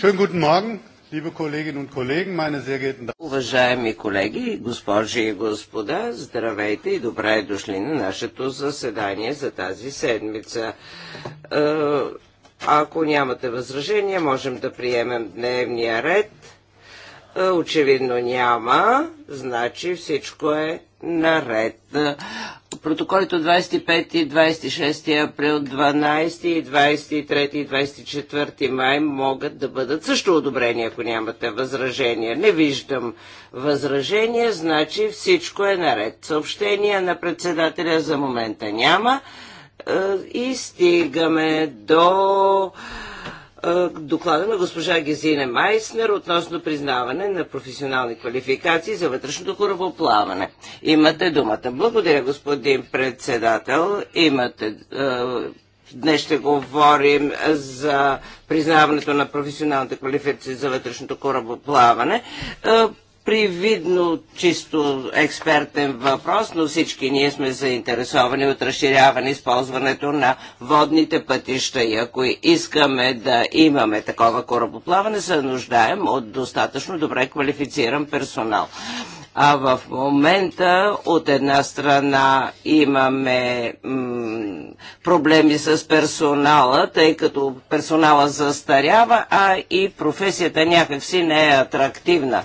Schönen guten Morgen, liebe Kolleginnen und Kollegen, meine sehr geehrten Damen. Уважаеми колеги, госпожи и господа, здравейте и добре дошли на нашето заседание за тази седмица. Е, ако нямате възражения, можем да приемем дневния ред. Е, очевидно няма, значи всичко е наред протоколите от 25 и 26 април, 12 и 23 и 24 май могат да бъдат също одобрени, ако нямате възражения. Не виждам възражения, значи всичко е наред. Съобщения на председателя за момента няма е, и стигаме до доклада на госпожа Гезина Майснер относно признаване на професионални квалификации за вътрешното корабоплаване. Имате думата. Благодаря, господин председател. Имате Днес ще говорим за признаването на професионалните квалификации за вътрешното корабоплаване привидно чисто експертен въпрос, но всички ние сме заинтересовани от разширяване използването на водните пътища и ако искаме да имаме такова корабоплаване, се нуждаем от достатъчно добре квалифициран персонал. А в момента от една страна имаме проблеми с персонала, тъй като персонала застарява, а и професията някакси не е атрактивна.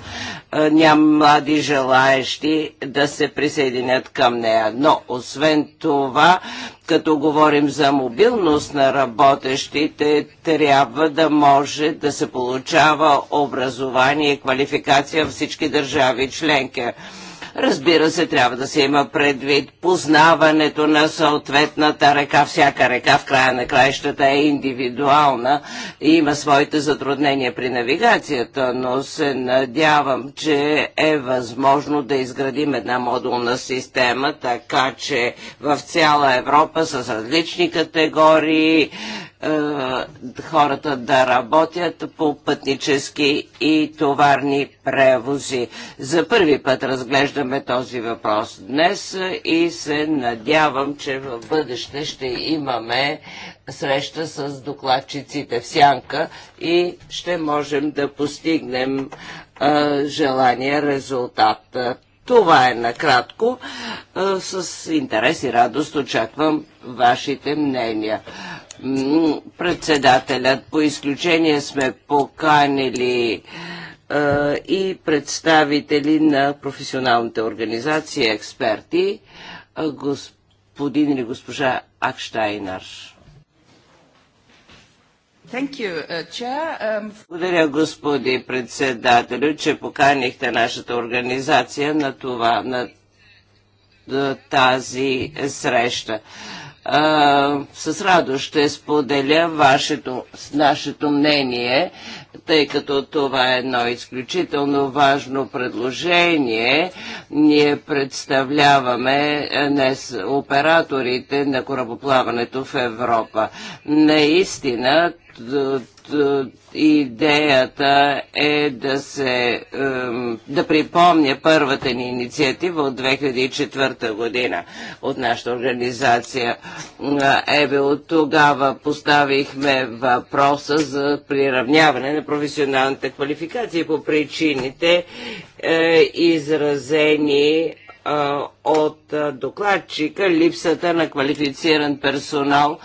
Няма млади желаещи да се присъединят към нея. Но освен това, като говорим за мобилност на работещите, трябва да може да се получава образование и квалификация във всички държави членки пътя. Разбира се, трябва да се има предвид познаването на съответната река. Всяка река в края на краищата е индивидуална и има своите затруднения при навигацията, но се надявам, че е възможно да изградим една модулна система, така че в цяла Европа с различни категории е, хората да работят по пътнически и товарни превози. За първи път разглеждаме този въпрос днес и се надявам, че в бъдеще ще имаме среща с докладчиците в Сянка и ще можем да постигнем е, желания резултат. Това е накратко. Е, с интерес и радост очаквам вашите мнения председателят. По изключение сме поканили и представители на професионалните организации, експерти, господин или госпожа Акштайнар. Uh, um, Благодаря, господи председателю, че поканихте нашата организация на това, на тази среща. А, с радост ще споделя вашето, нашето мнение тъй като това е едно изключително важно предложение. Ние представляваме е, днес операторите на корабоплаването в Европа. Наистина идеята е да се да припомня първата ни инициатива от 2004 година от нашата организация Ебе от тогава поставихме въпроса за приравняване на професионалната квалификация по причините е, изразени е, от е, докладчика липсата на квалифициран персонал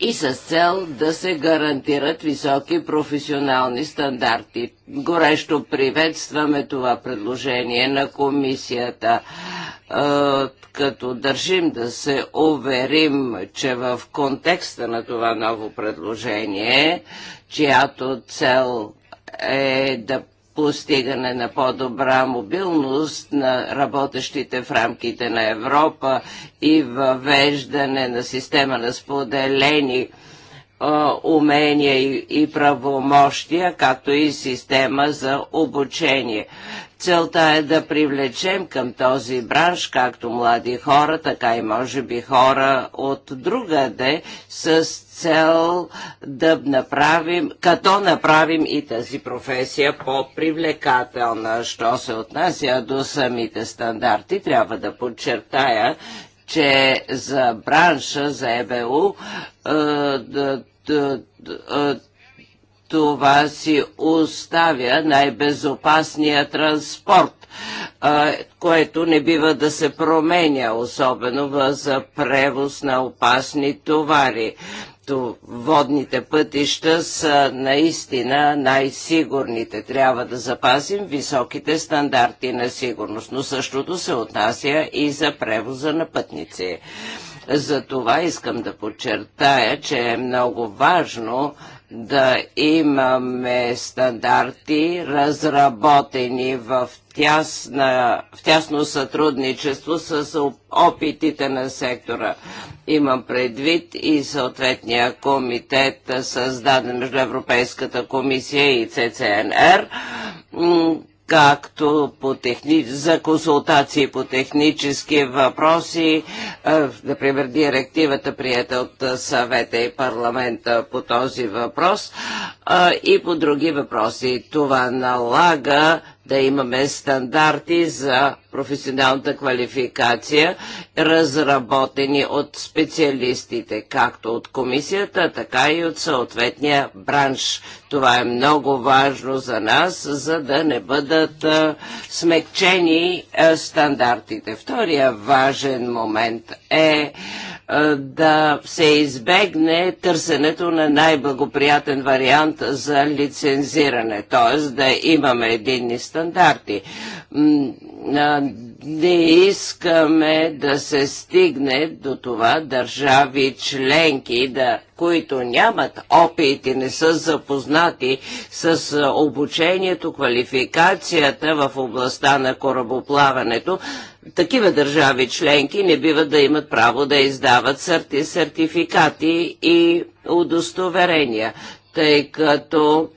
и с цел да се гарантират високи професионални стандарти. Горещо приветстваме това предложение на комисията. Е, като държим да се уверим, че в контекста на това ново предложение, чиято цел е да постигане на по-добра мобилност на работещите в рамките на Европа и въвеждане на система на споделени умения и, и правомощия, както и система за обучение. Целта е да привлечем към този бранш както млади хора, така и може би хора от другаде с цел да направим, като направим и тази професия по-привлекателна. Що се отнася до самите стандарти, трябва да подчертая, че за бранша, за ЕБУ, това си оставя най-безопасния транспорт, което не бива да се променя, особено за превоз на опасни товари. Водните пътища са наистина най-сигурните. Трябва да запазим високите стандарти на сигурност, но същото се отнася и за превоза на пътници. За това искам да подчертая, че е много важно да имаме стандарти, разработени в, тясна, в тясно сътрудничество с опитите на сектора. Имам предвид и съответния комитет, създаден между Европейската комисия и ЦЦНР, както по техни... за консултации по технически въпроси, например директивата прията от съвета и парламента по този въпрос и по други въпроси. Това налага да имаме стандарти за професионалната квалификация, разработени от специалистите, както от комисията, така и от съответния бранш. Това е много важно за нас, за да не бъдат смекчени стандартите. Втория важен момент е да се избегне търсенето на най-благоприятен вариант за лицензиране, т.е. да имаме единни стандарти. Не искаме да се стигне до това държави членки, да, които нямат опит и не са запознати с обучението, квалификацията в областта на корабоплаването, такива държави членки не бива да имат право да издават сърти, сертификати и удостоверения, тъй като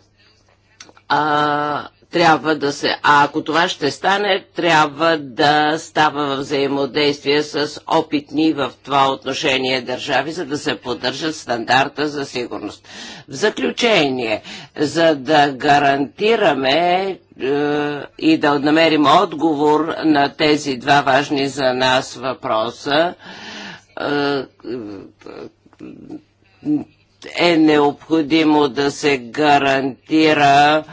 а, трябва да се, а ако това ще стане, трябва да става в взаимодействие с опитни в това отношение държави, за да се поддържат стандарта за сигурност. В заключение, за да гарантираме е, и да намерим отговор на тези два важни за нас въпроса, е, е необходимо да се гарантира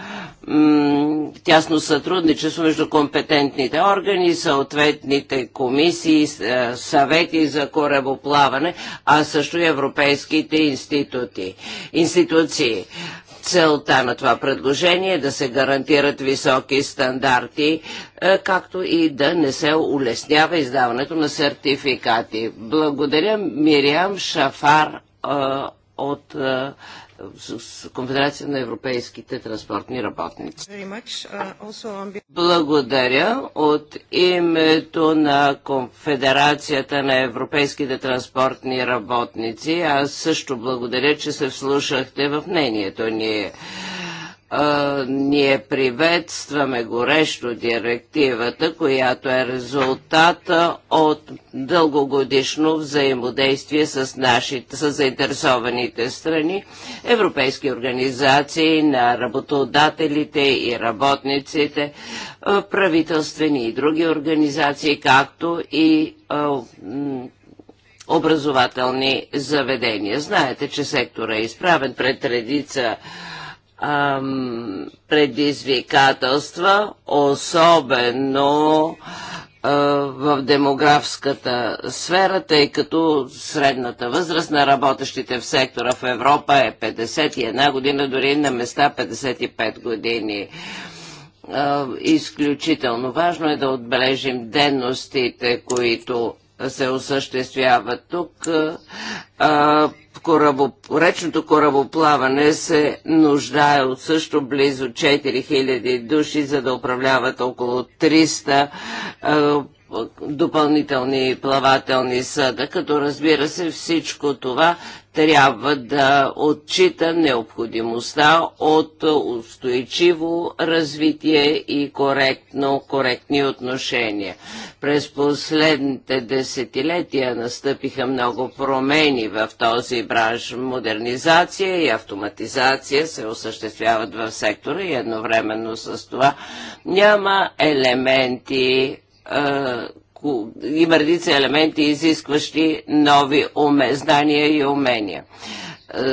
тясно сътрудничество между компетентните органи, съответните комисии, е, съвети за корабоплаване, а също и европейските институти, институции. Целта на това предложение е да се гарантират високи стандарти, е, както и да не се улеснява издаването на сертификати. Благодаря Мириам Шафар е, от с Конфедерация на европейските транспортни работници. Uh, благодаря от името на Конфедерацията на европейските транспортни работници. Аз също благодаря, че се вслушахте в мнението ни. А, ние приветстваме горещо директивата, която е резултата от дългогодишно взаимодействие с, нашите, с заинтересованите страни, европейски организации на работодателите и работниците, правителствени и други организации, както и а, образователни заведения. Знаете, че сектора е изправен пред редица ам, предизвикателства, особено в демографската сфера, тъй като средната възраст на работещите в сектора в Европа е 51 година, дори на места 55 години. Изключително важно е да отбележим денностите, които се осъществява тук. А, корабо, речното корабоплаване се нуждае от също близо 4000 души, за да управляват около 300 а, допълнителни плавателни съда, като разбира се всичко това трябва да отчита необходимостта от устойчиво развитие и коректно, коректни отношения. През последните десетилетия настъпиха много промени в този бранш. Модернизация и автоматизация се осъществяват в сектора и едновременно с това няма елементи е, има редица елементи, изискващи нови уме, знания и умения. Е, е,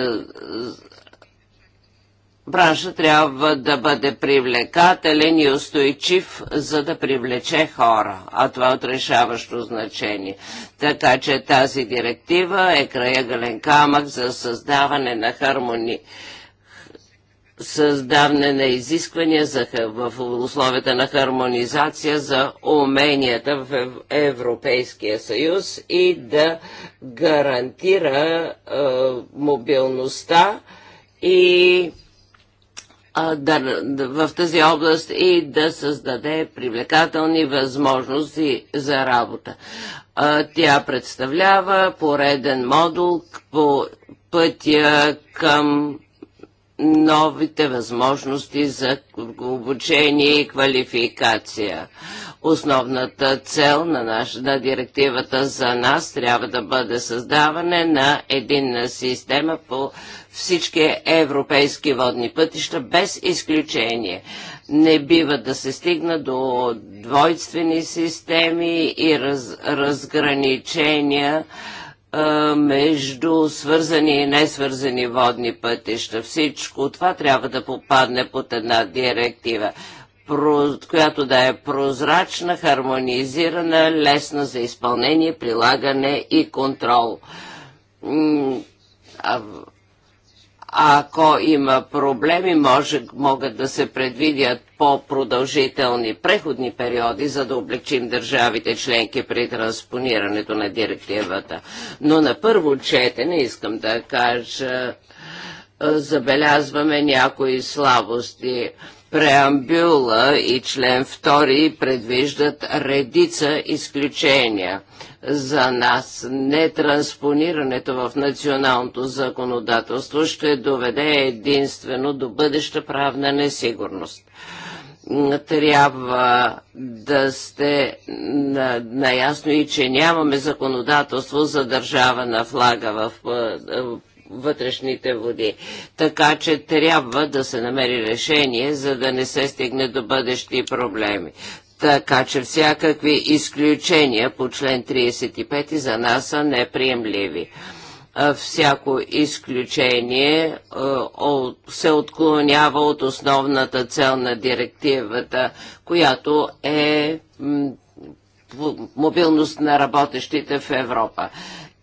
бранша трябва да бъде привлекателен и устойчив, за да привлече хора, а това е отрешаващо значение. Така че тази директива е краегален камък за създаване на хармони създаване на изисквания за, в условията на хармонизация за уменията в Европейския съюз и да гарантира е, мобилността и да, в тази област и да създаде привлекателни възможности за работа. Тя представлява пореден модул по пътя към новите възможности за обучение и квалификация. Основната цел на, наш, на директивата за нас трябва да бъде създаване на единна система по всички европейски водни пътища без изключение. Не бива да се стигна до двойствени системи и раз, разграничения между свързани и несвързани водни пътища. Всичко това трябва да попадне под една директива, която да е прозрачна, хармонизирана, лесна за изпълнение, прилагане и контрол. Ако има проблеми, може, могат да се предвидят по-продължителни преходни периоди, за да облегчим държавите членки при транспонирането на директивата. Но на първо четене искам да кажа, забелязваме някои слабости Преамбюла и член 2 предвиждат редица изключения. За нас нетранспонирането в националното законодателство ще доведе единствено до бъдеща правна несигурност трябва да сте на, наясно и че нямаме законодателство за държава на флага в, в вътрешните води. Така че трябва да се намери решение, за да не се стигне до бъдещи проблеми. Така че всякакви изключения по член 35 за нас са неприемливи всяко изключение се отклонява от основната цел на директивата, която е мобилност на работещите в Европа.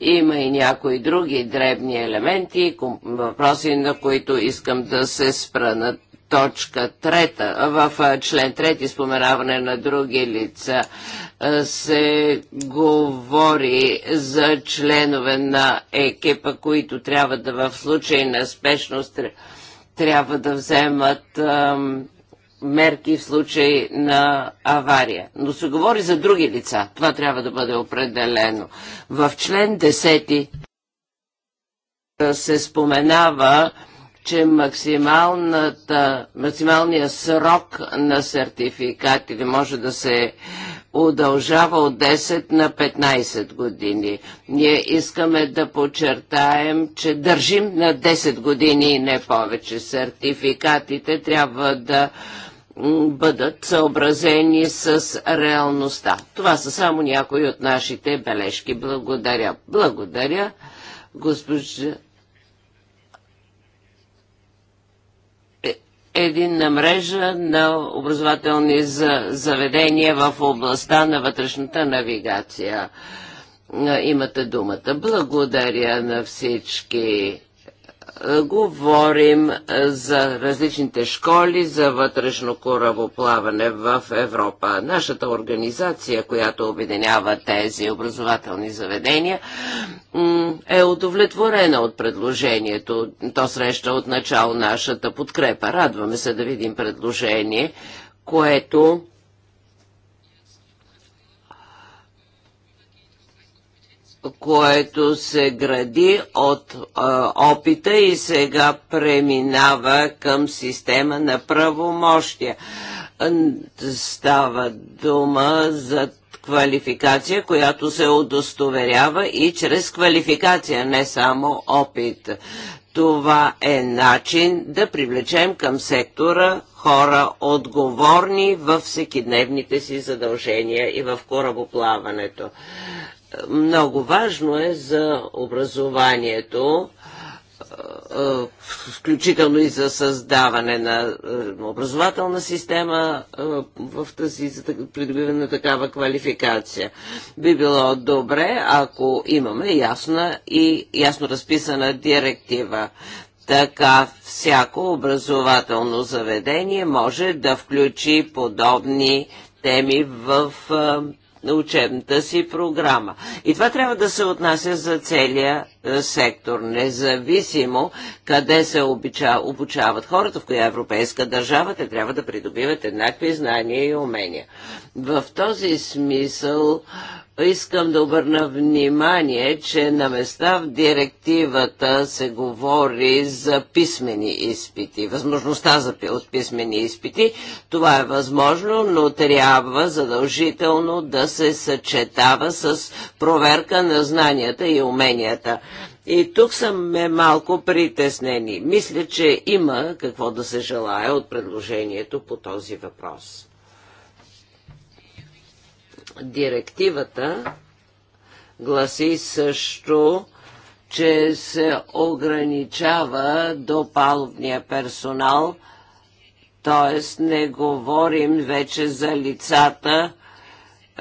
Има и някои други дребни елементи, въпроси, на които искам да се спра на точка трета, в член трети споменаване на други лица се говори за членове на екипа, които трябва да в случай на спешност трябва да вземат ам, мерки в случай на авария. Но се говори за други лица. Това трябва да бъде определено. В член 10 се споменава, че максималният срок на сертификатите може да се удължава от 10 на 15 години. Ние искаме да подчертаем, че държим на 10 години и не повече. Сертификатите трябва да бъдат съобразени с реалността. Това са само някои от нашите бележки. Благодаря. Благодаря, госпожа единна мрежа на образователни заведения в областта на вътрешната навигация. Имате думата. Благодаря на всички. Е, говорим е, за различните школи за вътрешно корабоплаване в Европа. Нашата организация, която обединява тези образователни заведения, е удовлетворена от предложението. То среща отначало нашата подкрепа. Радваме се да видим предложение, което което се гради от е, опита и сега преминава към система на правомощия. Става дума за квалификация, която се удостоверява и чрез квалификация, не само опит. Това е начин да привлечем към сектора хора отговорни във всекидневните си задължения и в корабоплаването. Много важно е за образованието, включително и за създаване на образователна система в тази, за придобиване на такава квалификация. Би било добре, ако имаме ясна и ясно разписана директива. Така всяко образователно заведение може да включи подобни теми в на учебната си програма. И това трябва да се отнася за целия е, сектор, независимо къде се обича, обучават хората, в коя европейска държава, те трябва да придобиват еднакви знания и умения. В този смисъл Искам да обърна внимание, че на места в директивата се говори за писмени изпити, възможността за писмени изпити. Това е възможно, но трябва задължително да се съчетава с проверка на знанията и уменията. И тук съм е малко притеснени. Мисля, че има какво да се желая от предложението по този въпрос. Директивата гласи също, че се ограничава до палубния персонал, т.е. не говорим вече за лицата,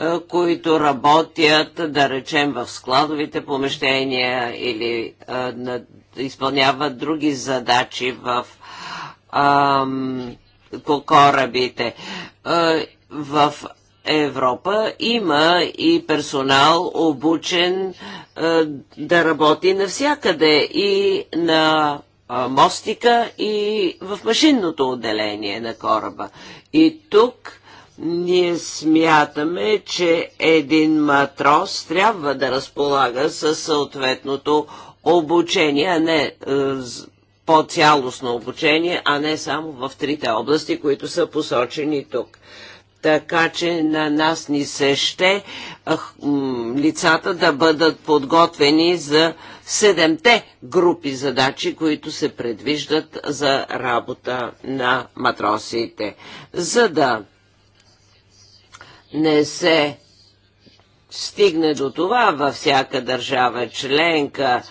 е, които работят, да речем, в складовите помещения или е, а, изпълняват други задачи в ам, по корабите. А, е, в Европа има и персонал обучен е, да работи навсякъде и на мостика и в машинното отделение на кораба. И тук ние смятаме, че един матрос трябва да разполага със съответното обучение, а не е, по-цялостно обучение, а не само в трите области, които са посочени тук. Така че на нас ни се ще лицата да бъдат подготвени за седемте групи задачи, които се предвиждат за работа на матросите, за да не се стигне до това във всяка държава членка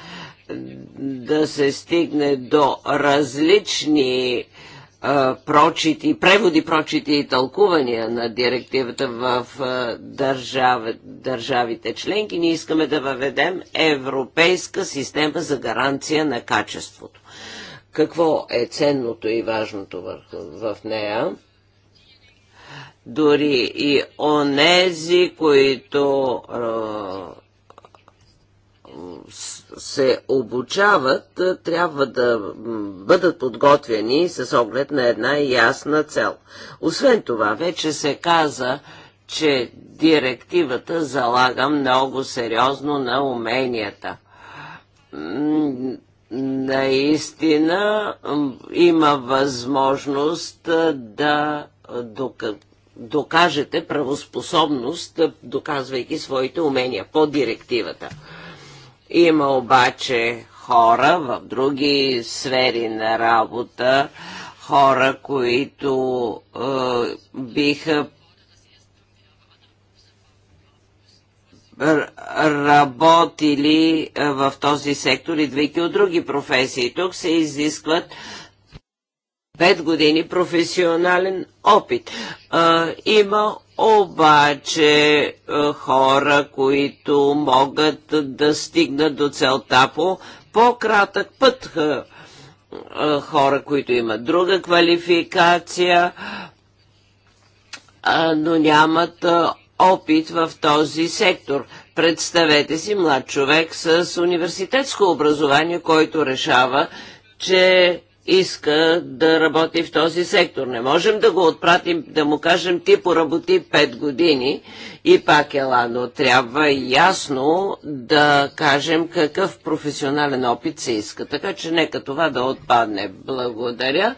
да се стигне до различни прочити, преводи, прочити и тълкувания на директивата в държав, държавите членки, ние искаме да въведем европейска система за гаранция на качеството. Какво е ценното и важното в, в нея? Дори и онези, които се обучават, трябва да бъдат подготвени с оглед на една ясна цел. Освен това, вече се каза, че директивата залага много сериозно на уменията. Наистина има възможност да докажете правоспособност, доказвайки своите умения по директивата. Има обаче хора в други сфери на работа, хора, които е, биха работили е, в този сектор, идвайки от други професии. Тук се изискват 5 години професионален опит. Е, има обаче е, хора, които могат да стигнат до целта по по-кратък път. Е, е, хора, които имат друга квалификация, но нямат опит в този сектор. Представете си млад човек с университетско образование, който решава, че иска да работи в този сектор. Не можем да го отпратим, да му кажем ти поработи 5 години и пак е ладно. Трябва ясно да кажем какъв професионален опит се иска. Така че нека това да отпадне. Благодаря.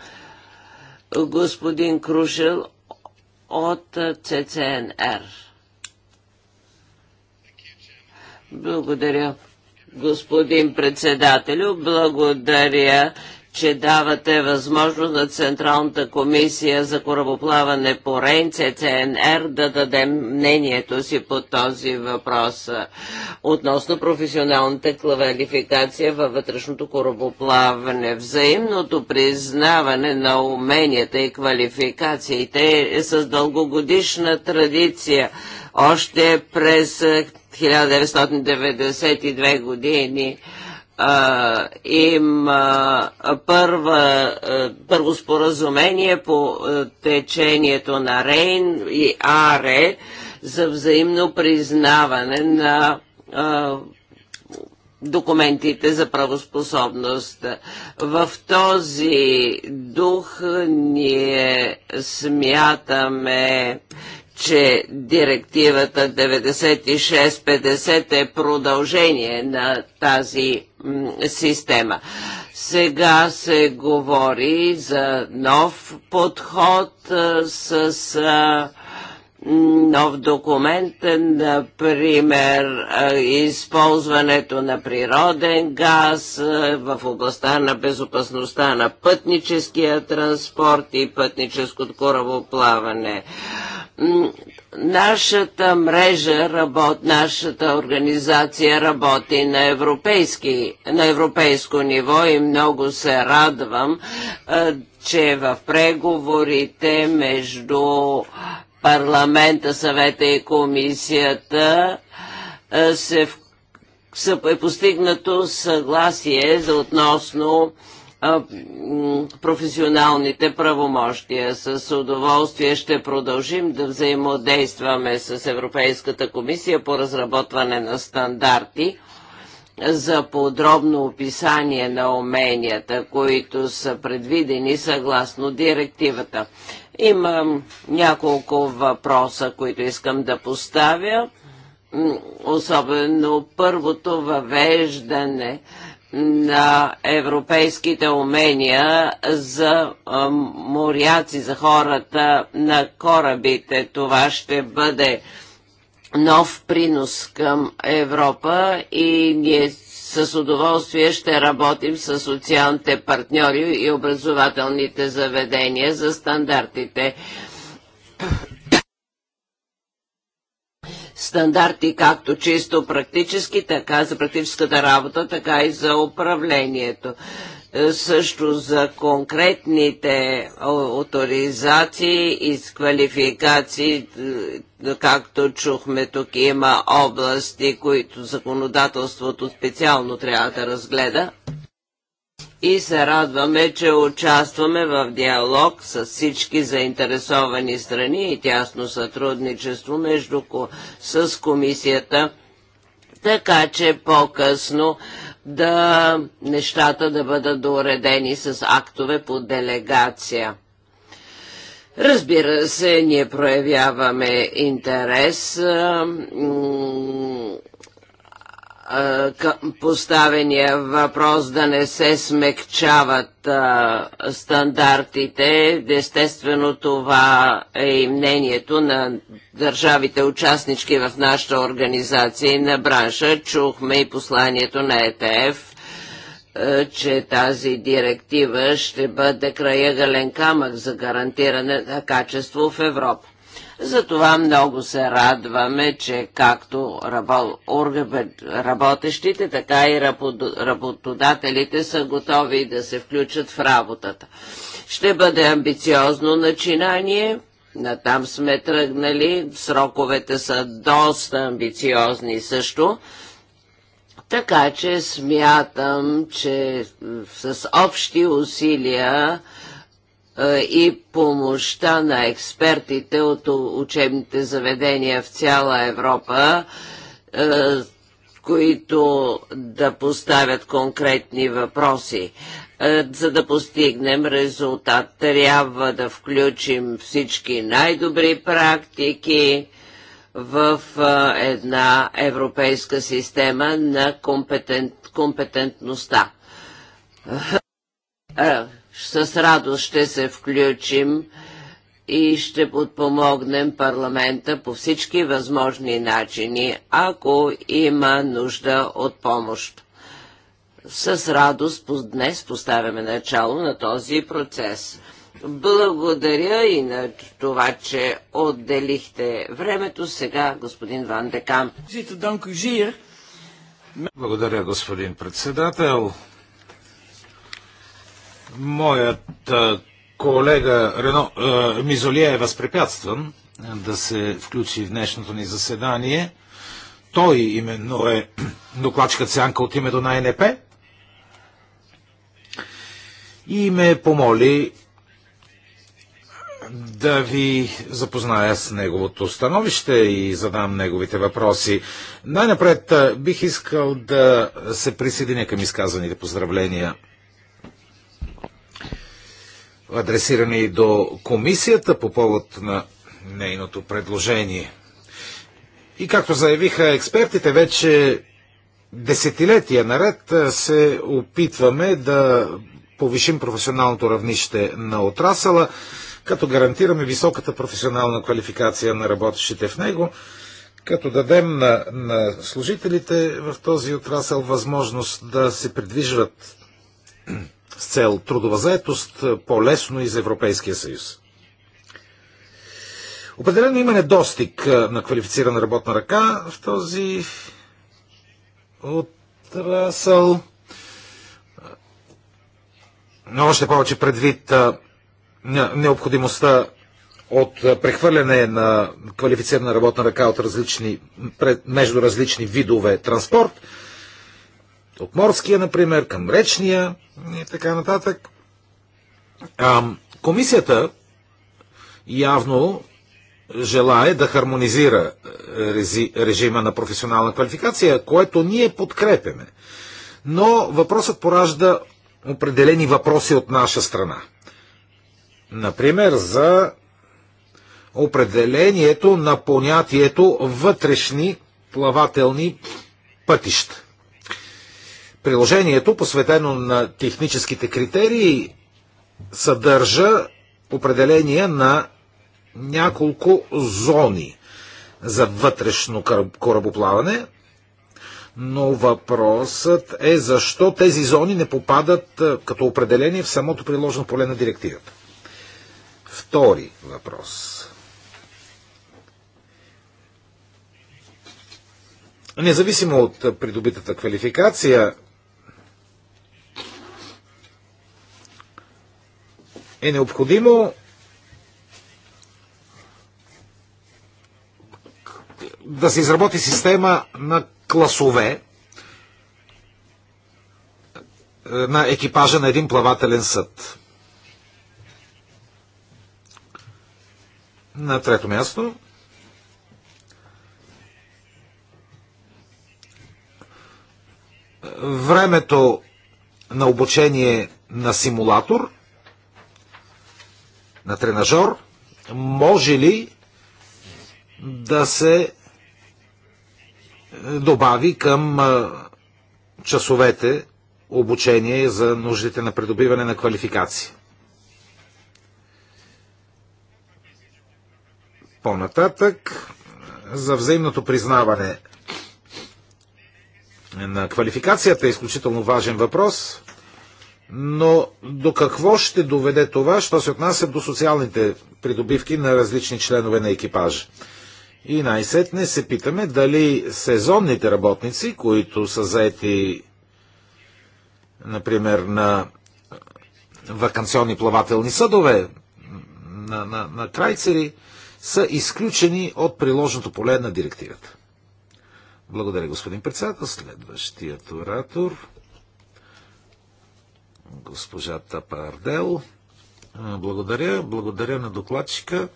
Господин Крушел от ЦЦНР. Благодаря, господин председателю. Благодаря че давате възможност на Централната комисия за корабоплаване по Рейн, ЦЦНР, да даде мнението си по този въпрос относно професионалната квалификация във вътрешното корабоплаване. Взаимното признаване на уменията и квалификациите е с дългогодишна традиция. Още през 1992 години им а, първа, а, първо споразумение по а, течението на Рейн и Аре за взаимно признаване на а, документите за правоспособност. В този дух ние смятаме, че директивата 9650 е продължение на тази система. Сега се говори за нов подход с нов документ, например използването на природен газ в областта на безопасността на пътническия транспорт и пътническото корабоплаване. Нашата мрежа, работ, нашата организация работи на, европейски, на европейско ниво и много се радвам, че в преговорите между парламента, съвета и комисията се е постигнато съгласие за относно професионалните правомощия. С удоволствие ще продължим да взаимодействаме с Европейската комисия по разработване на стандарти за подробно описание на уменията, които са предвидени съгласно директивата. Имам няколко въпроса, които искам да поставя. Особено първото въвеждане на европейските умения за моряци, за хората на корабите. Това ще бъде нов принос към Европа и ние с удоволствие ще работим с социалните партньори и образователните заведения за стандартите стандарти, както чисто практически, така за практическата работа, така и за управлението. Е, също за конкретните авторизации и квалификации, е, както чухме тук има области, които законодателството специално трябва да разгледа. И се радваме, че участваме в диалог с всички заинтересовани страни и тясно сътрудничество между, с комисията, така че по-късно да нещата да бъдат доредени с актове по делегация. Разбира се, ние проявяваме интерес поставения въпрос да не се смекчават стандартите. Естествено това е и мнението на държавите участнички в нашата организация и на бранша. Чухме и посланието на ЕТФ, че тази директива ще бъде краягален камък за гарантиране на качество в Европа. Затова много се радваме, че както работещите, така и работодателите са готови да се включат в работата. Ще бъде амбициозно начинание. Натам сме тръгнали. Сроковете са доста амбициозни също. Така че смятам, че с общи усилия е, и помощта на експертите от учебните заведения в цяла Европа, е, които да поставят конкретни въпроси. Е, за да постигнем резултат, трябва да включим всички най-добри практики в една европейска система на компетент, компетентността с радост ще се включим и ще подпомогнем парламента по всички възможни начини, ако има нужда от помощ. С радост днес поставяме начало на този процес. Благодаря и на това, че отделихте времето. Сега господин Ван Декам. Благодаря, господин председател. Моят колега Рено Мизолия е възпрепятстван да се включи в днешното ни заседание. Той именно е докладчика Сянка от името на НП и ме помоли да ви запозная с неговото становище и задам неговите въпроси. Най-напред бих искал да се присъединя към изказаните поздравления адресирани и до комисията по повод на нейното предложение. И както заявиха експертите, вече десетилетия наред се опитваме да повишим професионалното равнище на отрасъла, като гарантираме високата професионална квалификация на работещите в него, като дадем на, на служителите в този отрасъл възможност да се придвижват с цел трудова заетост е, по-лесно из Европейския съюз. Определено има недостиг е, на квалифицирана работна ръка в този отрасъл. Но още повече предвид е, необходимостта от прехвърляне на квалифицирана работна ръка от различни, между различни видове транспорт – от морския, например, към речния и така нататък. А, комисията явно желае да хармонизира е, режима на професионална квалификация, което ние подкрепяме. Но въпросът поражда определени въпроси от наша страна. Например, за определението на понятието вътрешни плавателни пътища. Приложението, посветено на техническите критерии, съдържа определения на няколко зони за вътрешно корабоплаване, но въпросът е защо тези зони не попадат е, като определение в самото приложено поле на директивата. Втори въпрос. Независимо от придобитата квалификация, е необходимо да се изработи система на класове е, на екипажа на един плавателен съд. На трето място времето на обучение на симулатор на тренажор, може ли да се е, добави към е, часовете обучение за нуждите на придобиване на квалификация. По-нататък е, за взаимното признаване на квалификацията е изключително важен въпрос. Но до какво ще доведе това, що се отнася до социалните придобивки на различни членове на екипажа? И най-сетне се питаме дали сезонните работници, които са заети, например, на вакансионни плавателни съдове, на, на, на крайцери, са изключени от приложното поле на директивата. Благодаря, господин председател. Следващият оратор. Госпожата Пардел. Благодаря. Благодаря на докладчика.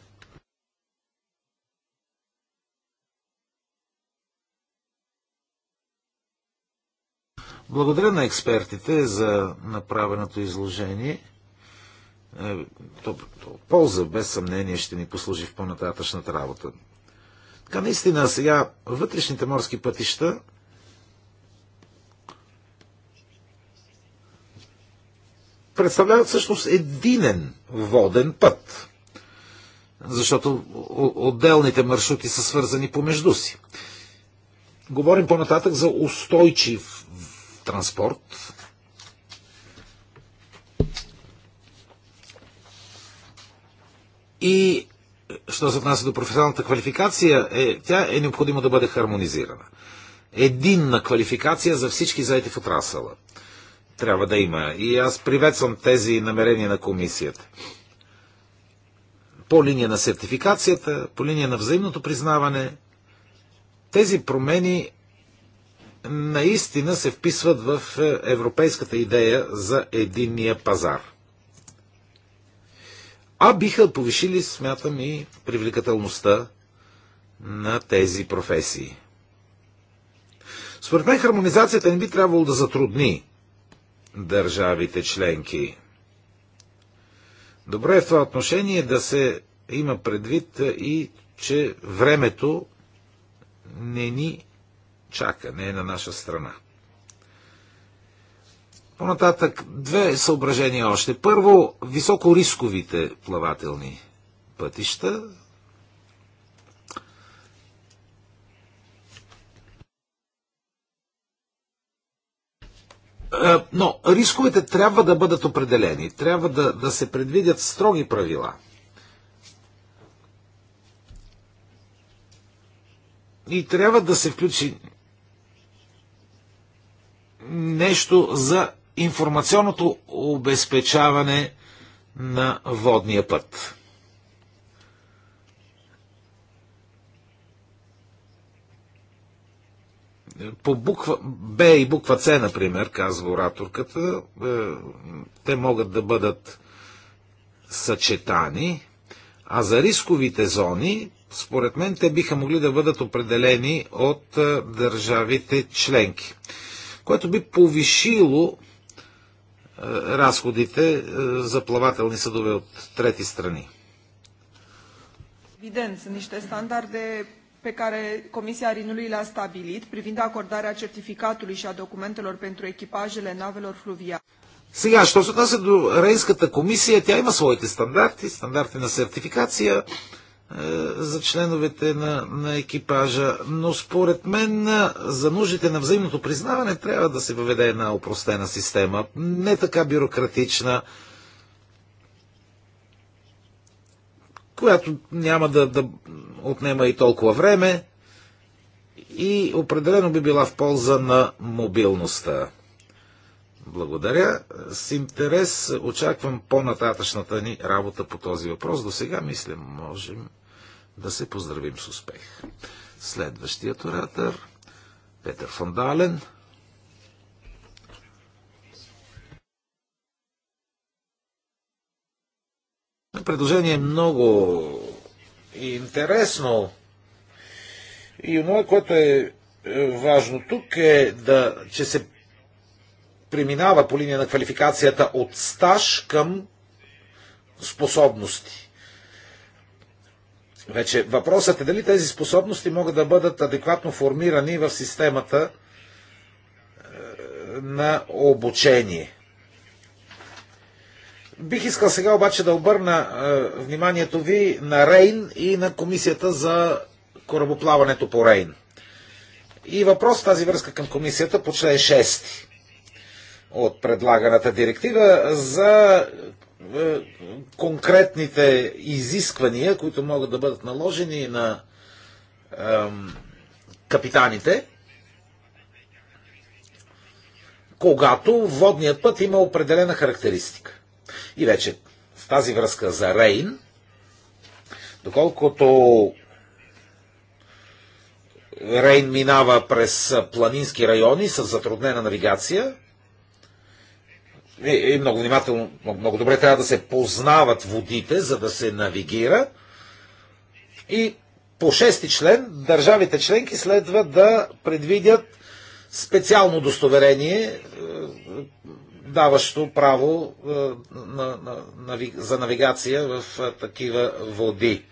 Благодаря на експертите за направеното изложение. Е, то, то, полза, без съмнение, ще ни послужи в по-нататъчната работа. Така наистина сега вътрешните морски пътища представляват всъщност единен воден път. Защото отделните маршрути са свързани помежду си. Говорим по-нататък за устойчив транспорт. И що се отнася до професионалната квалификация, е, тя е необходимо да бъде хармонизирана. Единна квалификация за всички заети в отрасъла трябва да има. И аз приветствам тези намерения на комисията. По линия на сертификацията, по линия на взаимното признаване, тези промени наистина се вписват в е, европейската идея за единния пазар. А биха повишили, смятам, и привлекателността на тези професии. Според мен хармонизацията не би трябвало да затрудни държавите членки. Добре е в това отношение да се има предвид и, че времето не ни чака, не е на наша страна. Понататък две съображения още. Първо, високорисковите плавателни пътища, Е, но рисковете трябва да бъдат определени, трябва да, да се предвидят строги правила. И трябва да се включи нещо за информационното обезпечаване на водния път. По буква Б и буква С, например, казва ораторката, е, те могат да бъдат съчетани, а за рисковите зони, според мен, те биха могли да бъдат определени от е, държавите членки, което би повишило е, разходите за плавателни съдове от трети страни. Виден, sunt niște standarde pe care Comisia Rinului le-a stabilit privind acordarea certificatului și a documentelor pentru echipajele navelor fluviale. Сега, що се отнася до Рейнската комисия, тя има своите стандарти, стандарти на сертификация е, за членовете на, на екипажа, но според мен е, за нуждите на взаимното признаване трябва да се въведе една опростена система, не така бюрократична, която няма да, да отнема и толкова време и определено би била в полза на мобилността. Благодаря. С интерес очаквам по-нататъчната ни работа по този въпрос. До сега, мисля, можем да се поздравим с успех. Следващият оратор Петър Фондален. Предложение е много интересно. И това, което е, е важно тук е да, че се преминава по линия на квалификацията от стаж към способности. Вече въпросът е дали тези способности могат да бъдат адекватно формирани в системата е, на обучение. Бих искал сега обаче да обърна е, вниманието ви на Рейн и на Комисията за корабоплаването по Рейн. И въпрос в тази връзка към Комисията по член 6 от предлаганата директива за е, конкретните изисквания, които могат да бъдат наложени на капитаните, когато водният път има определена характеристика. И вече в тази връзка за Рейн, доколкото Рейн минава през планински райони с затруднена навигация, и, е, и е много внимателно, много добре трябва да се познават водите, за да се навигира. И по шести член държавите членки следва да предвидят специално удостоверение е, даващо право е, на, на, на, за навигация в е, такива води.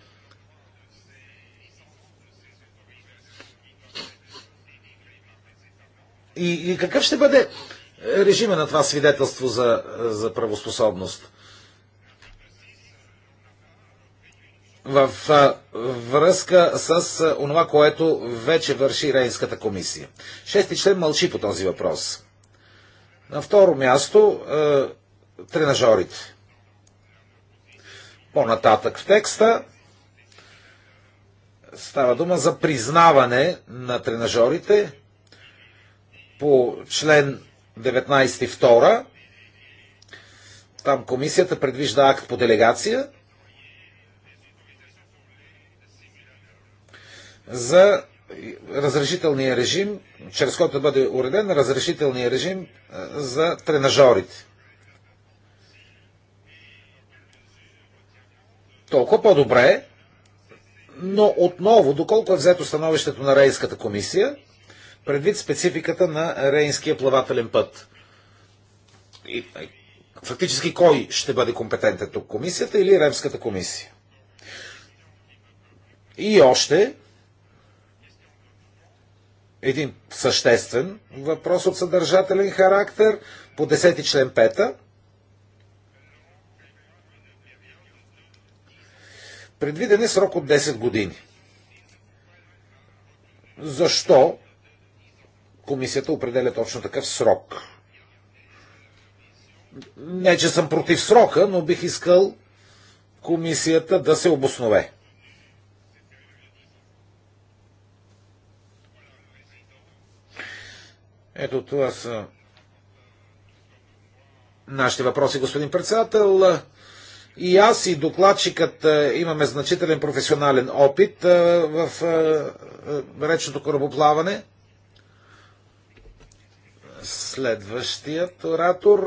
И, и какъв ще бъде режима на това свидетелство за, за правоспособност? В а, е, връзка с а, онова, което вече върши Рейнската комисия. Шести член мълчи по този въпрос. На второ място, е, тренажорите. По-нататък в текста става дума за признаване на тренажорите по член 19.2. Там комисията предвижда акт по делегация за разрешителния режим, чрез който да бъде уреден разрешителния режим за тренажорите. Толкова по-добре, но отново, доколко е взето становището на Рейнската комисия, предвид спецификата на Рейнския плавателен път. И, фактически кой ще бъде компетентен тук? Комисията или Ремската комисия? И още, един съществен въпрос от съдържателен характер по 10 член 5. Предвиден е срок от 10 години. Защо комисията определя точно такъв срок? Не, че съм против срока, но бих искал комисията да се обоснове. Ето това са нашите въпроси, господин председател. И аз и докладчикът е, имаме значителен професионален опит е, в е, речното корабоплаване. Следващият оратор.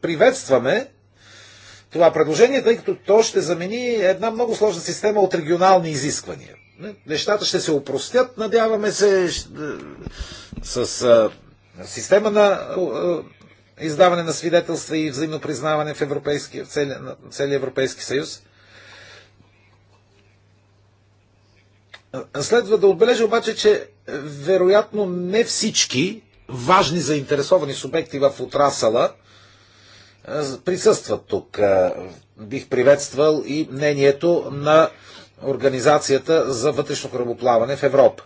Приветстваме това предложение, тъй като то ще замени една много сложна система от регионални изисквания. Нещата ще се упростят, надяваме се, с система на е, е, издаване на свидетелства и взаимно признаване в, европейски, в цели, целия Европейски съюз. Е, следва да отбележа обаче, че вероятно не всички важни заинтересовани субекти в отрасала присъстват тук. Бих приветствал и мнението на Организацията за вътрешно кръвоплаване в Европа.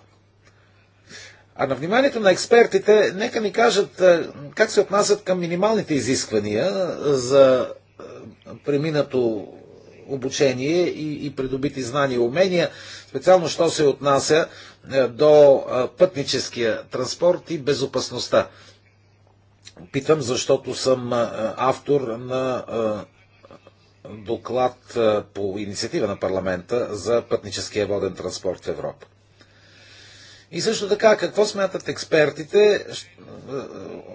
А на вниманието на експертите, нека ни кажат е, как се отнасят към минималните изисквания е, за е, преминато обучение и, и придобити знания и умения, специално що се отнася до пътническия транспорт и безопасността. Питам, защото съм автор на доклад по инициатива на парламента за пътническия воден транспорт в Европа. И също така, какво смятат експертите е, е,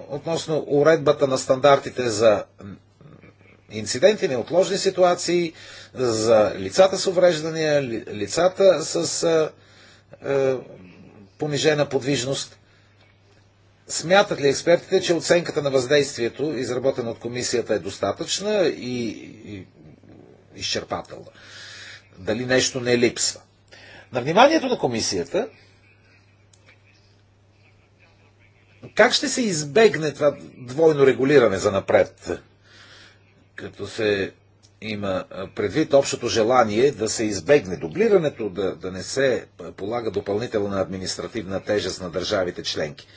относно уредбата на стандартите за инциденти, неотложни ситуации, за лицата с увреждания, лицата с е, е, понижена подвижност. Смятат ли експертите, че оценката на въздействието, изработена от комисията, е достатъчна и, и изчерпателна? Дали нещо не липсва? На вниманието на комисията Как ще се избегне това двойно регулиране за напред? Като се има предвид общото желание да се избегне дублирането, да, да не се полага допълнителна административна тежест на държавите членки.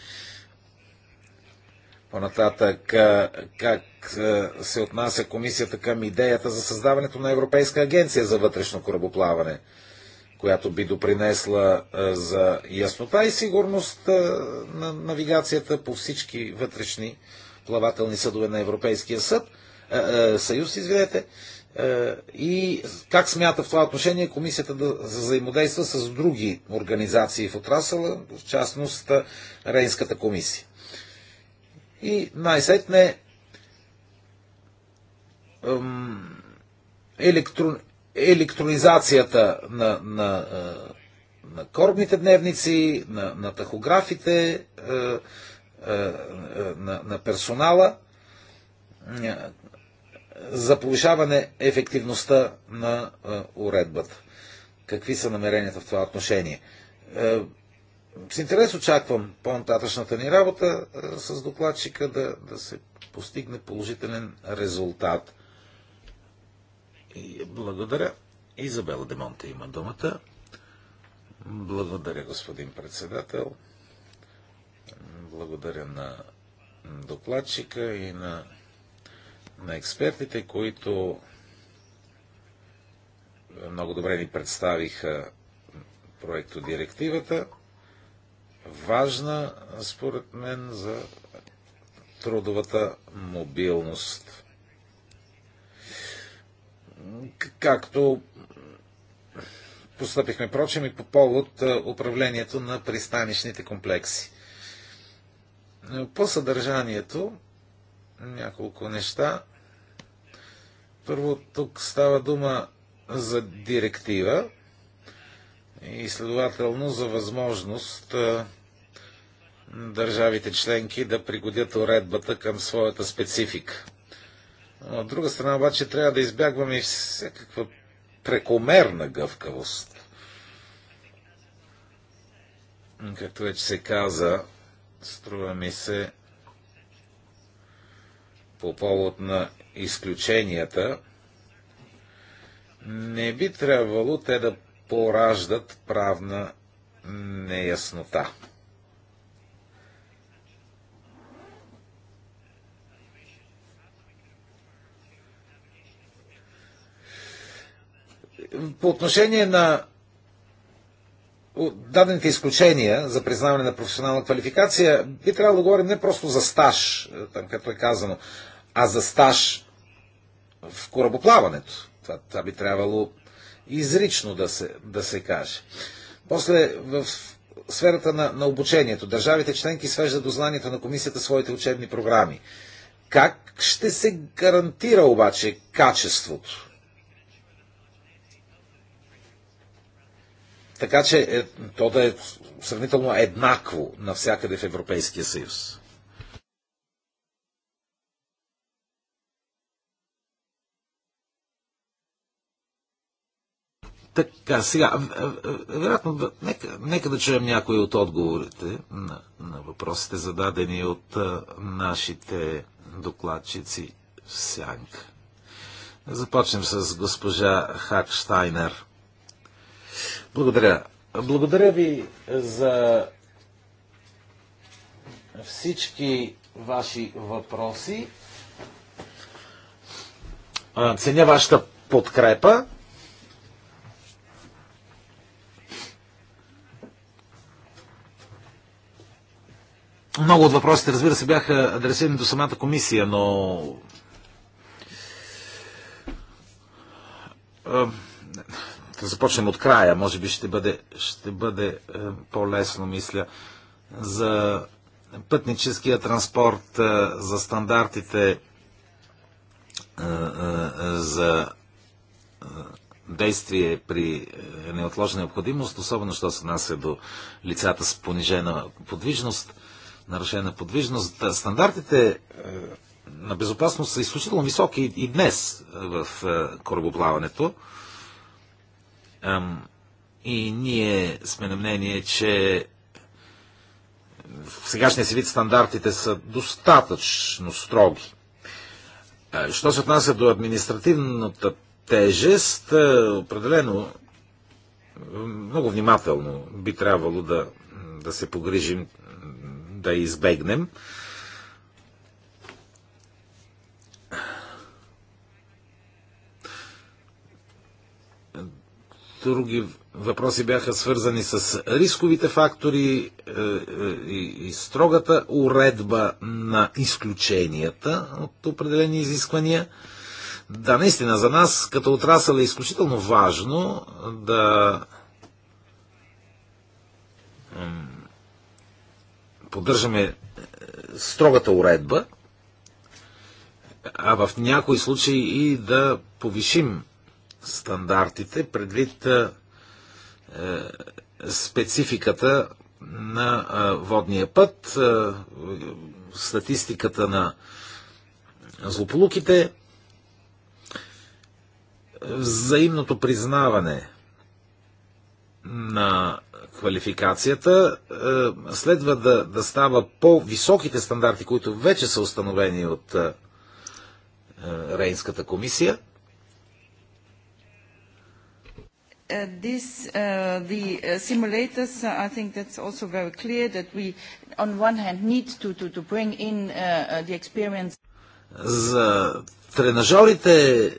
Понататък, как се отнася комисията към идеята за създаването на Европейска агенция за вътрешно корабоплаване – която би допринесла за яснота и сигурност на навигацията по всички вътрешни плавателни съдове на Европейския съд, съюз, извинете, и как смята в това отношение комисията да взаимодейства с други организации в отрасъла, в частност Рейнската комисия. И най-сетне електронизацията на, на, на корбните дневници, на, на тахографите, на, на персонала, за повишаване ефективността на уредбата. Какви са намеренията в това отношение? С интерес очаквам по-нататъчната ни работа с докладчика да, да се постигне положителен резултат. Благодаря. Изабела Демонте има думата. Благодаря, господин председател. Благодаря на докладчика и на, на експертите, които много добре ни представиха проекто директивата. Важна, според мен, за трудовата мобилност както постъпихме, прочим, и по повод управлението на пристанищните комплекси. По съдържанието, няколко неща. Първо, тук става дума за директива и следователно за възможност държавите членки да пригодят уредбата към своята специфика. От друга страна обаче трябва да избягваме и всякаква прекомерна гъвкавост. Както вече се каза, струва ми се по повод на изключенията, не би трябвало те да пораждат правна неяснота. по отношение на дадените изключения за признаване на професионална квалификация, би трябвало да говорим не просто за стаж, е, там като е казано, а за стаж в корабоплаването. Това, това би трябвало изрично да се, да се каже. После в сферата на, на обучението. Държавите членки свеждат до знанието на комисията своите учебни програми. Как ще се гарантира обаче качеството? така че е, то да е сравнително еднакво навсякъде в Европейския съюз. Така, сега, е, е, е, вероятно, да, нека, нека да чуем някои от отговорите на, на въпросите, зададени от а, нашите докладчици в Сянка. Започнем с госпожа Хакштайнер. Благодаря. Благодаря ви за всички ваши въпроси. Ценя вашата подкрепа. Много от въпросите, разбира се, бяха адресирани до самата комисия, но ще започнем от края, може би ще бъде, ще бъде е, по-лесно, мисля. За пътническия транспорт, е, за стандартите, е, за действие при неотложна необходимост, особено що се нася до лицата с понижена подвижност, нарушена подвижност. Стандартите на безопасност са изключително високи и днес в корабоплаването. И ние сме на мнение, че в сегашния си вид стандартите са достатъчно строги. Що се отнася до административната тежест, определено много внимателно би трябвало да, да се погрижим да избегнем. Други въпроси бяха свързани с рисковите фактори е, е, и строгата уредба на изключенията от определени изисквания. Да, наистина, за нас като отрасъл е изключително важно да поддържаме е, строгата уредба, а в някои случаи и да повишим стандартите, предвид е, спецификата на водния път, статистиката на злополуките, взаимното признаване на квалификацията е, следва да, да става по високите стандарти, които вече са установени от е, Рейнската комисия – uh, this, uh, the uh, simulators, uh, I think that's also very clear that we, on one hand, need to, to, to bring in uh, uh the experience. За тренажерите е,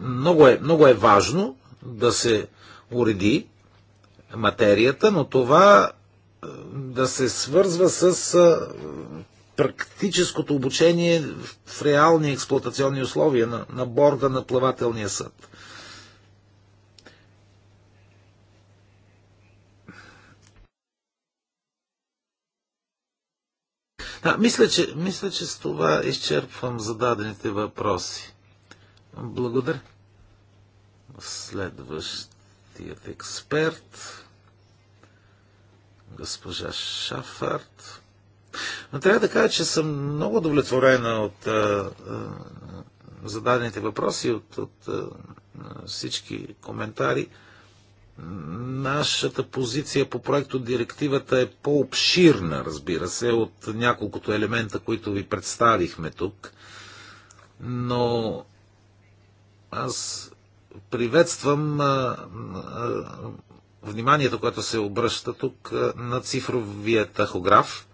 много е, много е важно да се уреди материята, но това е, да се свързва с е, практическото обучение в реални експлуатационни условия на, на борда на плавателния съд. Да, мисля, че, мисля, че с това изчерпвам зададените въпроси. Благодаря. Следващият експерт, госпожа Шафарт. Но трябва да кажа, че съм много удовлетворена от а, а, зададените въпроси, от, от а, всички коментари. А, Нашата позиция по проекто директивата е по-обширна, разбира се, от няколкото елемента, които ви представихме тук. Но аз приветствам вниманието, което се обръща тук на цифровия тахограф.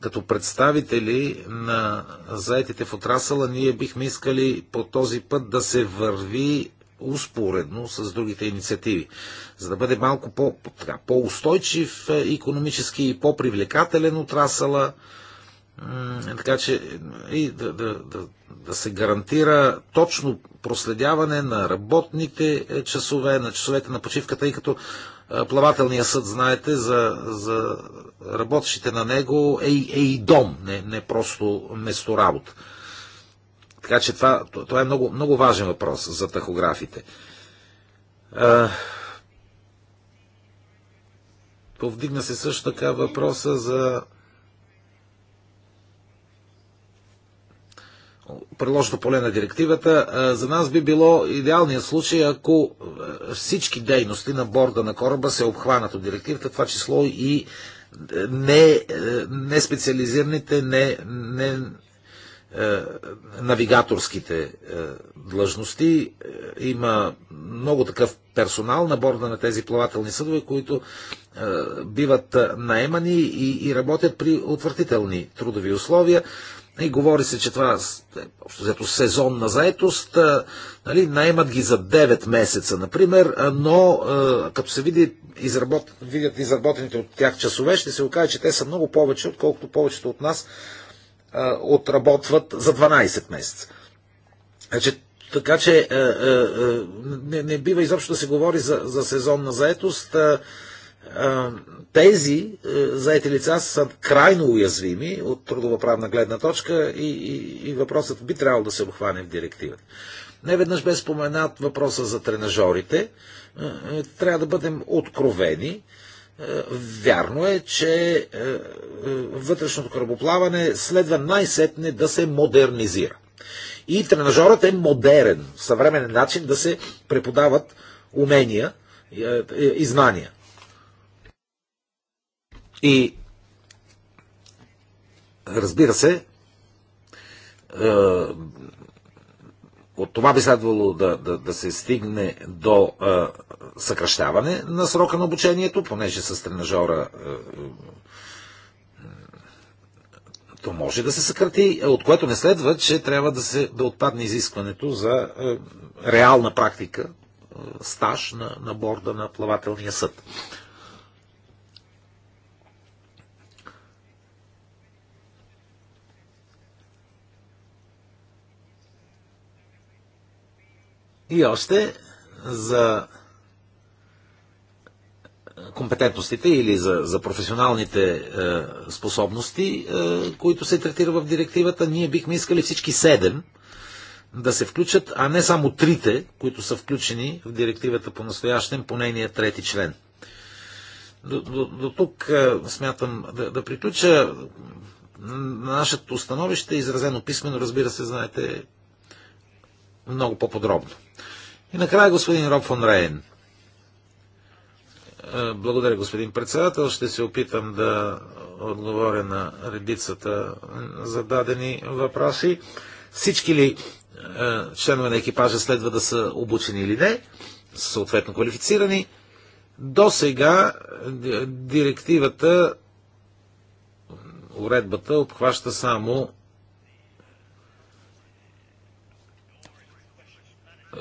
Като представители на заетите в отрасъла, ние бихме искали по този път да се върви успоредно с другите инициативи, за да бъде малко по, така, по-устойчив економически и по-привлекателен отрасъла, така че е, и да, да, да, да се гарантира точно проследяване на работните е, часове, на часовете на почивката, тъй като е, плавателният съд, знаете, за, за работещите на него е, е и дом, не, не просто место работа. Така че това, това е много, много важен въпрос за тахографите. повдигна се също така въпроса за приложното поле на директивата, за нас би било идеалният случай, ако всички дейности на борда на кораба се обхванат от директивата, това число и е, не, е, не специализираните, не, не е, навигаторските е, длъжности. Е, има много такъв персонал на борда на тези плавателни съдове, които биват наемани и, и работят при отвратителни трудови условия. И говори се, че това е общо сезонна заетост. Нали, наемат ги за 9 месеца, например, но като се види, изработ... видят изработените от тях часове, ще се окаже, че те са много повече, отколкото повечето от нас отработват за 12 месеца. Значи, така че не, не бива изобщо да се говори за, за сезонна заетост. тези заети лица са крайно уязвими от трудовоправна гледна точка и, и, и въпросът би трябвало да се обхване в директивата. Не веднъж бе споменат въпроса за тренажорите. Трябва да бъдем откровени. Е, вярно е, че е, е, вътрешното кръбоплаване следва най-сетне да се модернизира. И тренажерът е модерен, съвременен начин да се преподават умения и знания. И разбира се, от това би следвало да, да, да се стигне до а, съкръщаване на срока на обучението, понеже с тренажора а, то може да се съкрати, от което не следва, че трябва да, се, да отпадне изискването за а, реална практика, а, стаж на, на борда на плавателния съд. И още за компетентностите или за, за професионалните е, способности, е, които се третира в директивата, ние бихме искали всички седем да се включат, а не само трите, които са включени в директивата по настоящен, по нейния трети член. До, до, до тук е, смятам да, да приключа. Нашето становище, е изразено писменно, разбира се, знаете, много по-подробно. И накрая господин Роб фон Рейн. Е, благодаря, господин председател. Ще се опитам да отговоря на редицата зададени въпроси. Всички ли е, членове на екипажа следва да са обучени или не, съответно квалифицирани? До сега е, директивата, уредбата обхваща само Е,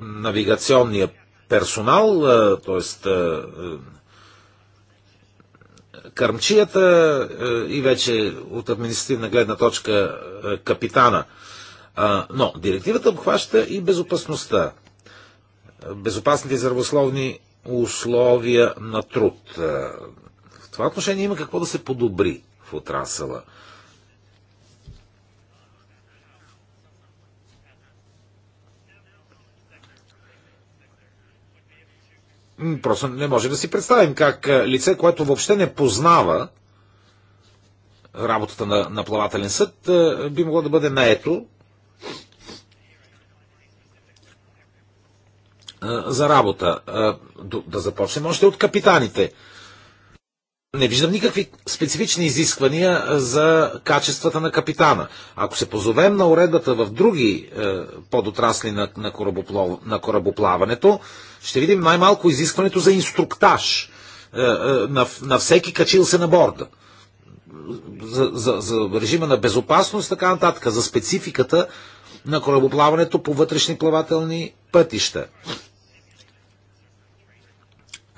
навигационния персонал, е, т.е. Е, кърмчията и вече от административна гледна точка капитана. Но директивата обхваща и безопасността. Безопасните здравословни условия на труд. В това отношение има какво да се подобри в отрасъла. Просто не може да си представим как е, лице, което въобще не познава работата на, на плавателен съд, е, би могло да бъде наето е, за работа. Да започнем още от капитаните. Не виждам никакви специфични изисквания за качествата на капитана. Ако се позовем на уредбата в други е, подотрасли на, на, корабоплав, на корабоплаването, ще видим най-малко изискването за инструктаж е, е, на, на всеки качил се на борда. За, за, за режима на безопасност, така нататък, за спецификата на корабоплаването по вътрешни плавателни пътища.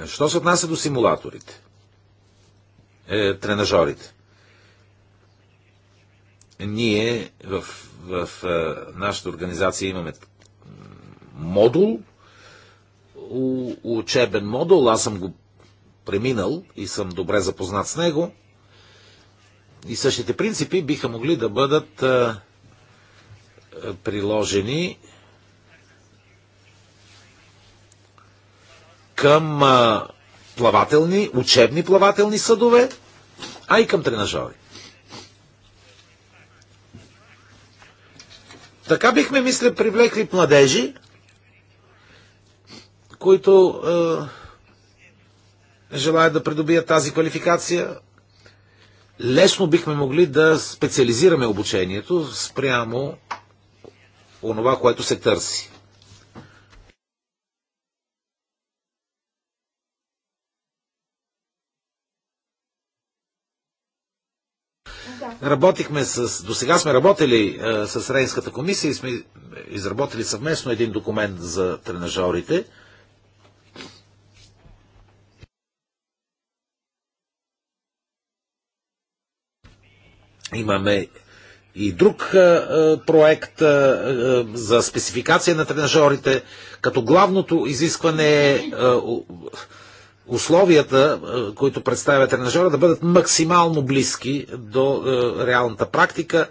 Що се отнася до симулаторите? е, тренажорите. Ние в, в е, нашата организация имаме модул, учебен модул, аз съм го преминал и съм добре запознат с него. И същите принципи биха могли да бъдат е, е приложени към а, е, плавателни, учебни плавателни съдове, а и към тренажори. Така бихме, мисля, привлекли младежи, които е, желаят да придобият тази квалификация. Лесно бихме могли да специализираме обучението спрямо онова, което се търси. Работихме с... До сега сме работили а, е, с Рейнската комисия и сме изработили съвместно един документ за тренажорите. Имаме и друг а, е, е, проект а, за спецификация на тренажорите, като главното изискване е а, условията, е, които представя тренажера, да бъдат максимално близки до е, реалната практика,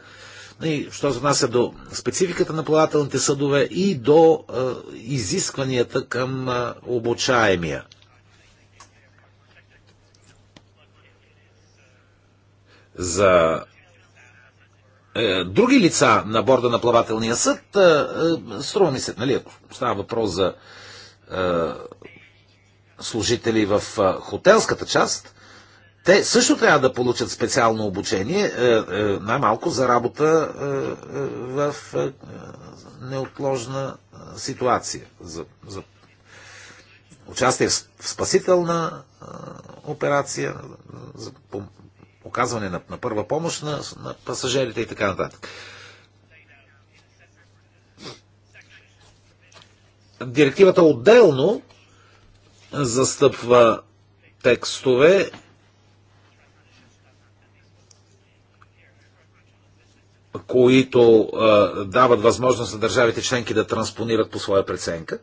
и, що се отнася до спецификата на плавателните съдове и до е, изискванията към обучаемия. За други лица на борда на плавателния съд, струва ми се, нали, ако става въпрос за служители в хотелската част, те също трябва да получат специално обучение, е, е, най-малко за работа е, в неотложна ситуация, за, за участие в спасителна операция, за оказване на, на първа помощ на, на пасажирите и така нататък. Директивата отделно застъпва текстове, които а, дават възможност на държавите членки да транспонират по своя преценка.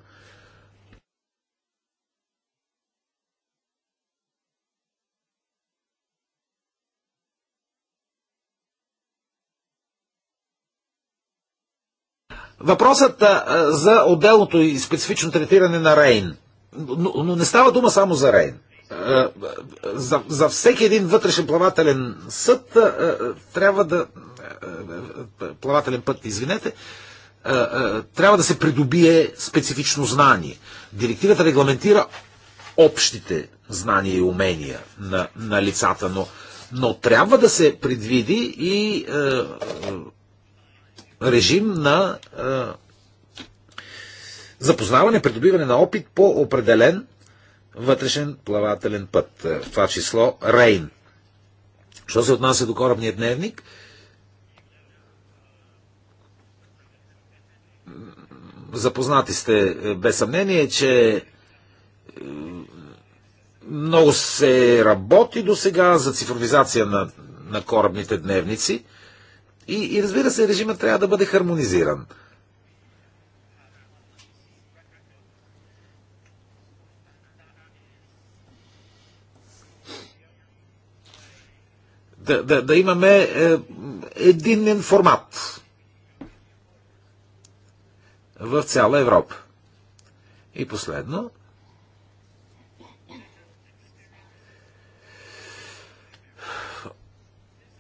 Въпросът а, за отделното и специфично третиране на Рейн но, но не става дума само за Рейн. Е, е, за, за всеки един вътрешен плавателен съд е, трябва да. плавателен път, извинете, трябва да се придобие специфично знание. Директивата регламентира общите знания и умения на, на лицата, но, но трябва да се предвиди и режим на Запознаване, придобиване на опит по определен вътрешен плавателен път, е, в това число Рейн. Що се отнася до корабния дневник, запознати сте е, без съмнение, че е, много се работи до сега за цифровизация на, на корабните дневници и, и разбира се, режимът трябва да бъде хармонизиран – да, да, да имаме е, единен формат в цяла Европа. И последно,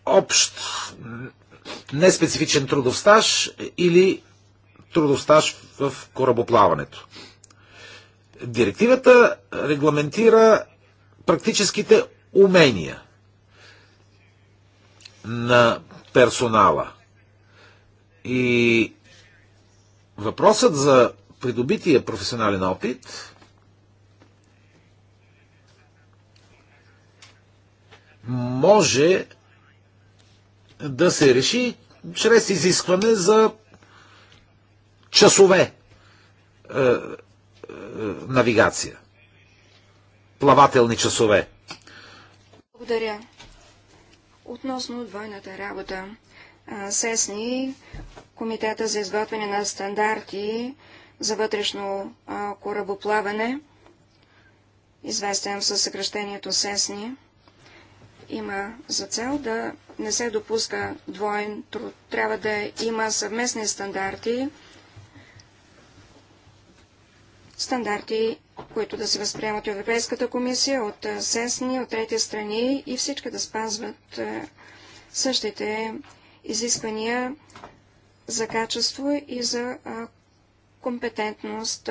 общ неспецифичен трудов стаж или трудов стаж в корабоплаването. Директивата регламентира практическите умения – на персонала. И въпросът за придобития професионален опит може да се реши чрез изискване за часове е, е, навигация. Плавателни часове. Благодаря. Относно двойната работа, СЕСНИ, Комитета за изготвяне на стандарти за вътрешно корабоплаване, известен със съкръщението СЕСНИ, има за цел да не се допуска двоен труд. Трябва да има съвместни стандарти, стандарти които да се възприемат от Европейската комисия, от СЕСНИ, от трети страни и всички да спазват същите изисквания за качество и за компетентност.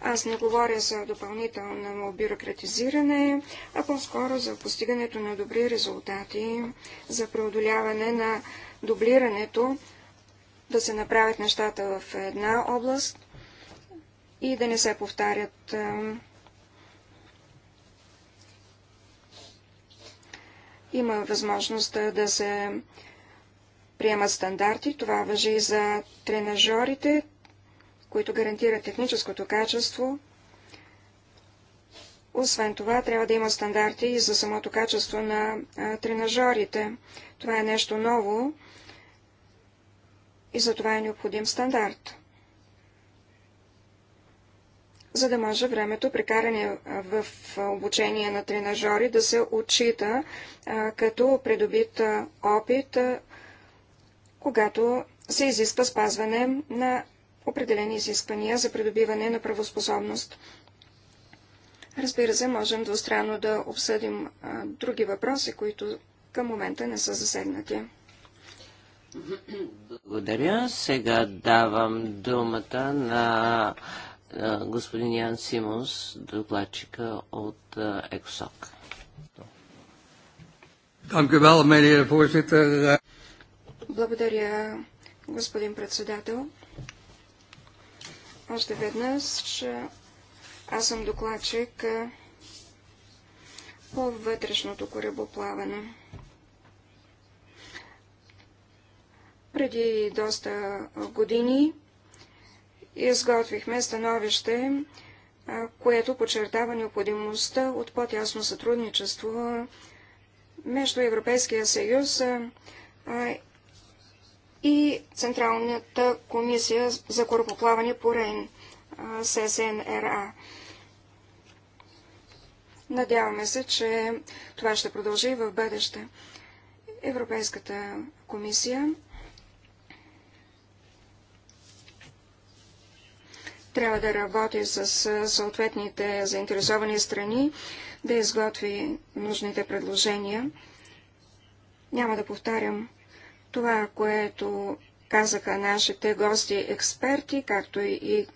Аз не говоря за допълнително бюрократизиране, а по-скоро за постигането на добри резултати, за преодоляване на дублирането, да се направят нещата в една област, и да не се повтарят. Има възможност да се приемат стандарти. Това въжи и за тренажорите, които гарантират техническото качество. Освен това, трябва да има стандарти и за самото качество на тренажорите. Това е нещо ново и за това е необходим стандарт за да може времето, прекаране в обучение на тренажори, да се отчита като придобит опит, когато се изисква спазване на определени изисквания за придобиване на правоспособност. Разбира се, можем двустранно да обсъдим други въпроси, които към момента не са засегнати. Благодаря. Сега давам думата на господин Ян Симонс, докладчика от ЕКОСОК. Благодаря, господин председател. Още веднъж аз съм докладчик по вътрешното корабоплаване. Преди доста години изготвихме становище, което подчертава необходимостта от по-тясно сътрудничество между Европейския съюз и Централната комисия за корпоплаване по Рейн, ССНРА. Надяваме се, че това ще продължи в бъдеще. Европейската комисия трябва да работи с съответните заинтересовани страни, да изготви нужните предложения. Няма да повтарям това, което казаха нашите гости-експерти, както и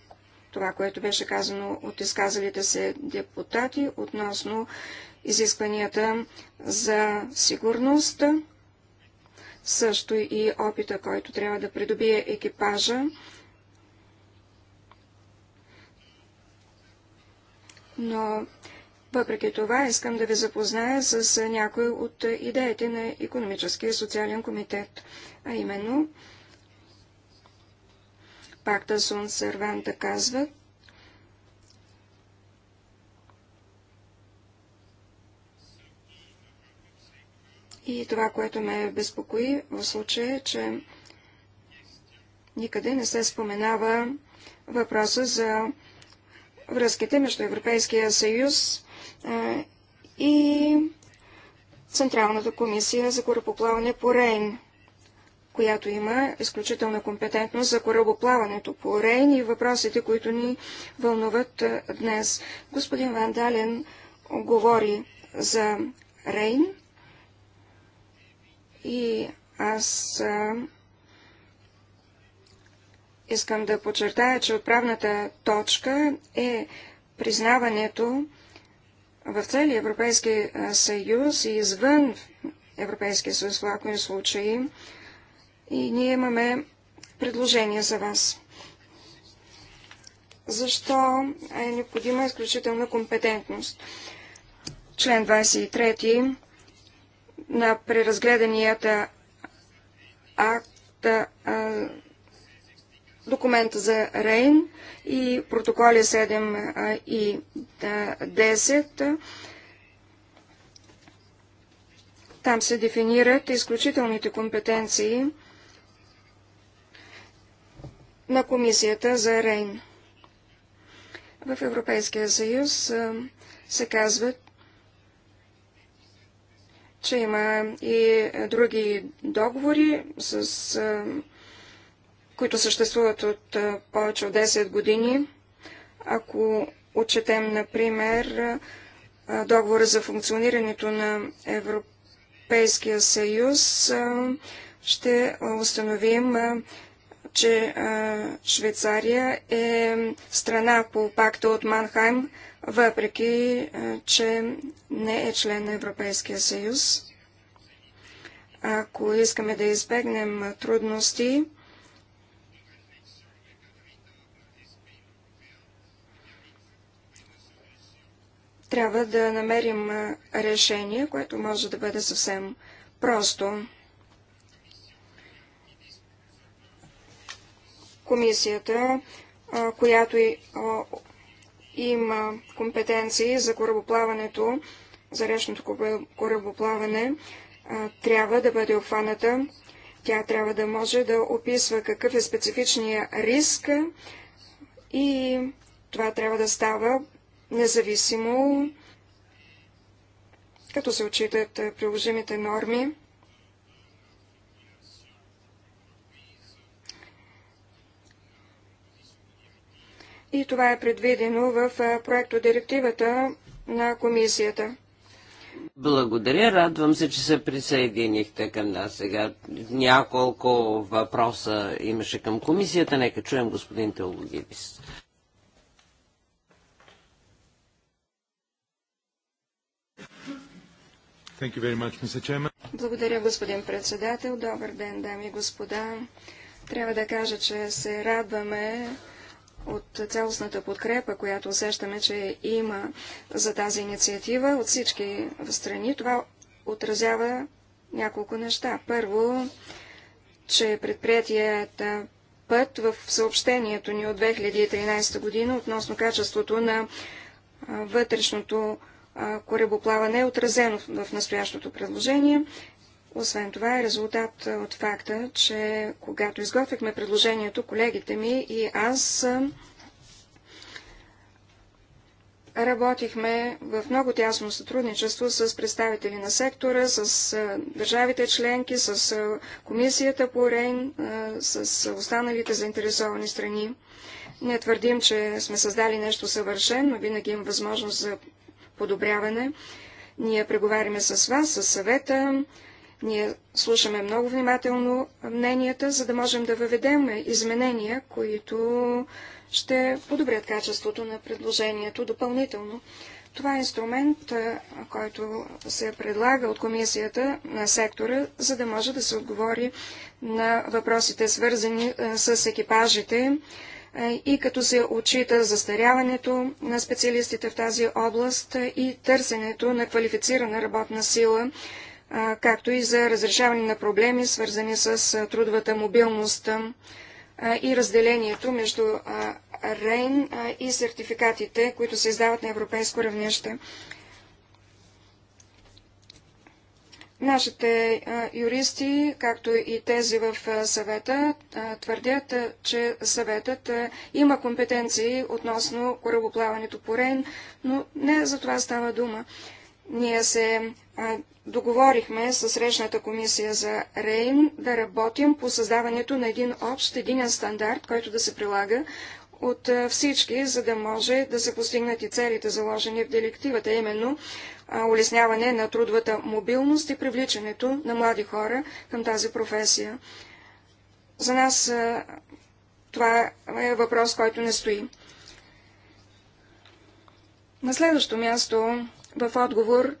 това, което беше казано от изказалите се депутати относно изискванията за сигурност, също и опита, който трябва да придобие екипажа но въпреки това искам да ви запозная с някои от идеите на Економическия и социален комитет, а именно пакта Сун Серванта казва, И това, което ме безпокои в случая, е, че никъде не се споменава въпроса за връзките между Европейския съюз и Централната комисия за корабоплаване по Рейн, която има изключителна компетентност за корабоплаването по Рейн и въпросите, които ни вълнуват днес. Господин Вандален говори за Рейн и аз Искам да подчертая, че отправната точка е признаването в целия Европейски съюз и извън Европейския съюз в някои случаи. И ние имаме предложение за вас. Защо е необходима изключителна компетентност? Член 23 на преразгледанията акт а, документа за Рейн и протоколи 7 и 10. Там се дефинират изключителните компетенции на комисията за Рейн. В Европейския съюз се казват, че има и други договори с които съществуват от повече от 10 години. Ако отчетем, например, договора за функционирането на Европейския съюз, ще установим, че Швейцария е страна по пакта от Манхайм, въпреки че не е член на Европейския съюз. Ако искаме да избегнем трудности, трябва да намерим решение, което може да бъде съвсем просто. Комисията, която има компетенции за корабоплаването, за речното корабоплаване, трябва да бъде обхваната. Тя трябва да може да описва какъв е специфичния риск и това трябва да става независимо, като се отчитат е, приложимите норми. И това е предвидено в е, проекто директивата на комисията. Благодаря, радвам се, че се присъединихте към нас сега. Няколко въпроса имаше към комисията. Нека чуем господин Теологидис. Благодаря, господин председател. Добър ден, дами и господа. Трябва да кажа, че се радваме от цялостната подкрепа, която усещаме, че има за тази инициатива от всички страни. Това отразява няколко неща. Първо, че предприятият път в съобщението ни от 2013 година относно качеството на вътрешното корабоплаване е отразено в настоящото предложение. Освен това е резултат от факта, че когато изготвихме предложението, колегите ми и аз работихме в много тясно сътрудничество с представители на сектора, с държавите членки, с комисията по Рейн, с останалите заинтересовани страни. Не твърдим, че сме създали нещо съвършено, винаги има възможност за подобряване. Ние преговаряме с вас, с съвета, ние слушаме много внимателно мненията, за да можем да въведем изменения, които ще подобрят качеството на предложението допълнително. Това е инструмент, който се предлага от комисията на сектора, за да може да се отговори на въпросите, свързани с екипажите, е, и като се отчита застаряването на специалистите в тази област е, и търсенето на квалифицирана работна сила, е, както и за разрешаване на проблеми, свързани с трудовата мобилност и разделението между РЕЙН и сертификатите, които се издават на европейско равнище. Нашите юристи, както и тези в съвета, твърдят, че съветът има компетенции относно корабоплаването по Рейн, но не за това става дума. Ние се договорихме с срещната комисия за Рейн да работим по създаването на един общ, един стандарт, който да се прилага от всички, за да може да се постигнат и целите заложени в директивата, именно улесняване на трудовата мобилност и привличането на млади хора към тази професия. За нас това е въпрос, който не стои. На следващо място, в отговор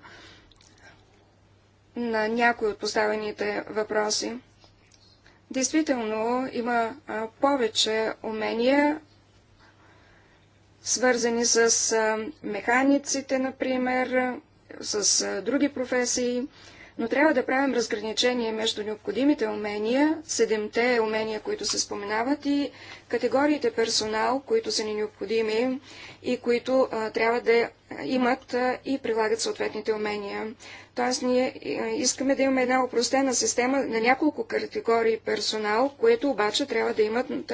на някои от поставените въпроси, действително има повече умения свързани с механиците, например, с други професии, но трябва да правим разграничение между необходимите умения, седемте умения, които се споменават и категориите персонал, които са ни необходими и които а, трябва да имат а, и прилагат съответните умения. Тоест ние искаме да имаме една упростена система на няколко категории персонал, които обаче трябва да имат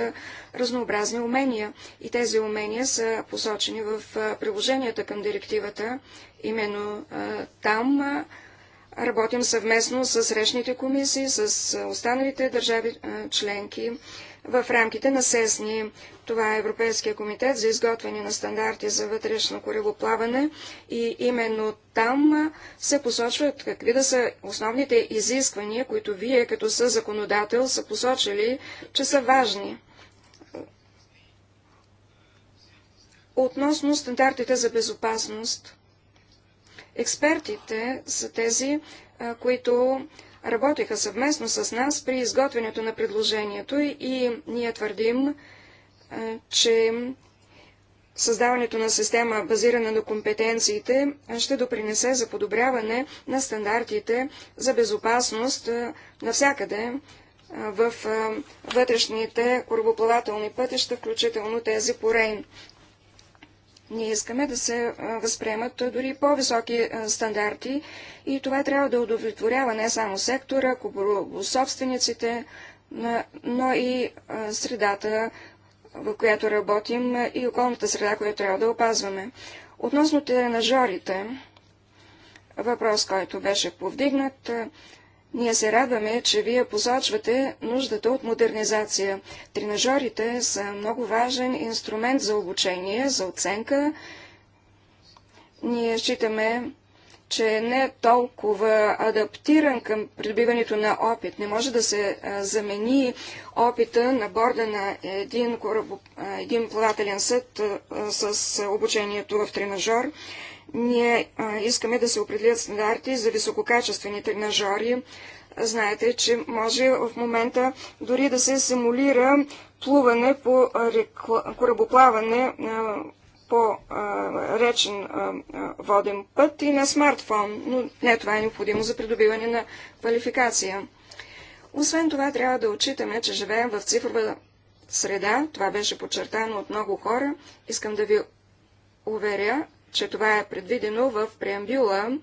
разнообразни умения. И тези умения са посочени в приложенията към директивата. Именно а, там Работим съвместно с речните комисии, с останалите държави членки в рамките на СЕСНИ. Това е Европейския комитет за изготвяне на стандарти за вътрешно корабоплаване и именно там се посочват какви да са основните изисквания, които вие като са законодател са посочили, че са важни. Относно стандартите за безопасност, Експертите са тези, които работеха съвместно с нас при изготвянето на предложението и ние твърдим, че създаването на система, базирана на компетенциите, ще допринесе за подобряване на стандартите за безопасност навсякъде в вътрешните корабоплавателни пътища, включително тези по Рейн. Ние искаме да се възприемат дори по-високи стандарти и това трябва да удовлетворява не само сектора, собствениците, но и средата, в която работим и околната среда, която трябва да опазваме. Относно тренажорите, въпрос, който беше повдигнат, ние се радваме, че вие посочвате нуждата от модернизация. Тренажорите са много важен инструмент за обучение, за оценка. Ние считаме, че не е толкова адаптиран към придобиването на опит. Не може да се замени опита на борда на един, кораб, един плавателен съд с обучението в тренажор. Ние а, искаме да се определят стандарти за висококачествени тренажори. Знаете, че може в момента дори да се симулира плуване по рекла... корабоплаване а, по а, речен а, воден път и на смартфон, но не това е необходимо за придобиване на квалификация. Освен това, трябва да отчитаме, че живеем в цифрова среда, това беше подчертано от много хора. Искам да ви уверя, че това е предвидено в преамбюла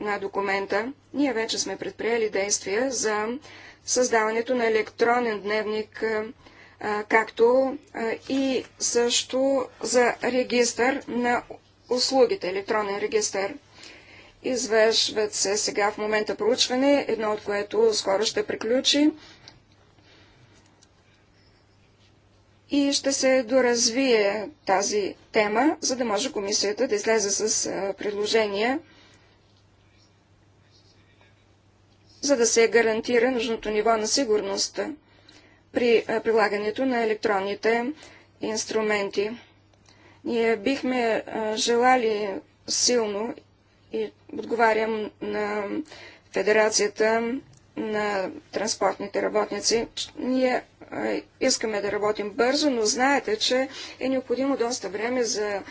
на документа. Ние вече сме предприели действия за създаването на електронен дневник, както и също за регистър на услугите, електронен регистър. Извършват се сега в момента проучване, едно от което скоро ще приключи. и ще се доразвие тази тема, за да може комисията да излезе с предложения, за да се гарантира нужното ниво на сигурност при прилагането на електронните инструменти. Ние бихме желали силно и отговарям на Федерацията на транспортните работници. Ние искаме да работим бързо, но знаете, че е необходимо доста време за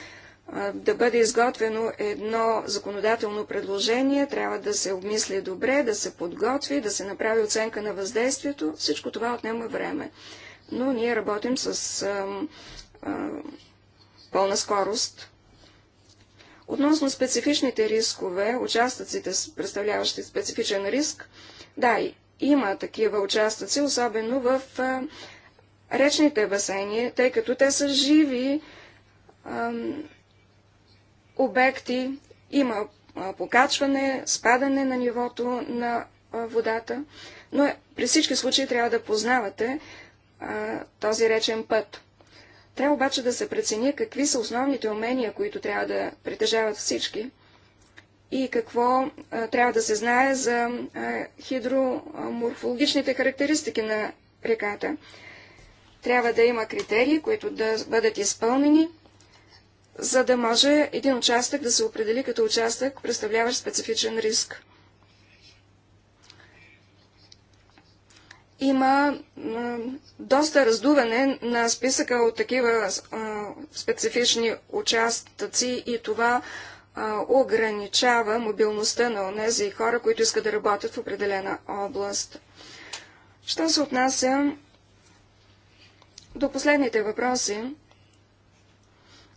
да бъде изготвено едно законодателно предложение, трябва да се обмисли добре, да се подготви, да се направи оценка на въздействието. Всичко това отнема време. Но ние работим с а, а, пълна скорост. Относно специфичните рискове, участъците, представляващи специфичен риск, да, има такива участъци, особено в речните басейни, тъй като те са живи ам, обекти, има покачване, спадане на нивото на водата, но при всички случаи трябва да познавате а, този речен път. Трябва обаче да се прецени какви са основните умения, които трябва да притежават всички и какво а, трябва да се знае за а, хидроморфологичните характеристики на реката. Трябва да има критерии, които да бъдат изпълнени, за да може един участък да се определи като участък, представляващ специфичен риск. Има а, доста раздуване на списъка от такива специфични участъци и това ограничава мобилността на онези хора, които искат да работят в определена област. Що се отнася до последните въпроси,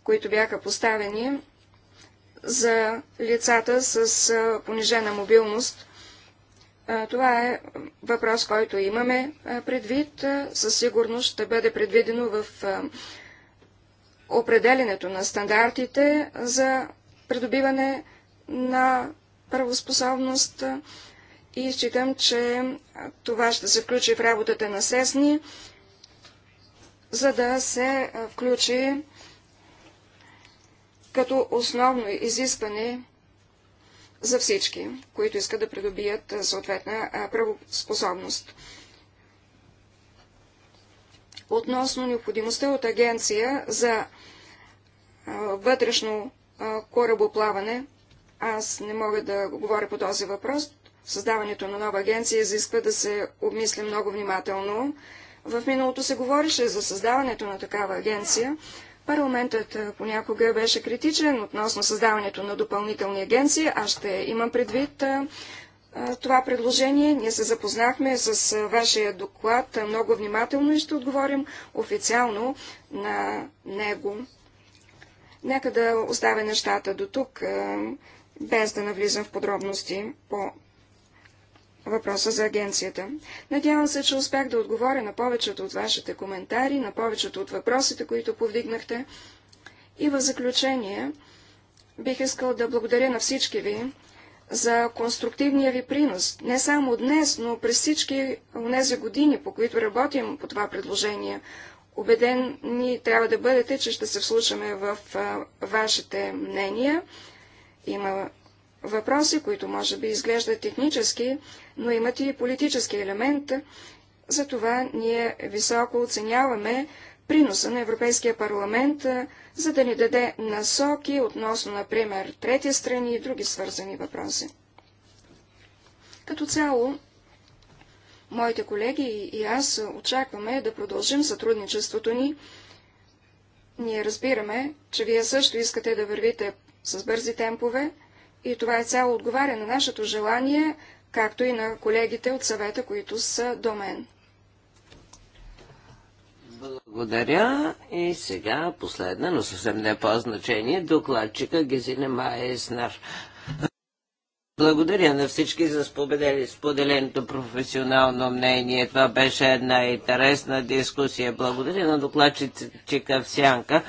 които бяха поставени за лицата с понижена мобилност, това е въпрос, който имаме предвид. Със сигурност ще бъде предвидено в определенето на стандартите за придобиване на правоспособност и считам, че това ще се включи в работата на СЕСНИ, за да се включи като основно изискване за всички, които искат да придобият съответна правоспособност. Относно необходимостта от агенция за вътрешно корабоплаване. Аз не мога да говоря по този въпрос. Създаването на нова агенция изисква да се обмисля много внимателно. В миналото се говореше за създаването на такава агенция. Парламентът понякога беше критичен относно създаването на допълнителни агенции. Аз ще имам предвид това предложение. Ние се запознахме с вашия доклад много внимателно и ще отговорим официално на него. Нека да оставя нещата до тук, без да навлизам в подробности по въпроса за агенцията. Надявам се, че успях да отговоря на повечето от вашите коментари, на повечето от въпросите, които повдигнахте. И в заключение бих искал да благодаря на всички ви за конструктивния ви принос, не само днес, но през всички тези години, по които работим по това предложение. Обедени трябва да бъдете, че ще се вслушаме в вашите мнения. Има въпроси, които може би изглеждат технически, но имат и политически елемент. Затова ние високо оценяваме приноса на Европейския парламент, за да ни даде насоки относно, например, трети страни и други свързани въпроси. Като цяло, Моите колеги и аз очакваме да продължим сътрудничеството ни. Ние разбираме, че вие също искате да вървите с бързи темпове и това е цяло отговаря на нашето желание, както и на колегите от съвета, които са до мен. Благодаря. И сега последна, но съвсем не по-значение, докладчика Гезина Майеснар. Благодаря на всички за споделеното професионално мнение. Това беше една интересна дискусия. Благодаря на докладчика в Сянка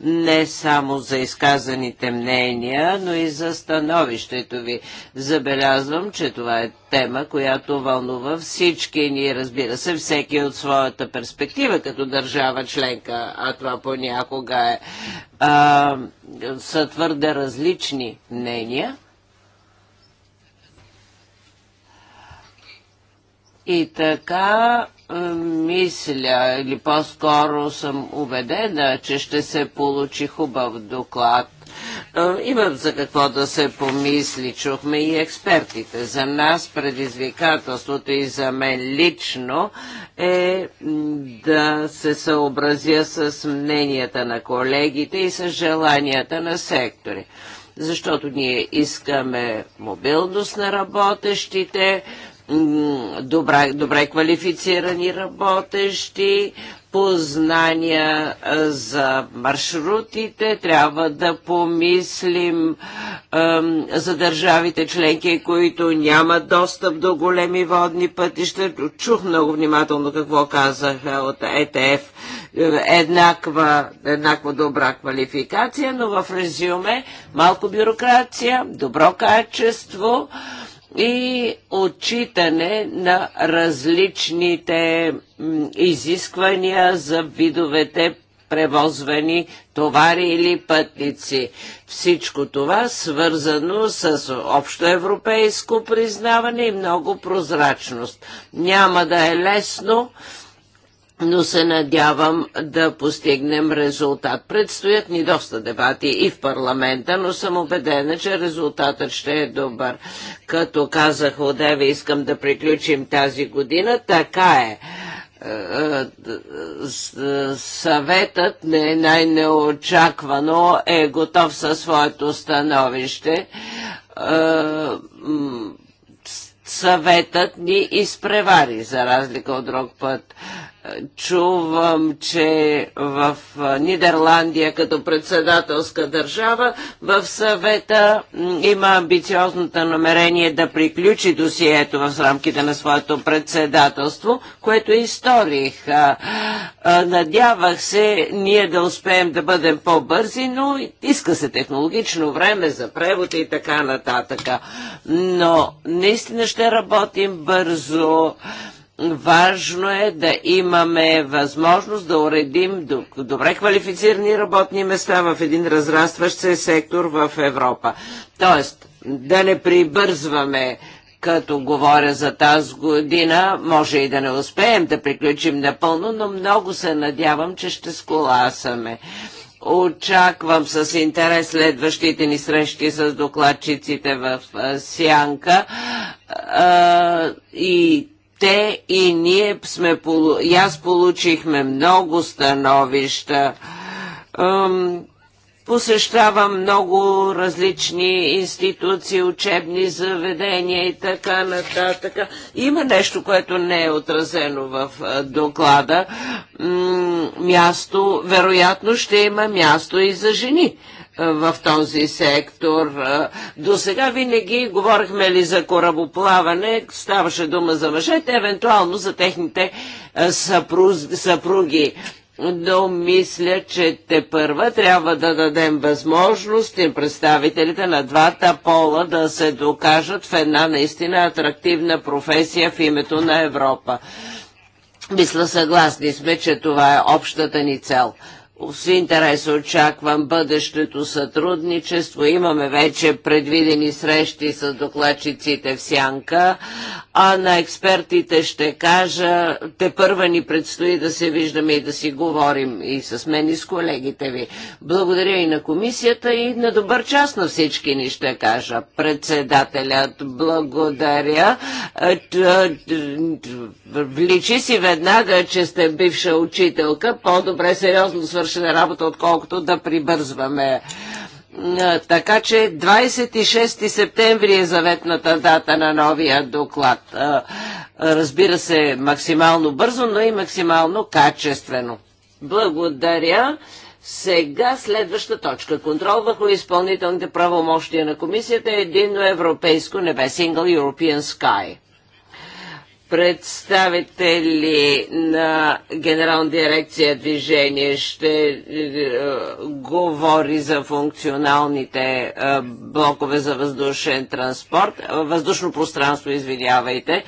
не само за изказаните мнения, но и за становището ви. Забелязвам, че това е тема, която вълнува всички ние, разбира се, всеки от своята перспектива като държава членка, а това понякога е, а, са твърде различни мнения – И така е, мисля, или по-скоро съм убедена, че ще се получи хубав доклад. Е, Имам за какво да се помисли, чухме и експертите. За нас предизвикателството и за мен лично е да се съобразя с мненията на колегите и с желанията на сектори. Защото ние искаме мобилност на работещите, добра, добре квалифицирани работещи, познания за маршрутите, трябва да помислим ем, за държавите членки, които нямат достъп до големи водни пътища. Чух много внимателно какво казаха от ЕТФ. Еднаква, еднаква добра квалификация, но в резюме малко бюрокрация, добро качество, ем, и отчитане на различните изисквания за видовете превозвани товари или пътници. Всичко това свързано с общоевропейско признаване и много прозрачност. Няма да е лесно, но се надявам да постигнем резултат. Предстоят ни доста дебати и в парламента, но съм убедена, че резултатът ще е добър. Като казах, одеве искам да приключим тази година, така е, е, е съветът не е най-неочаквано е готов със своето становище. Съветът ни изпревари, за разлика от друг път чувам, че в Нидерландия като председателска държава в съвета има амбициозното намерение да приключи досието в рамките на своето председателство, което историх. Надявах се ние да успеем да бъдем по-бързи, но иска се технологично време за превод и така нататък. Но наистина ще работим бързо Важно е да имаме възможност да уредим добре квалифицирани работни места в един разрастващ се сектор в Европа. Тоест, да не прибързваме като говоря за тази година, може и да не успеем да приключим напълно, но много се надявам, че ще сколасаме. Очаквам с интерес следващите ни срещи с докладчиците в Сянка и те и ние сме, и аз получихме много становища, посещавам много различни институции, учебни заведения и така нататък. Има нещо, което не е отразено в доклада. Място, вероятно ще има място и за жени е, в този сектор. Е, до сега винаги говорихме ли за корабоплаване, ставаше дума за мъжете, евентуално за техните е, съпруги но мисля, че те първа трябва да дадем възможност им представителите на двата пола да се докажат в една наистина атрактивна професия в името на Европа. Мисля, съгласни сме, че това е общата ни цел с интерес очаквам бъдещето сътрудничество. Имаме вече предвидени срещи с докладчиците в Сянка, а на експертите ще кажа, те първа ни предстои да се виждаме и да си говорим и с мен и с колегите ви. Благодаря и на комисията и на добър час на всички ни ще кажа. Председателят, благодаря. Вличи си веднага, че сте бивша учителка. По-добре сериозно свърши свършена работа, отколкото да прибързваме. Така че 26 септември е заветната дата на новия доклад. Разбира се, максимално бързо, но и максимално качествено. Благодаря. Сега следваща точка. Контрол върху изпълнителните правомощия на комисията е единно европейско небе, Single European Sky представители на Генерална дирекция движение ще е, говори за функционалните е, блокове за въздушен транспорт, е, въздушно пространство, извинявайте,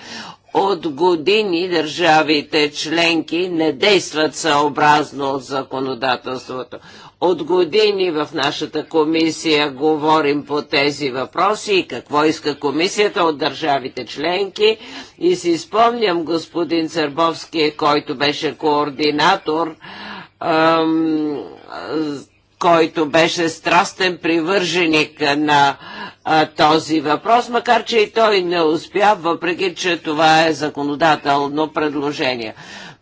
от години държавите членки не действат съобразно от законодателството. От години в нашата комисия говорим по тези въпроси и какво иска комисията от държавите членки. И си спомням господин Църбовски, който беше координатор, ам, който беше страстен привърженик на а, този въпрос, макар че и той не успя, въпреки че това е законодателно предложение.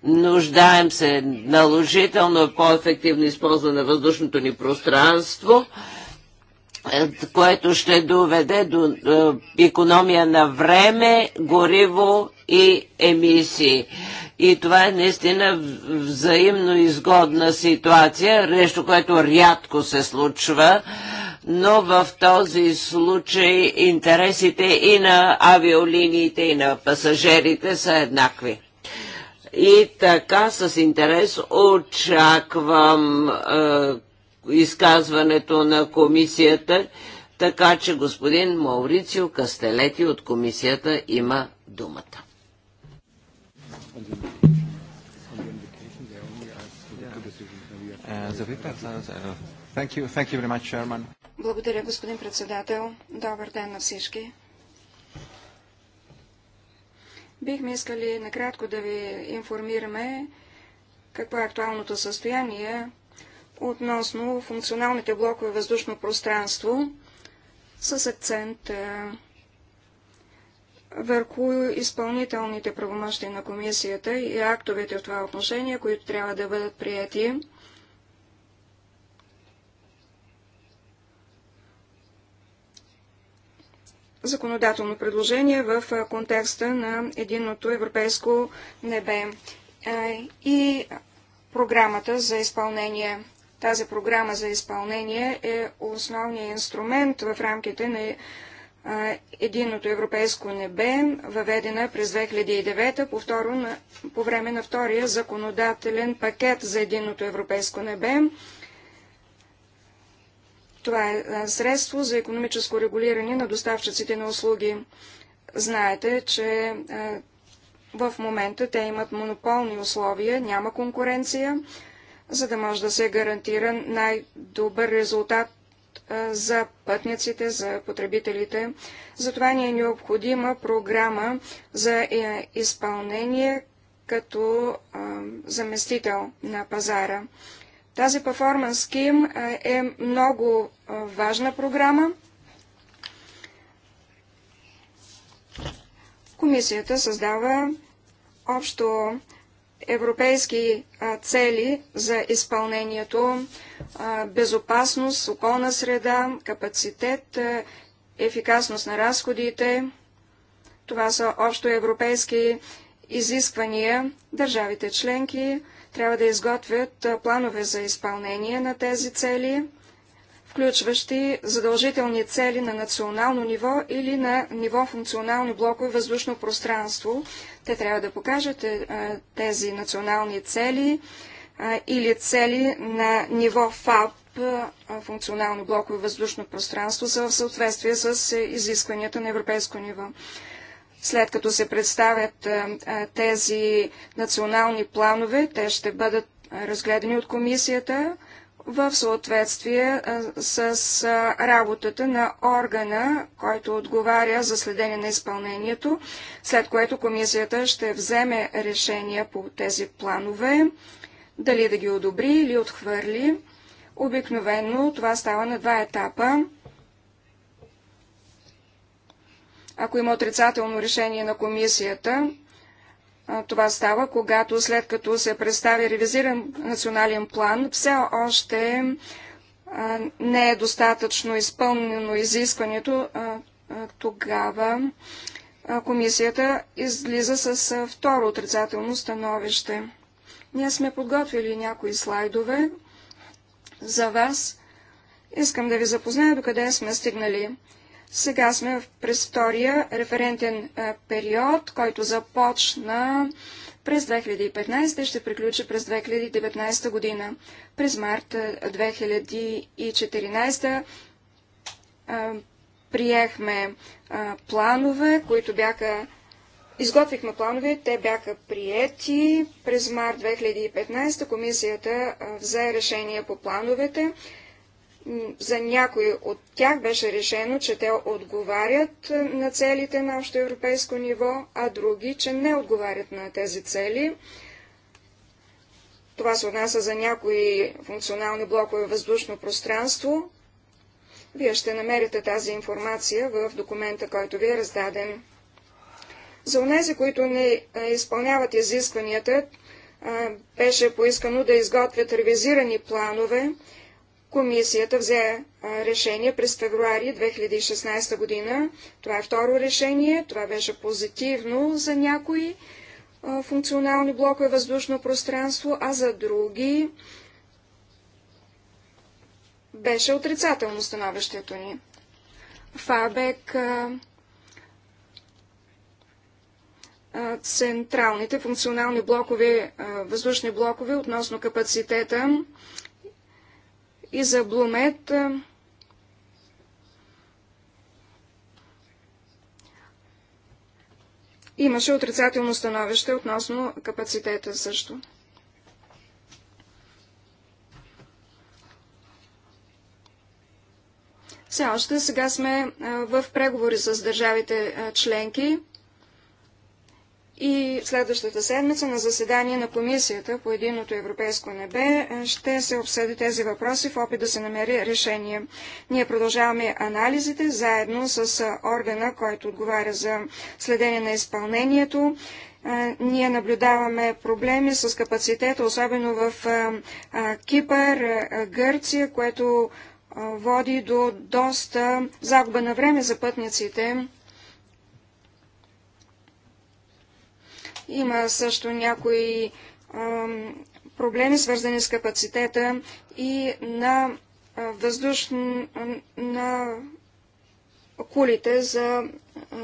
Нуждаем се наложително по-ефективно използване на въздушното ни пространство е, което ще доведе до економия на време, гориво и емисии. И това е наистина взаимно изгодна ситуация, нещо, което рядко се случва, но в този случай интересите и на авиолиниите, и на пасажирите са еднакви. И така с интерес очаквам е, изказването на комисията, така че господин Маурицио Кастелети от комисията има думата. Благодаря, господин председател. Добър ден на всички. Бихме искали накратко да ви информираме какво е актуалното състояние относно функционалните блокове въздушно пространство с акцент е, върху изпълнителните правомощи на комисията и актовете в това отношение, които трябва да бъдат прияти законодателно предложение в контекста на единното европейско небе и програмата за изпълнение. Тази програма за изпълнение е основният инструмент в рамките на Единното европейско небе, въведена през 2009 по, второ, по време на втория законодателен пакет за Единното европейско небе. Това е средство за економическо регулиране на доставчиците на услуги. Знаете, че в момента те имат монополни условия, няма конкуренция, за да може да се гарантира най-добър резултат за пътниците, за потребителите. Затова ни е необходима програма за е, изпълнение като заместител на пазара. Тази performance Scheme е много важна програма. Комисията създава общо европейски цели за изпълнението, безопасност, околна среда, капацитет, ефикасност на разходите. Това са общо европейски изисквания. Държавите членки трябва да изготвят планове за изпълнение на тези цели, включващи задължителни цели на национално ниво или на ниво функционално и въздушно пространство. Те трябва да покажат е, тези национални цели или цели на ниво ФАП, функционално блоко и въздушно пространство, са в съответствие с е, изискванията на европейско ниво. След като се представят тези национални планове, те ще бъдат разгледани от комисията в съответствие с работата на органа, който отговаря за следение на изпълнението, след което комисията ще вземе решение по тези планове, дали да ги одобри или отхвърли. Обикновено това става на два етапа. Ако има отрицателно решение на комисията, това става, когато след като се представи ревизиран национален план, все още не е достатъчно изпълнено изискването, тогава комисията излиза с второ отрицателно становище. Ние сме подготвили някои слайдове за вас. Искам да ви запозная докъде сме стигнали. Сега сме през втория референтен период, който започна през 2015 и ще приключи през 2019 година. През март 2014 приехме планове, които бяха Изготвихме планове, те бяха приети. През март 2015 комисията взе решение по плановете. За някои от тях беше решено, че те отговарят е, на целите на общо европейско ниво, а други, че не отговарят на тези цели. Това се отнася за някои функционални блокове въздушно пространство. Вие ще намерите тази информация в документа, който ви е раздаден. За унези, които не е, изпълняват изискванията, е, беше поискано да изготвят ревизирани планове, Комисията взе решение през февруари 2016 година. Това е второ решение. Това беше позитивно за някои функционални блокове въздушно пространство, а за други беше отрицателно становището ни. Фабек централните функционални блокове, въздушни блокове относно капацитета и за Блумет. Имаше отрицателно становище относно капацитета също. Все още сега сме в преговори с държавите членки. И в следващата седмица на заседание на Комисията по единното европейско небе е, ще се обсъди тези въпроси в опит да се намери решение. Ние продължаваме анализите заедно с е, органа, който отговаря за следение на изпълнението. Е, ние наблюдаваме проблеми с капацитета, особено в Кипър, Гърция, което води до доста загуба на време за пътниците Има също някои проблеми, свързани с капацитета и на въздуш на кулите за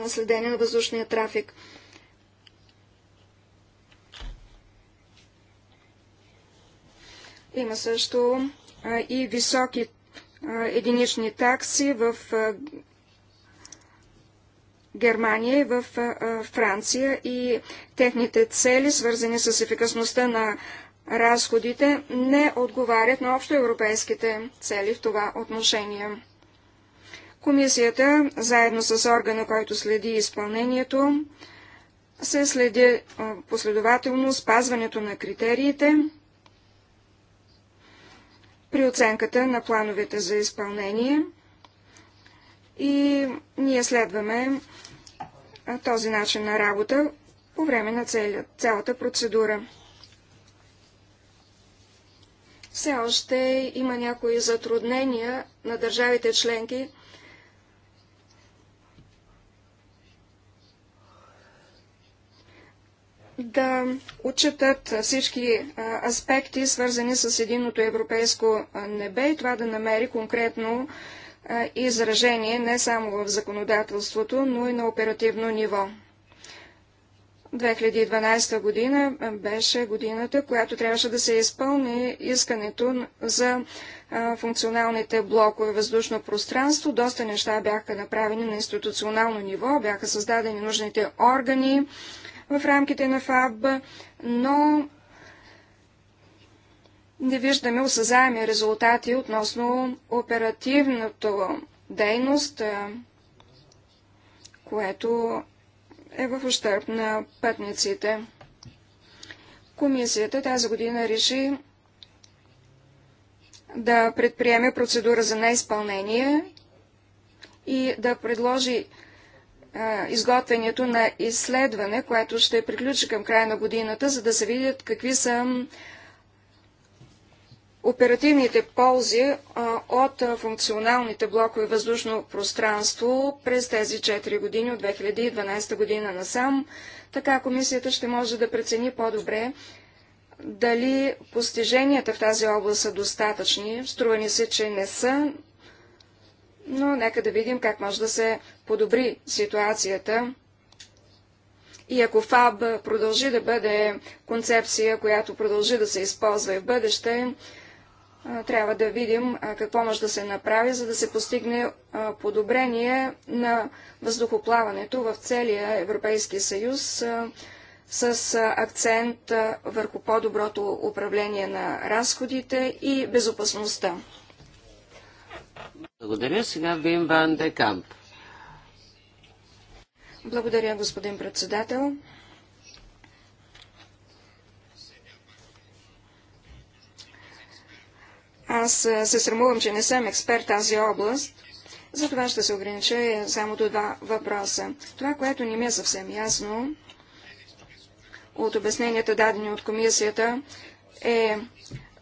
следение на въздушния трафик. Има също и високи единични такси в Германия и е в Франция и техните цели, свързани с ефикасността на разходите, не отговарят на общоевропейските цели в това отношение. Комисията, заедно с органа, който следи изпълнението, се следи последователно спазването на критериите при оценката на плановете за изпълнение и ние следваме този начин на работа по време на цялата процедура. Все още има някои затруднения на държавите членки да отчитат всички аспекти, свързани с единното европейско небе и това да намери конкретно изражение не само в законодателството, но и на оперативно ниво. 2012 година беше годината, която трябваше да се изпълни искането за функционалните блокове въздушно пространство. Доста неща бяха направени на институционално ниво, бяха създадени нужните органи в рамките на ФАБ, но не виждаме осъзаеми резултати относно оперативното дейност, което е в ущърп на пътниците. Комисията тази година реши да предприеме процедура за неизпълнение и да предложи а, изготвянето на изследване, което ще приключи към края на годината, за да се видят какви са оперативните ползи от функционалните блокове въздушно пространство през тези 4 години от 2012 година насам. Така комисията ще може да прецени по-добре дали постиженията в тази област са достатъчни. Струва ни се, че не са, но нека да видим как може да се подобри ситуацията. И ако ФАБ продължи да бъде концепция, която продължи да се използва и в бъдеще, трябва да видим какво може да се направи, за да се постигне подобрение на въздухоплаването в целия Европейски съюз с акцент върху по-доброто управление на разходите и безопасността. Благодаря. Сега Вим Ван Декамп. Благодаря, господин председател. Аз се срамувам, че не съм експерт тази област, затова ще се огранича само до два въпроса. Това, което не ми е съвсем ясно от обясненията дадени от комисията, е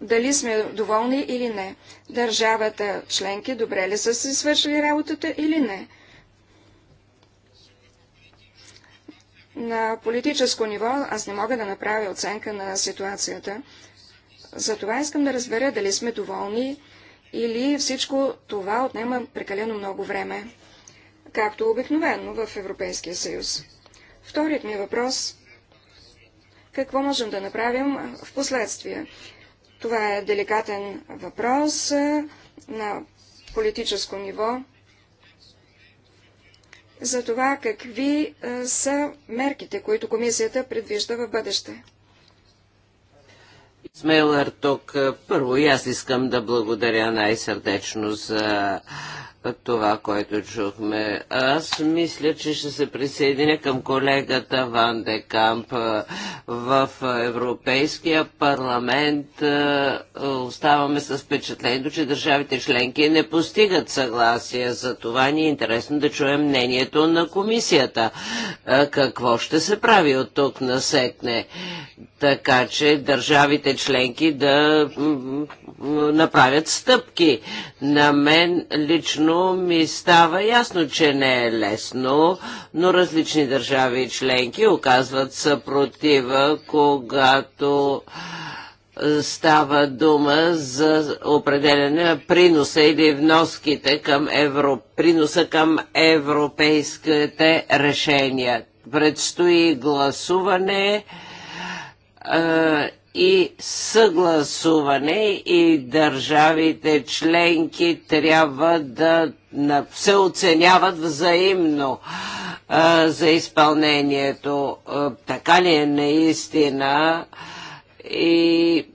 дали сме доволни или не. Държавата членки добре ли са си свършили работата или не. На политическо ниво аз не мога да направя оценка на ситуацията. Затова искам да разбера дали сме доволни или всичко това отнема прекалено много време, както обикновено в Европейския съюз. Вторият ми въпрос – какво можем да направим в последствие? Това е деликатен въпрос на политическо ниво за това какви са мерките, които комисията предвижда в бъдеще. Смейлър тук. Първо и аз искам да благодаря най-сърдечно за това, което чухме. Аз мисля, че ще се присъединя към колегата Ван де Камп. В Европейския парламент е, оставаме с впечатлението, че държавите членки не постигат съгласие. За това ни е интересно да чуем мнението на комисията. Е, какво ще се прави от тук насекне? Така че държавите членки да направят стъпки. На мен лично ми става ясно, че не е лесно, но различни държави и членки оказват съпротива, когато става дума за определене на приноса или вноските към евро, приноса към европейските решения. Предстои гласуване и съгласуване и държавите членки трябва да се оценяват взаимно за изпълнението. така ли е наистина? и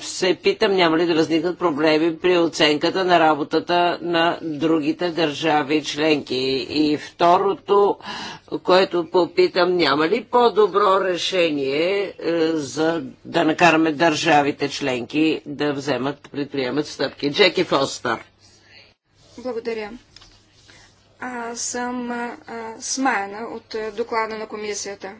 се питам, няма ли да възникнат проблеми при оценката на работата на другите държави членки. И второто, което попитам, няма ли по-добро решение е, за да накараме държавите членки да вземат, предприемат стъпки. Джеки Фостър. Благодаря. Аз съм смаяна от доклада на комисията.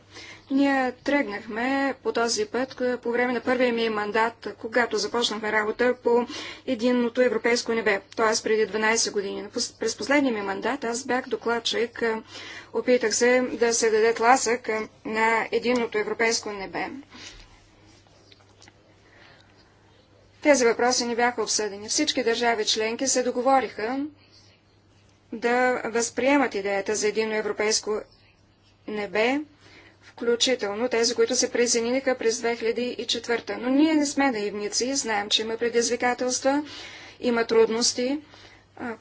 Ние тръгнахме по този път по време на първия ми мандат, когато започнахме работа по единното европейско небе, т.е. преди 12 години. През последния ми мандат аз бях докладчик, опитах се да се даде тласък на единното европейско небе. Тези въпроси не бяха обсъдени. Всички държави членки се договориха да възприемат идеята за единно европейско небе включително тези, които се присъединиха през 2004. Но ние не сме наивници, знаем, че има предизвикателства, има трудности,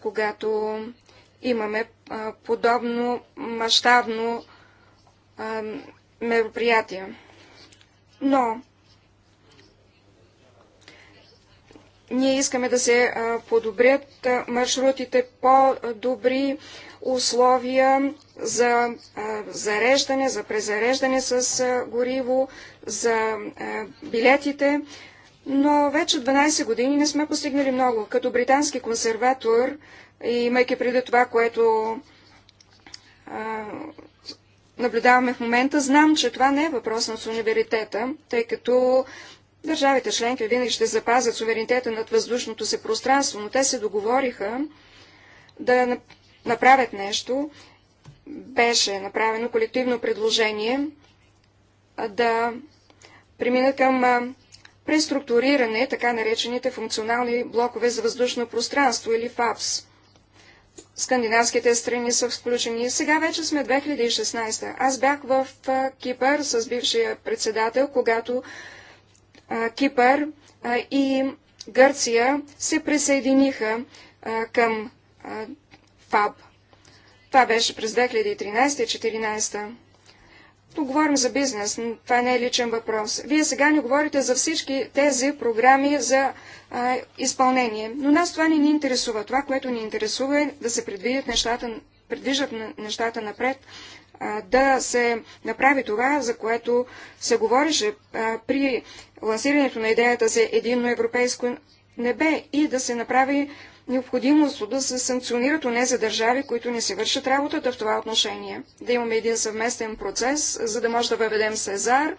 когато имаме подобно мащабно мероприятие. Но ние искаме да се подобрят маршрутите, по-добри условия за зареждане, за презареждане с гориво, за билетите, но вече 12 години не сме постигнали много. Като британски консерватор, имайки преди това, което а, наблюдаваме в момента, знам, че това не е въпрос на суверенитета, тъй като държавите членки винаги ще запазят суверенитета над въздушното си пространство, но те се договориха да направят нещо беше направено колективно предложение да премина към преструктуриране така наречените функционални блокове за въздушно пространство или ФАПС. Скандинавските страни са включени. Сега вече сме 2016. Аз бях в Кипър с бившия председател, когато Кипър и Гърция се присъединиха към ФАБ. Това беше през 2013-2014. Тук говорим за бизнес, това не е личен въпрос. Вие сега не говорите за всички тези програми за а, изпълнение, но нас това не ни интересува. Това, което ни интересува е да се предвидят нещата, предвижат нещата напред, а, да се направи това, за което се говореше а, при лансирането на идеята за единно европейско небе и да се направи необходимост да се санкционират онези държави, които не си вършат работата в това отношение. Да имаме един съвместен процес, за да може да въведем Сезар.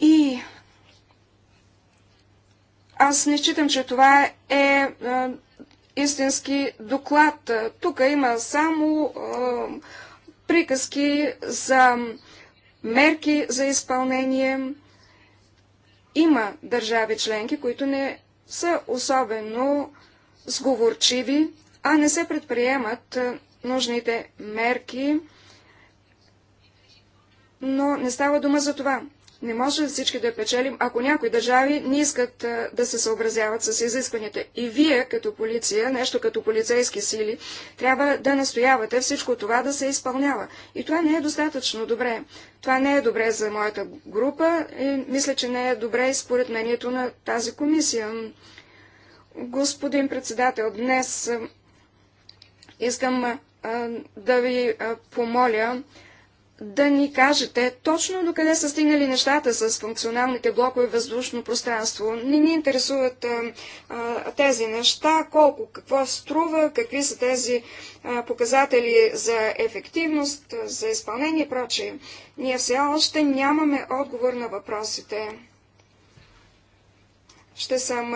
И аз не считам, че това е, е истински доклад. Тук има само е, приказки за мерки за изпълнение. Има държави членки, които не са особено сговорчиви, а не се предприемат е, нужните мерки, но не става дума за това. Не може всички да печелим, ако някои държави не искат да се съобразяват с изискванията. И вие, като полиция, нещо като полицейски сили, трябва да настоявате всичко това да се изпълнява. И това не е достатъчно добре. Това не е добре за моята група и мисля, че не е добре и според мнението на тази комисия. Господин председател, днес искам да ви помоля да ни кажете точно до къде са стигнали нещата с функционалните блокове въздушно пространство. Не ни интересуват а, а, тези неща, колко, какво струва, какви са тези а, показатели за ефективност, за изпълнение и прочее. Ние все още нямаме отговор на въпросите. Ще съм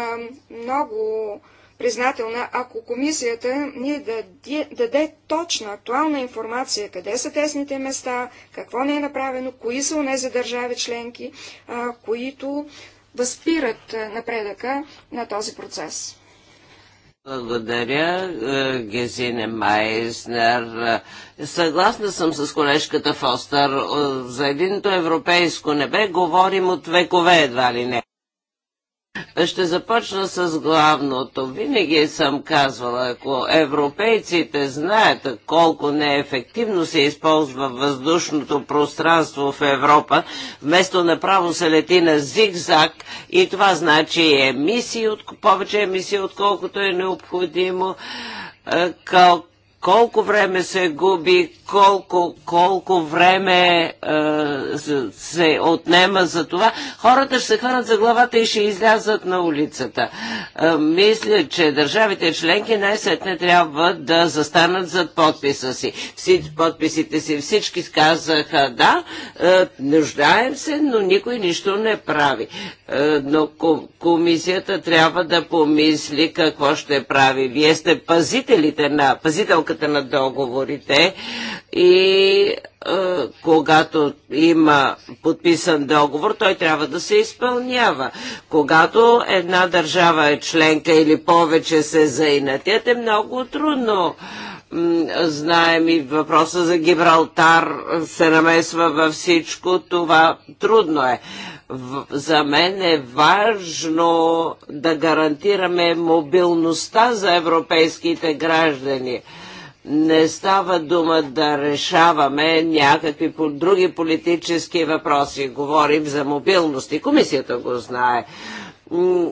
много признателна, ако комисията ни даде, даде точна, актуална информация, къде са тесните места, какво не е направено, кои са унези държави членки, а, които възпират напредъка на този процес. Благодаря, Гезине Майснер. Съгласна съм с колежката Фостър. За единто европейско небе говорим от векове едва ли не. Ще започна с главното. Винаги съм казвала, ако европейците знаят колко неефективно се използва въздушното пространство в Европа, вместо направо се лети на зигзаг и това значи емисии, повече емисии, отколкото е необходимо, е, колко време се губи, колко, колко време е, се отнема за това, хората ще се хванат за главата и ще излязат на улицата. Е, мисля, че държавите членки най-сетне трябва да застанат зад подписа си. Всички подписите си всички казаха да, е, нуждаем се, но никой нищо не прави. Е, но комисията трябва да помисли какво ще прави. Вие сте пазителите на, пазителката на договорите и е, когато има подписан договор, той трябва да се изпълнява. Когато една държава е членка или повече се заинатят, е много трудно. Знаем и въпроса за Гибралтар се намесва във всичко. Това трудно е. За мен е важно да гарантираме мобилността за европейските граждани не става дума да решаваме някакви други политически въпроси. Говорим за мобилност и комисията го знае.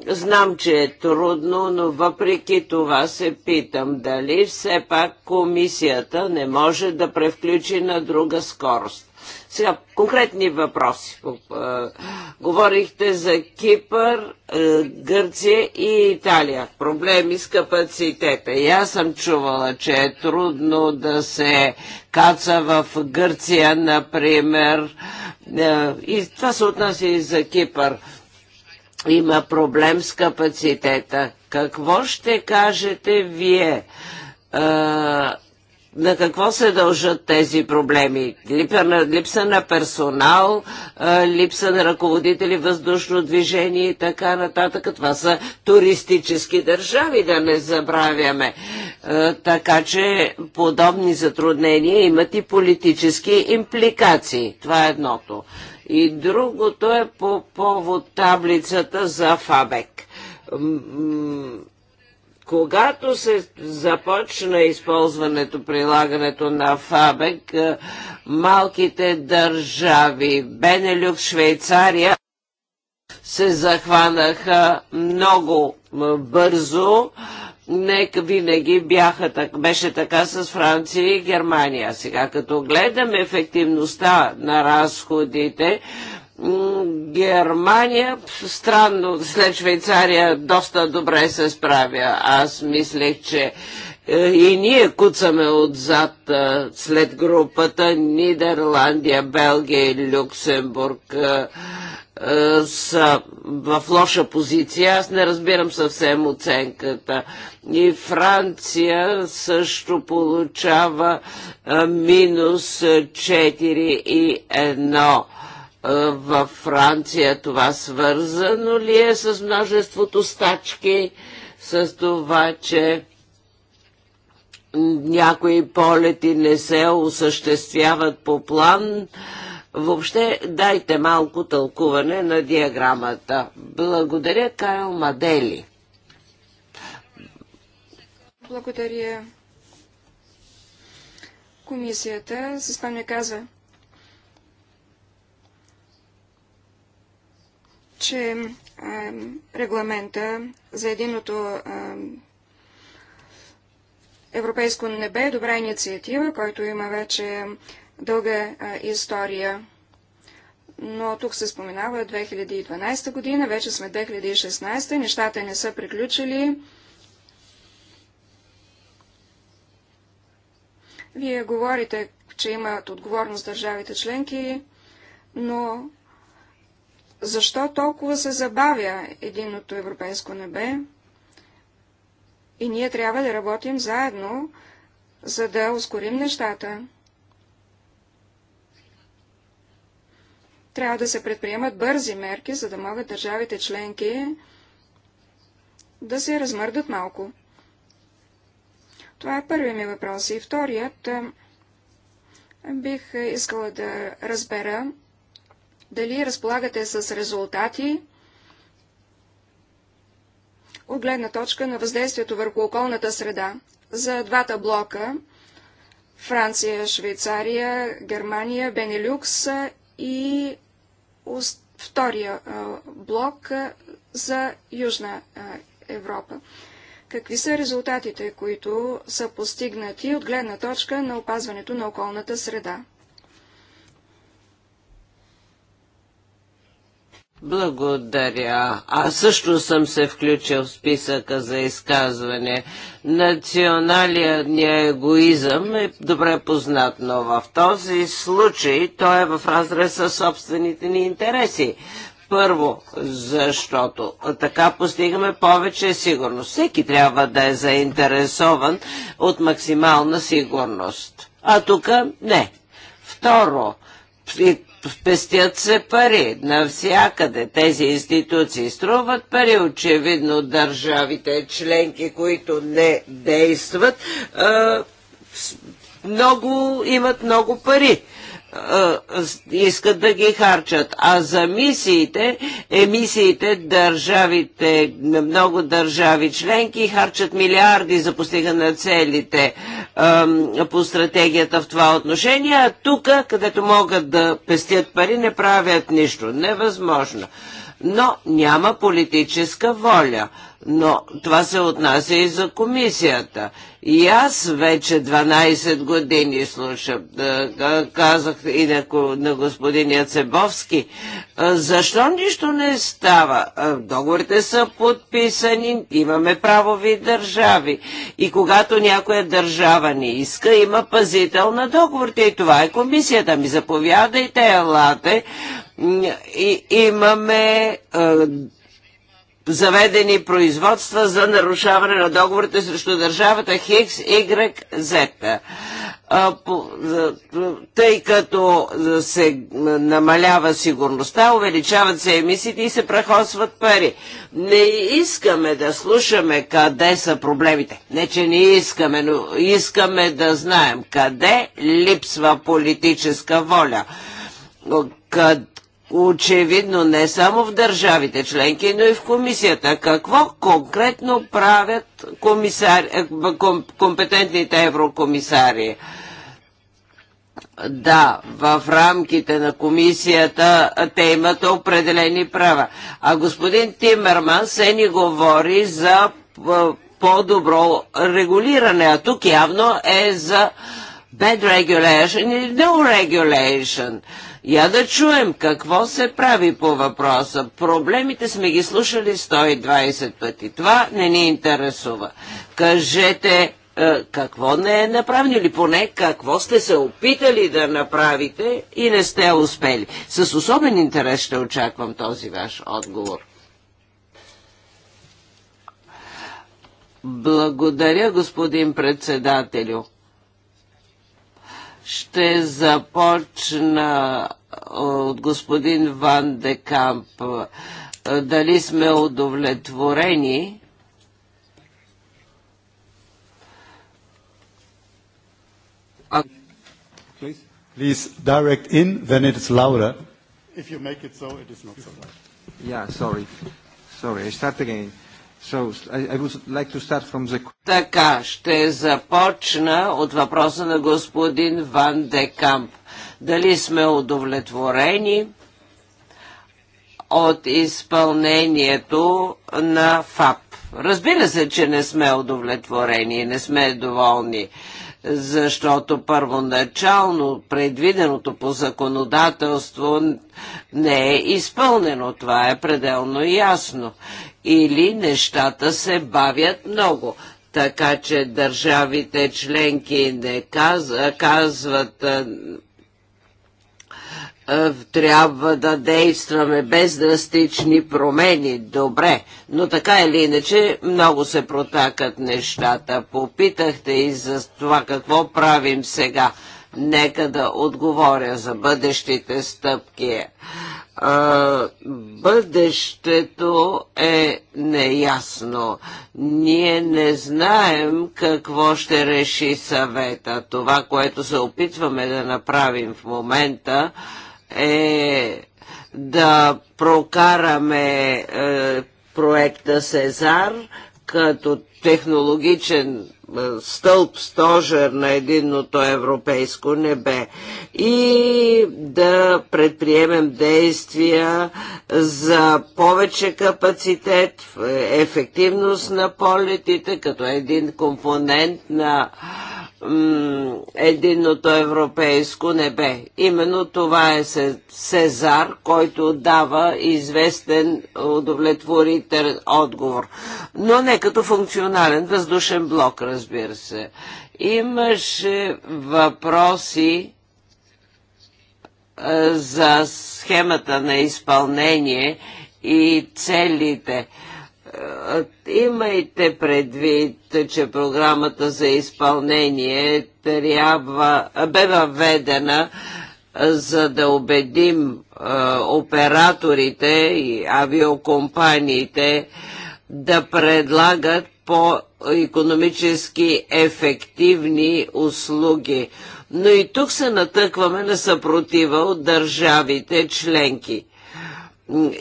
Знам, че е трудно, но въпреки това се питам дали все пак комисията не може да превключи на друга скорост. Сега, конкретни въпроси. Е, говорихте за Кипър, е, Гърция и Италия. Проблеми с капацитета. И аз съм чувала, че е трудно да се каца в Гърция, например. Е, и това се отнася и за Кипър има проблем с капацитета. Какво ще кажете вие? на какво се дължат тези проблеми? Липса на, липса на персонал, липса на ръководители въздушно движение и така нататък. Това са туристически държави, да не забравяме. Така че подобни затруднения имат и политически импликации. Това е едното. И другото е по повод таблицата за ФАБЕК. Когато се започна използването, прилагането на ФАБЕК, е, малките държави, Бенелюк, Швейцария, се захванаха много бързо Нека винаги бяха, так, беше така с Франция и Германия. Сега като гледаме ефективността на разходите, Германия, странно, след Швейцария доста добре се справя. Аз мислех, че е, и ние куцаме отзад е, след групата Нидерландия, Белгия и Люксембург. Е, е, са в лоша позиция. Аз не разбирам съвсем оценката. И Франция също получава е, минус 4 и 1 е, В Франция това свързано ли е с множеството стачки, с това, че някои полети не се осъществяват по план? Въобще дайте малко тълкуване на диаграмата. Благодаря, Карл Мадели. Благодаря. Комисията с това ми казва, че е, регламента за единото е, европейско небе е добра инициатива, който има вече дълга история. Но тук се споменава 2012 година, вече сме 2016, нещата не са приключили. Вие говорите, че имат отговорност държавите членки, но защо толкова се забавя единното европейско небе? И ние трябва да работим заедно, за да ускорим нещата. Трябва да се предприемат бързи мерки, за да могат държавите членки да се размърдат малко. Това е първият ми въпрос. И вторият, е, бих искала да разбера дали разполагате с резултати от гледна точка на въздействието върху околната среда за двата блока Франция, Швейцария, Германия, Бенелюкс и втория блок за Южна Европа. Какви са резултатите, които са постигнати от гледна точка на опазването на околната среда? Благодаря. Аз също съм се включил в списъка за изказване. Националният егоизъм е добре познат, но в този случай той е в разрез със собствените ни интереси. Първо, защото така постигаме повече сигурност. Всеки трябва да е заинтересован от максимална сигурност. А тук не. Второ, Пестят се пари навсякъде. Тези институции струват пари. Очевидно държавите членки, които не действат, много, имат много пари искат да ги харчат. А за мисиите, емисиите държавите, много държави членки харчат милиарди за постигане на целите по стратегията в това отношение, а тук, където могат да пестят пари, не правят нищо. Невъзможно но няма политическа воля. Но това се отнася и за комисията. И аз вече 12 години слушам, казах и на, на господин Яцебовски, защо нищо не става? Договорите са подписани, имаме правови държави. И когато някоя държава не иска, има пазител на договорите. И това е комисията. Ми заповядайте, елате, и имаме заведени производства за нарушаване на договорите срещу държавата Хикс, Игрек, Зета. Тъй като се намалява сигурността, увеличават се емисиите и се прахосват пари. Не искаме да слушаме къде са проблемите. Не, че не искаме, но искаме да знаем къде липсва политическа воля. Къде Очевидно не само в държавите членки, но и в комисията. Какво конкретно правят е, ком, компетентните еврокомисари? Да, в рамките на комисията те имат определени права. А господин Тимерман се ни говори за по-добро регулиране, а тук явно е за bad regulation или no regulation. Я да чуем какво се прави по въпроса. Проблемите сме ги слушали 120 пъти. Това не ни интересува. Кажете е, какво не е направено или поне какво сте се опитали да направите и не сте успели. С особен интерес ще очаквам този ваш отговор. Благодаря, господин председателю. Ще започна от господин Ван Декамп. Дали сме удовлетворени? Please direct in, then it is louder. If you make it so, it is not so loud. Yeah, sorry. Sorry, I start again. Така, ще започна от въпроса на господин Ван де Камп. Дали сме удовлетворени от изпълнението на ФАП? Разбира се, че не сме удовлетворени, не сме доволни защото първоначално предвиденото по законодателство не е изпълнено. Това е пределно ясно или нещата се бавят много. Така че държавите членки не каз, казват трябва да действаме без драстични промени. Добре, но така или иначе много се протакат нещата. Попитахте и за това какво правим сега. Нека да отговоря за бъдещите стъпки а, бъдещето е неясно. Ние не знаем какво ще реши съвета. Това, което се опитваме да направим в момента е да прокараме е, проекта Сезар като технологичен стълб, стожер на единното европейско небе и да предприемем действия за повече капацитет, ефективност на полетите като един компонент на единното европейско небе. Именно това е Сезар, който дава известен удовлетворителен отговор. Но не като функционален въздушен блок, разбира се. Имаше въпроси за схемата на изпълнение и целите. Имайте предвид, че програмата за изпълнение трябва, бе въведена за да убедим операторите и авиокомпаниите да предлагат по-економически ефективни услуги. Но и тук се натъкваме на съпротива от държавите членки.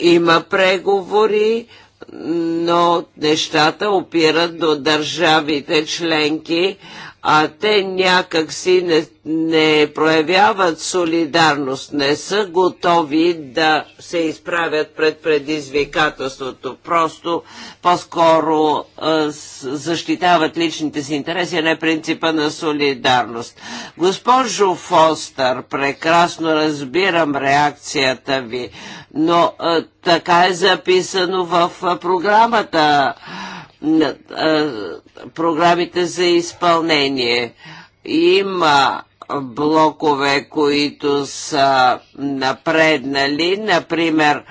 Има преговори, но нещата опират до държавите членки, а те някак си не, не проявяват солидарност, не са готови да се изправят пред предизвикателството. Просто по-скоро защитават личните си интереси, а не принципа на солидарност. Госпожо Фостър, прекрасно разбирам реакцията ви, но а, така е записано в а, програмата на а, програмите за изпълнение. Има блокове, които са напреднали, например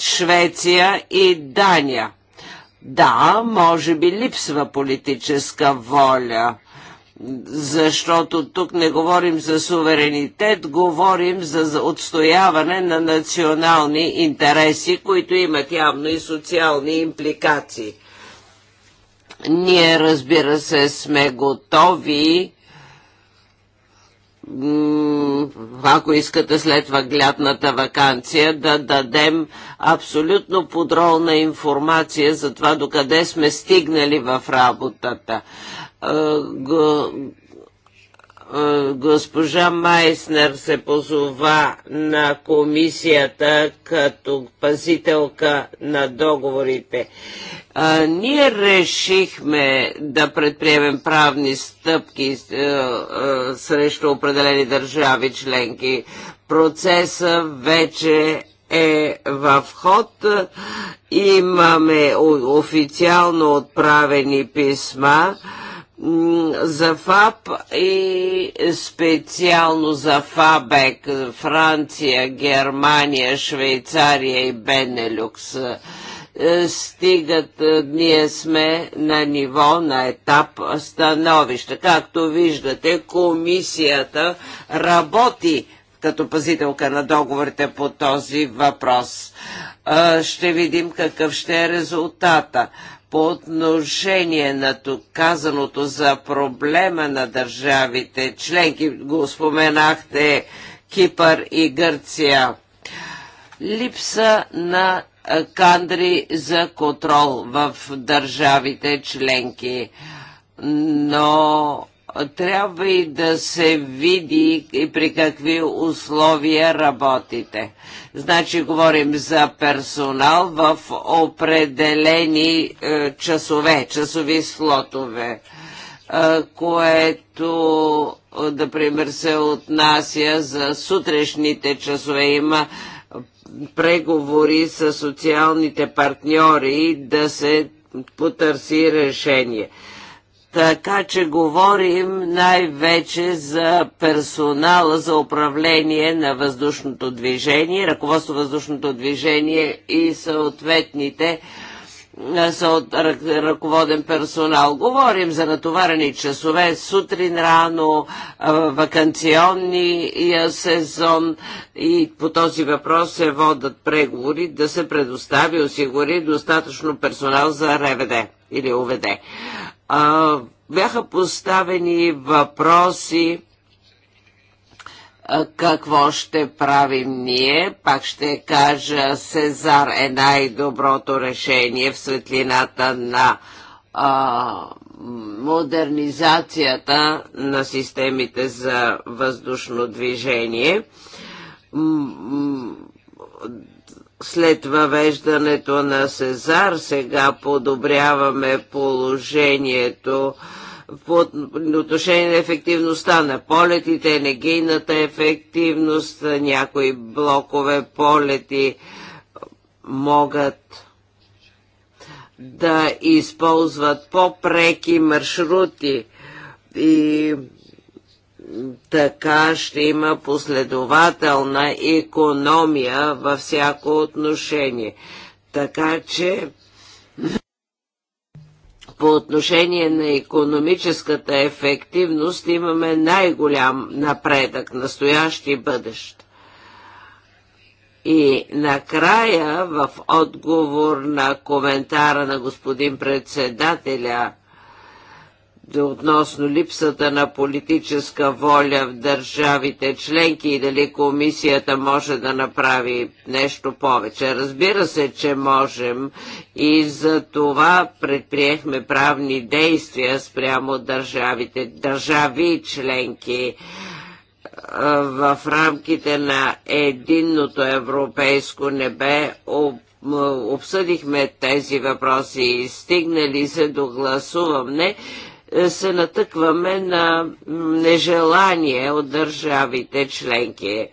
Швеция и Дания. Да, може би липсва политическа воля защото тук не говорим за суверенитет, говорим за отстояване на национални интереси, които имат явно и социални импликации. Ние, разбира се, сме готови ако искате след въглядната вакансия, да дадем абсолютно подробна информация за това докъде сме стигнали в работата. Е, е, госпожа Майснер се позова на комисията като пазителка на договорите. Е, ние решихме да предприемем правни стъпки е, срещу определени държави членки. Процеса вече е в ход. Имаме официално отправени писма за ФАП и специално за ФАБЕК, Франция, Германия, Швейцария и Бенелюкс е, стигат, е, ние сме на ниво, на етап становище. Както виждате, комисията работи като пазителка на договорите по този въпрос. Е, ще видим какъв ще е резултата. По отношение на казаното за проблема на държавите, членки го споменахте Кипър и Гърция, липса на е, кадри за контрол в държавите членки. Но трябва и да се види и при какви условия работите. Значи говорим за персонал в определени е, часове, часови слотове, е, което, е, например, се отнася за сутрешните часове. Има преговори с социалните партньори да се потърси решение. Така че говорим най-вече за персонала за управление на въздушното движение, ръководство въздушното движение и съответните са от ръководен персонал. Говорим за натоварени часове, сутрин рано, вакансионни сезон и по този въпрос се водат преговори да се предостави, осигури достатъчно персонал за РВД или ОВД. А, бяха поставени въпроси какво ще правим ние, пак ще кажа, Сезар е най-доброто решение в светлината на а, модернизацията на системите за въздушно движение след въвеждането на Сезар сега подобряваме положението по отношение на ефективността на полетите, енергийната ефективност, някои блокове полети могат да използват по-преки маршрути и така ще има последователна економия във всяко отношение. Така че по отношение на економическата ефективност имаме най-голям напредък, настоящ и бъдещ. И накрая, в отговор на коментара на господин председателя, относно липсата на политическа воля в държавите членки и дали комисията може да направи нещо повече. Разбира се, че можем и за това предприехме правни действия спрямо държавите, държави и членки в рамките на единното европейско небе обсъдихме тези въпроси и стигнали се до гласуване е, се натъкваме на нежелание от държавите членки.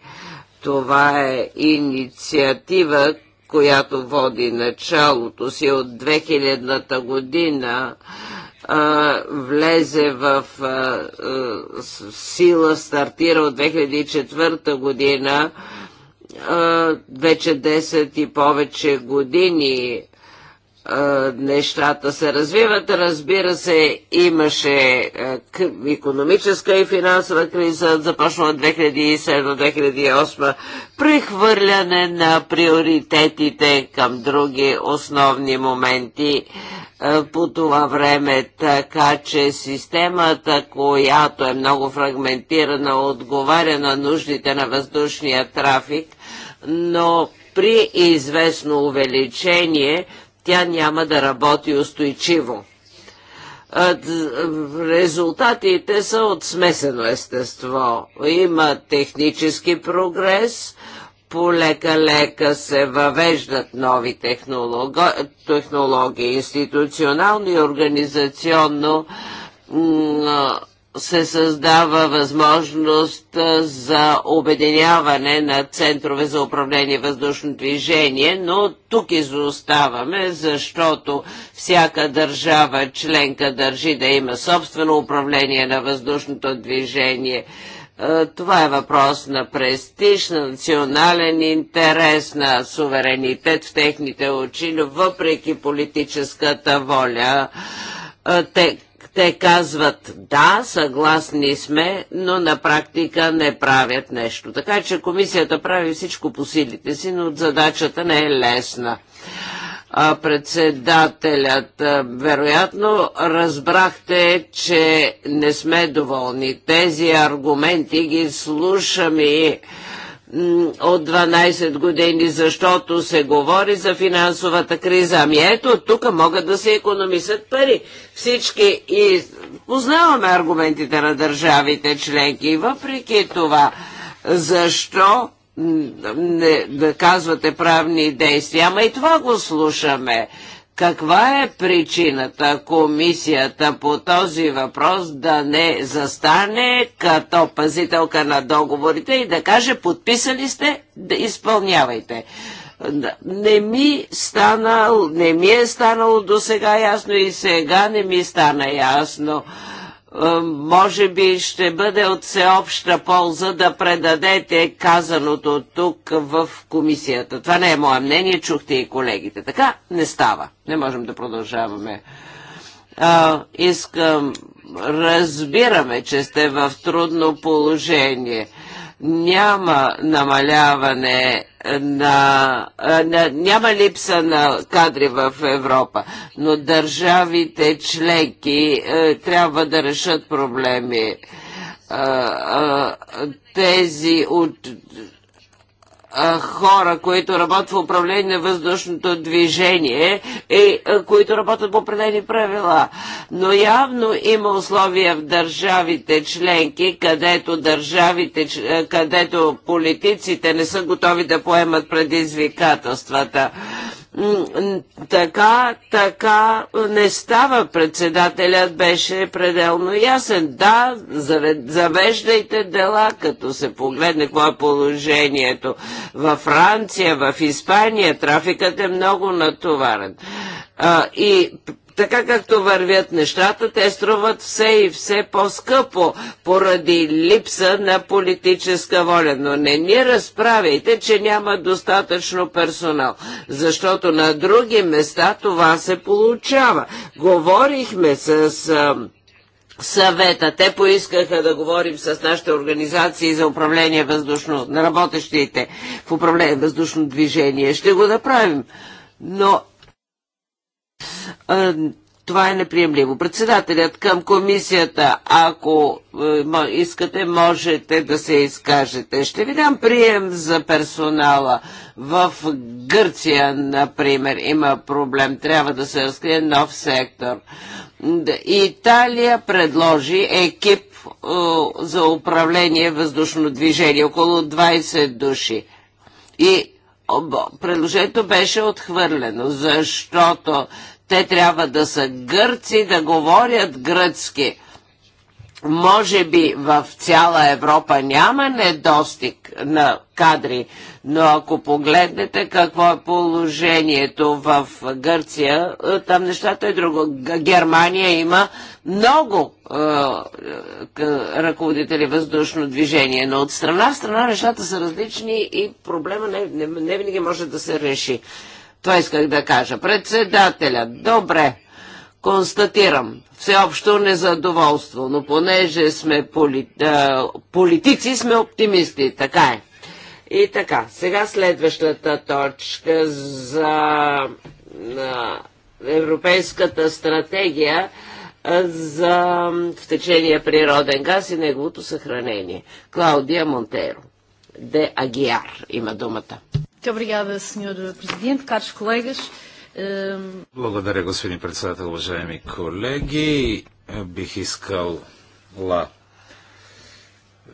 Това е инициатива, която води началото си от 2000-та година, влезе в сила, стартира от 2004 година, вече 10 и повече години нещата се развиват. Разбира се, имаше економическа и финансова криза, започнала 2007-2008, прехвърляне на приоритетите към други основни моменти по това време, така че системата, която е много фрагментирана, отговаря на нуждите на въздушния трафик, но при известно увеличение – тя няма да работи устойчиво. Резултатите са от смесено естество. Има технически прогрес, полека-лека се въвеждат нови технологии, институционално и организационно се създава възможност за обединяване на центрове за управление въздушно движение, но тук изоставаме, защото всяка държава членка държи да има собствено управление на въздушното движение. Това е въпрос на престиж, на национален интерес, на суверенитет в техните очи, но въпреки политическата воля, те те казват да, съгласни сме, но на практика не правят нещо. Така че комисията прави всичко по силите си, но задачата не е лесна председателят. Вероятно разбрахте, че не сме доволни. Тези аргументи ги слушаме от 12 години, защото се говори за финансовата криза. Ами ето, тук могат да се економисат пари. Всички и познаваме аргументите на държавите членки. И въпреки това, защо не, да казвате правни действия? Ама и това го слушаме. Каква е причината комисията по този въпрос да не застане като пазителка на договорите и да каже подписали сте, да изпълнявайте? не ми, станал, не ми е станало до сега ясно и сега не ми стана ясно. Е, може би ще бъде от всеобща полза да предадете казаното тук в комисията. Това не е мое мнение, чухте и колегите. Така не става. Не можем да продължаваме. А, е, искам, разбираме, че сте в трудно положение няма намаляване на, на, няма липса на кадри в Европа, но държавите членки е, трябва да решат проблеми. Е, е, тези от хора, които работят в управление на въздушното движение и които работят по определени правила. Но явно има условия в държавите членки, където държавите, където политиците не са готови да поемат предизвикателствата. Така, така не става. Председателят беше пределно ясен. Да, завеждайте дела, като се погледне какво е положението. Във Франция, в Испания трафикът е много натоварен. и така както вървят нещата, те струват все и все по-скъпо, поради липса на политическа воля. Но не ни разправяйте, че няма достатъчно персонал, защото на други места това се получава. Говорихме с съвета. Те поискаха да говорим с нашите организации за управление въздушно, на работещите в управление въздушно движение. Ще го направим. Но това е неприемливо. Председателят към комисията, ако е, искате, можете да се изкажете. Ще ви дам прием за персонала. В Гърция, например, има проблем. Трябва да се разкрие нов сектор. Италия предложи екип е, за управление въздушно движение, около 20 души. И предложението беше отхвърлено, защото те трябва да са гърци, да говорят гръцки. Може би в цяла Европа няма недостиг на кадри, но ако погледнете какво е положението в Гърция, е, там нещата е друго. Германия има много е, е ръководители въздушно движение, но от страна в страна нещата са различни и проблема не, не, не винаги може да се реши. Това исках да кажа. Председателя, добре, констатирам всеобщо незадоволство, но понеже сме поли, а, политици, сме оптимисти, така е. И така, сега следващата точка за а, Европейската стратегия за течение природен газ и неговото съхранение. Клаудия Монтеро де Агиар има думата. Ehm, Благодаря, господин председател, уважаеми колеги. Бих искал ла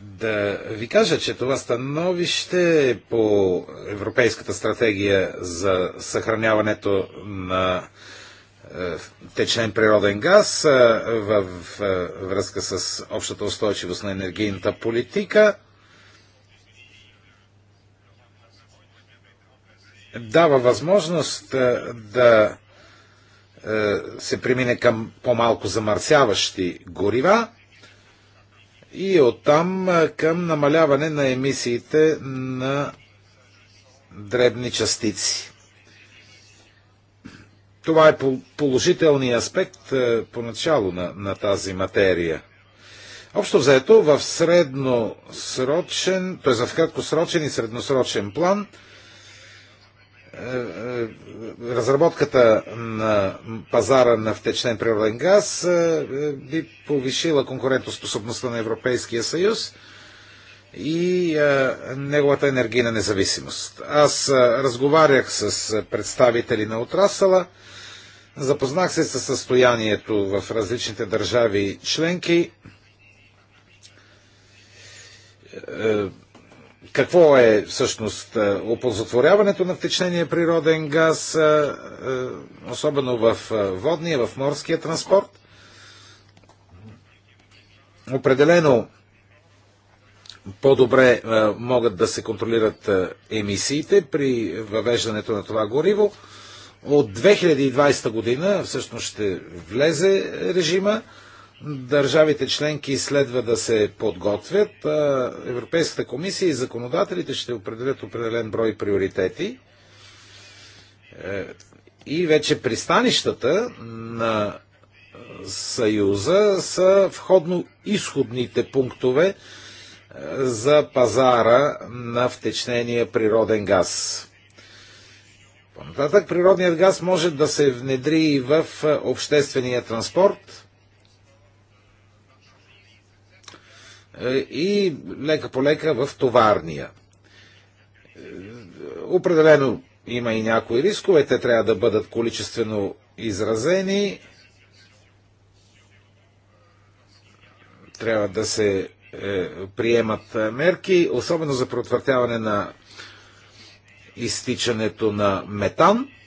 да ви кажа, че това становище по Европейската стратегия за съхраняването на е, течен природен газ във е, е, връзка с общата устойчивост на енергийната политика – дава възможност е, да е, се премине към по-малко замърсяващи горива и оттам е, към намаляване на емисиите на дребни частици. Това е положителният аспект поначало на, на тази материя. Общо взето в средносрочен, т.е. в краткосрочен и средносрочен план – е, е, разработката на пазара на втечнен природен газ е, би повишила конкурентоспособността на Европейския съюз и неговата енергийна независимост. Аз разговарях с представители на отрасъла, запознах се с състоянието в различните държави членки какво е всъщност е, оползотворяването на втечнение природен газ, е, е, особено в водния, в морския транспорт. Определено по-добре могат да се контролират емисиите при въвеждането на това гориво. От 2020 година всъщност ще влезе режима Държавите членки следва да се подготвят. Европейската комисия и законодателите ще определят определен брой приоритети. Е, и вече пристанищата на Съюза са входно-изходните пунктове е, за пазара на втечнения природен газ. Понататък природният газ може да се внедри и в е, обществения транспорт, и лека по лека в товарния. Определено има и някои рискове, те трябва да бъдат количествено изразени. Трябва да се е, приемат мерки, особено за протвъртяване на изтичането на метан –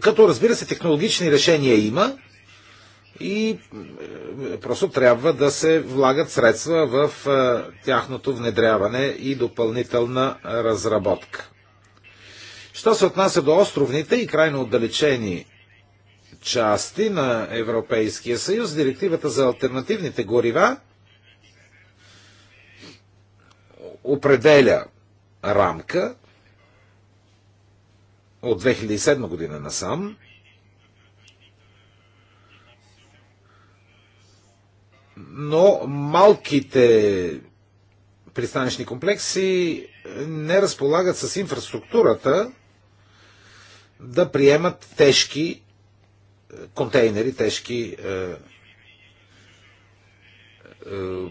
Като разбира се, технологични решения има и е, просто трябва да се влагат средства в е, тяхното внедряване и допълнителна разработка. Що се отнася до островните и крайно отдалечени части на Европейския съюз, директивата за альтернативните горива определя рамка от 2007 година насам. Но малките пристанищни комплекси не разполагат с инфраструктурата да приемат тежки е, контейнери, тежки е, е,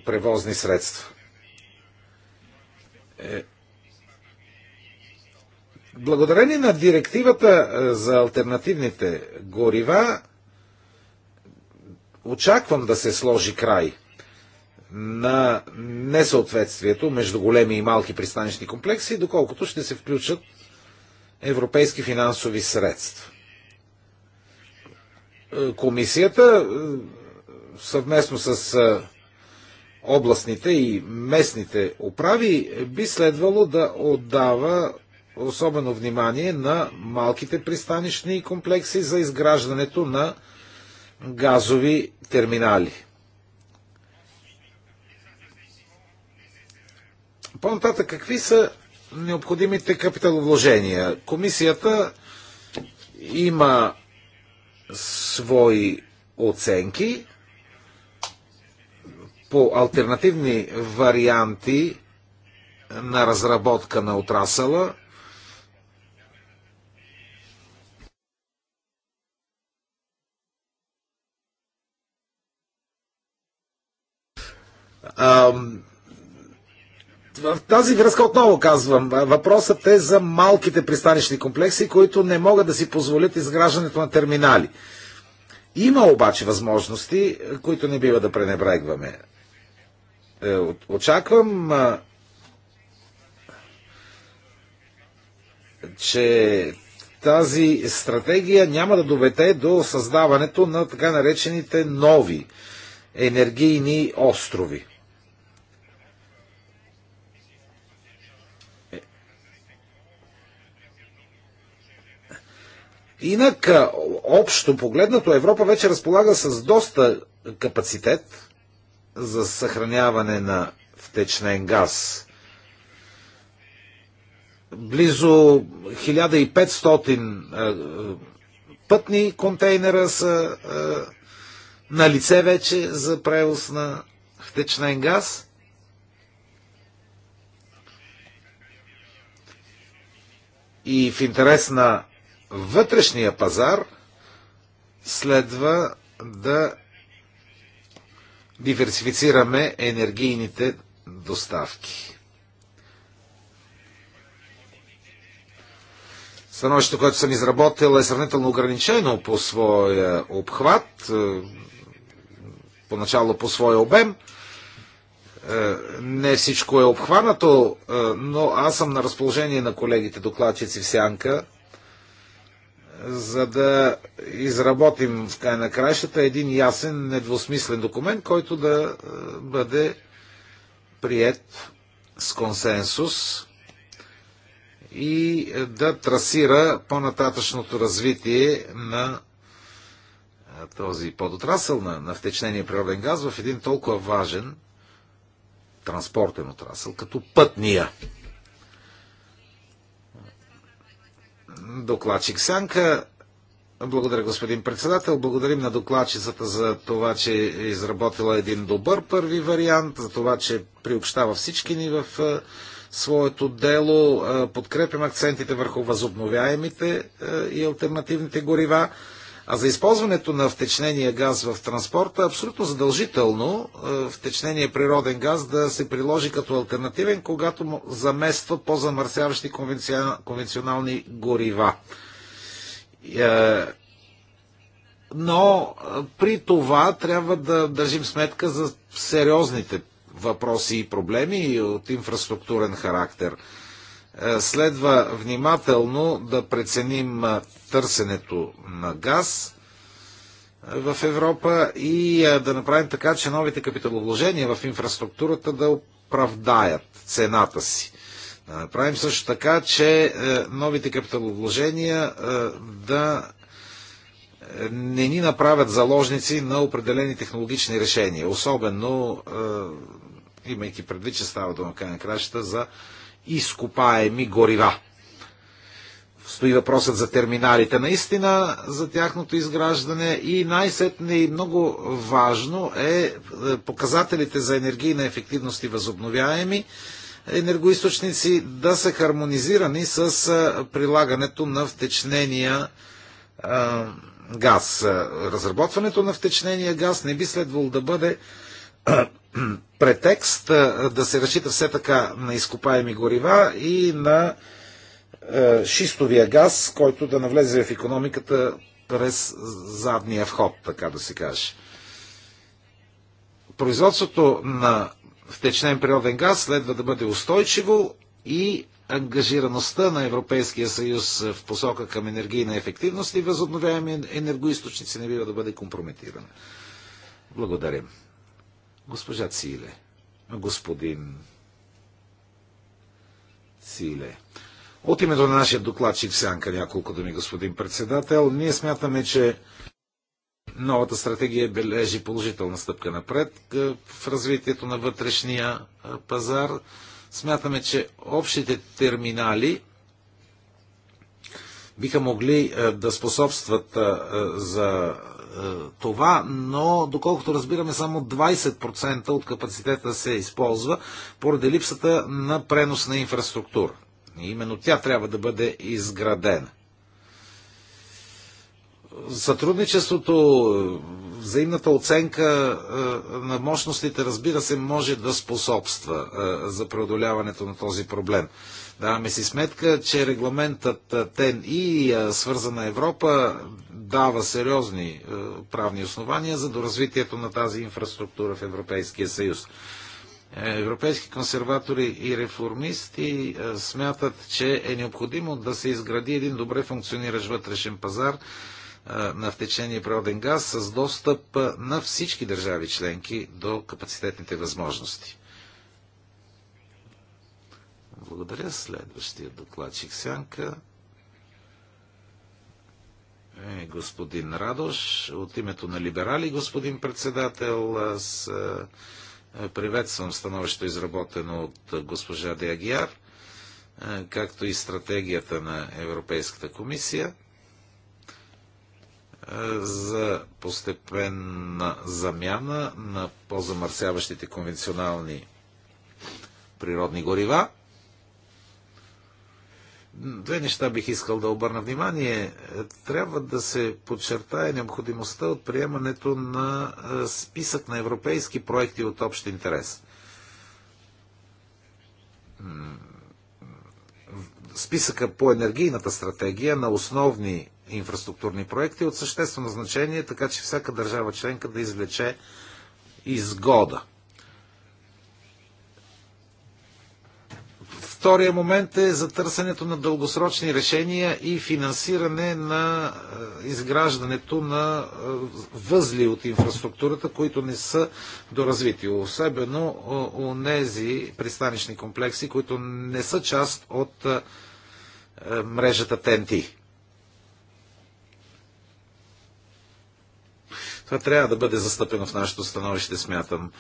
превозни средства. Е, Благодарение на директивата е, за альтернативните горива, очаквам да се сложи край на несъответствието между големи и малки пристанищни комплекси, доколкото ще се включат европейски финансови средства. Е, комисията е, съвместно с областните и местните управи би следвало да отдава особено внимание на малките пристанищни комплекси за изграждането на газови терминали. По-нататък, какви са необходимите капиталовложения? Комисията има свои оценки по альтернативни варианти на разработка на отрасъла – В тази връзка отново казвам, въпросът е за малките пристанищни комплекси, които не могат да си позволят изграждането на терминали. Има обаче възможности, които не бива да пренебрегваме. Е, очаквам, че тази стратегия няма да доведе до създаването на така наречените нови енергийни острови. Инак, общо погледнато, Европа вече разполага с доста капацитет за съхраняване на втечнен газ. Близо 1500 пътни контейнера са на лице вече за превоз на втечнен газ. И в интерес на вътрешния пазар следва да диверсифицираме енергийните доставки. Становището, което съм изработил е сравнително ограничено по своя обхват, е, поначало по своя обем. Е, не всичко е обхванато, е, но аз съм на разположение на колегите докладчици в Сянка за да изработим в край на краищата един ясен, недвусмислен документ, който да е, бъде прият с консенсус и да трасира по-нататъчното развитие на е, този подотрасъл на, на втечнение природен газ в един толкова важен транспортен отрасъл, като пътния. докладчик Сянка. Благодаря, господин председател. Благодарим на докладчицата за това, че е изработила един добър първи вариант, за това, че приобщава всички ни в е, своето дело. Е, подкрепям акцентите върху възобновяемите е, и альтернативните горива. А за използването на втечнения газ в транспорта абсолютно задължително е, втечнения природен газ да се приложи като альтернативен, когато замества по-замърсяващи конвенционални горива. Е, но е, при това трябва да държим сметка за сериозните въпроси и проблеми от инфраструктурен характер – е, следва внимателно да преценим е, търсенето на газ е, в Европа и да направим така, че новите капиталовложения в инфраструктурата да оправдаят цената си. Да направим също така, че новите капиталовложения да не ни направят заложници на определени технологични решения, особено имайки предвид, че става дума край на кращата за изкопаеми горива. Стои въпросът за терминалите наистина, за тяхното изграждане и най-сетне и много важно е, е показателите за енергийна ефективност и възобновяеми енергоисточници да са хармонизирани с е, прилагането на втечнения е, газ. Разработването на втечнения газ не би следвало да бъде претекст да се разчита все така на изкопаеми горива и на шистовия газ, който да навлезе в економиката през задния вход, така да се каже. Производството на втечнен природен газ следва да бъде устойчиво и ангажираността на Европейския съюз в посока към енергийна ефективност и възобновяеми енергоисточници не бива да бъде компрометирана. Благодарим. Госпожа Циле. Господин Циле. От името на нашия докладчик Сянка няколко думи, господин председател. Ние смятаме, че новата стратегия бележи положителна стъпка напред в развитието на вътрешния пазар. Смятаме, че общите терминали биха могли да способстват за е, това, но доколкото разбираме, само 20% от капацитета се използва поради липсата на преносна инфраструктура. И именно тя трябва да бъде изградена. Сътрудничеството, е, взаимната оценка е, на мощностите, разбира се, може да способства за преодоляването на този проблем. Даваме си сметка, че регламентът ТЕН и свързана Европа дава сериозни правни основания за доразвитието на тази инфраструктура в Европейския съюз. Е, европейски консерватори и реформисти е, смятат, че е необходимо да се изгради един добре функциониращ вътрешен пазар е, на втечение природен газ с достъп на всички държави членки до капацитетните възможности. Благодаря. Следващия докладчик Сянка е господин Радош. От името на либерали, господин председател, аз е, е, приветствам становището изработено от госпожа Деагиар, е, както и стратегията на Европейската комисия за постепенна замяна на по-замърсяващите конвенционални природни горива Две неща бих искал да обърна внимание. Трябва да се подчертае необходимостта от приемането на списък на европейски проекти от общ интерес. Списъка по енергийната стратегия на основни инфраструктурни проекти от съществено значение, така че всяка държава членка да извлече изгода Втория момент е за търсенето на дългосрочни решения и финансиране на е, изграждането на е, възли от инфраструктурата, които не са доразвити. Особено е, у нези пристанищни комплекси, които не са част от мрежата ТНТ. Това трябва да бъде застъпено в нашето становище, смятам.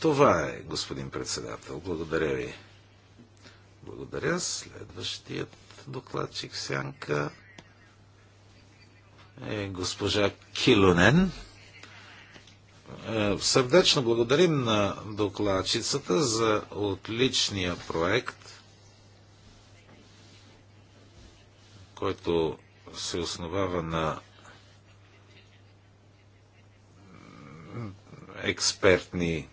Това е, господин председател. Благодаря ви. Благодаря. Следващият докладчик Сянка е госпожа Килонен. Е, сърдечно благодарим на докладчицата за отличния проект, който се основава на експертни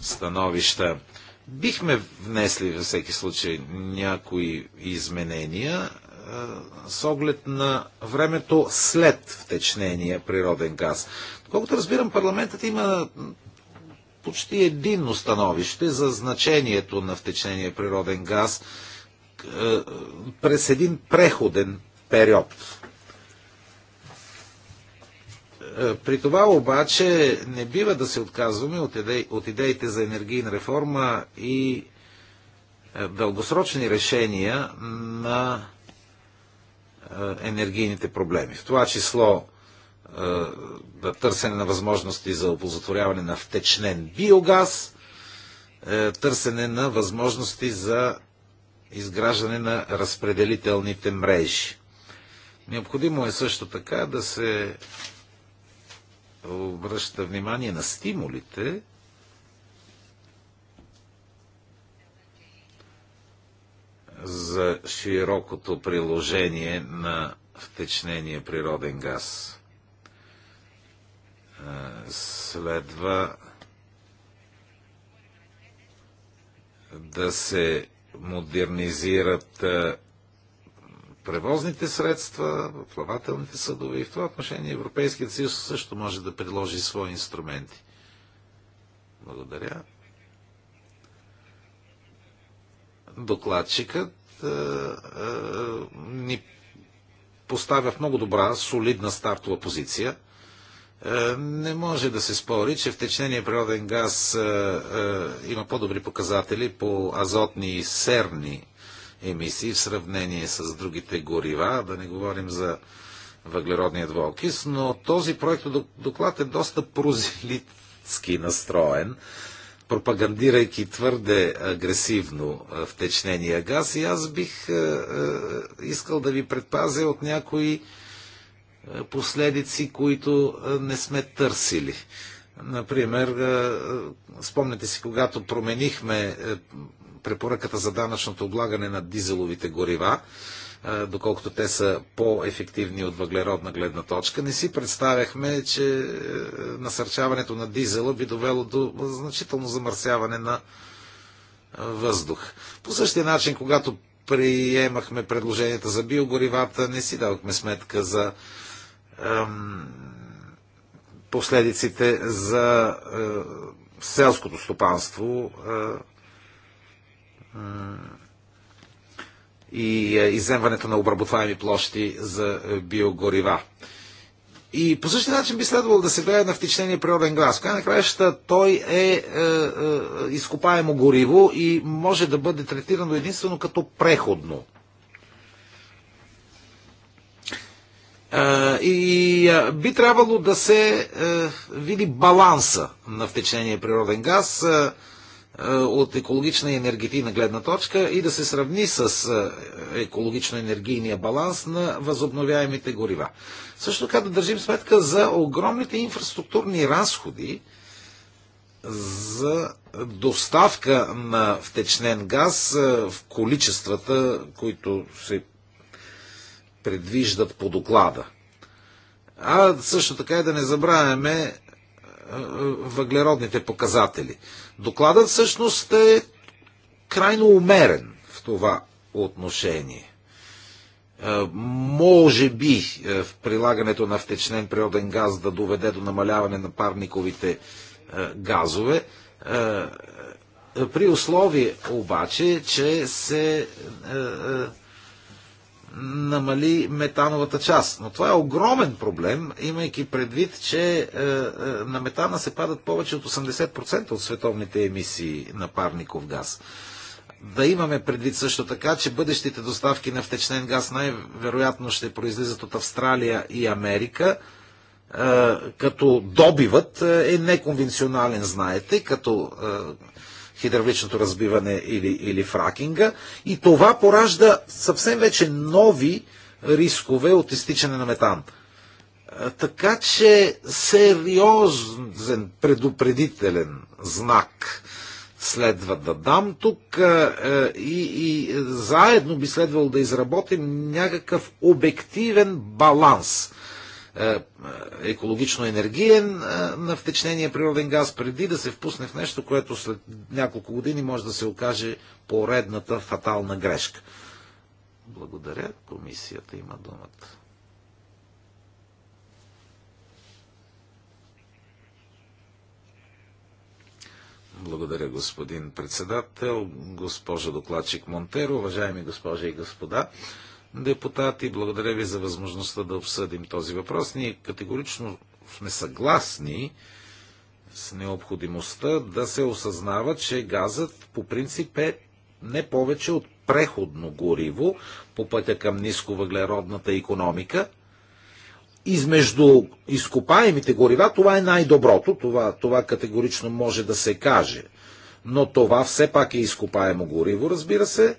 становища. Бихме внесли във всеки случай някои изменения с оглед на времето след втечнения природен газ. Колкото разбирам, парламентът има почти единно становище за значението на втечнения природен газ през един преходен период. Е, при това обаче не бива да се отказваме от, идеи, от идеите за енергийна реформа и е, дългосрочни решения на е, енергийните проблеми. В това число да търсене на възможности за оползотворяване на втечнен биогаз, търсене на възможности за изграждане на разпределителните мрежи. Необходимо е също така да се обръща внимание на стимулите, за широкото приложение на втечнения природен газ. Е, следва да се модернизират е, превозните средства, в плавателните съдове и в това отношение Европейският съюз също може да предложи свои инструменти. Благодаря. Докладчикът е, е, ни поставя в много добра, солидна стартова позиция. Е, не може да се спори, че в течение природен газ е, е, има по-добри показатели по азотни и серни емисии в сравнение с другите горива, да не говорим за въглеродния двуокис, но този проект доклад е доста прозелитски настроен, пропагандирайки твърде агресивно втечнения газ и аз бих искал да ви предпазя от някои последици, които не сме търсили. Например, спомняте си, когато променихме препоръката за данъчното облагане на дизеловите горива, доколкото те са по-ефективни от въглеродна гледна точка, не си представяхме, че е, насърчаването на дизела би довело до значително замърсяване на е, въздух. По същия начин, когато приемахме предложенията за биогоривата, не си давахме сметка за ем, последиците за е, селското стопанство е, и е, иземването на обработваеми площи за е, биогорива. И по същия начин би следвало да се гледа на втечнение природен газ. В крайна краища той е, е, е изкопаемо гориво и може да бъде третирано единствено като преходно. Е, и е, би трябвало да се е, види баланса на втечнение природен газ. Е, е, от екологична и енергетична гледна точка и да се сравни с е, екологично-енергийния баланс на възобновяемите горива. Също така да държим сметка за огромните инфраструктурни разходи за доставка на втечнен газ е, в количествата, които се предвиждат по доклада. А също така и да не забравяме въглеродните показатели. Докладът всъщност е крайно умерен в това отношение. Е, може би е, в прилагането на втечнен природен газ да доведе до намаляване на парниковите е, газове, при условие обаче, че се намали метановата част. Но това е огромен проблем, имайки предвид, че е, е на метана се падат повече от 80% от световните емисии на парников газ. Да имаме предвид също така, че бъдещите доставки на втечнен газ най-вероятно ще произлизат от Австралия и Америка, е, като добивът е, е неконвенционален, знаете, като е, хидравличното разбиване или, или фракинга. И това поражда съвсем вече нови рискове от изтичане на метан. Така че сериозен предупредителен знак следва да дам тук и, и заедно би следвало да изработим някакъв обективен баланс е, е, екологично-енергиен е, на втечнения природен газ, преди да се впусне в нещо, което след няколко години може да се окаже поредната фатална грешка. Благодаря. Комисията има думата. Благодаря, господин председател, госпожо докладчик Монтеро, уважаеми госпожи и господа депутати. Благодаря ви за възможността да обсъдим този въпрос. Ние категорично сме съгласни с необходимостта да се осъзнава, че газът по принцип е не повече от преходно гориво по пътя към нисковъглеродната економика. Измежду изкопаемите горива това е най-доброто, това, това категорично може да се каже. Но това все пак е изкопаемо гориво, разбира се,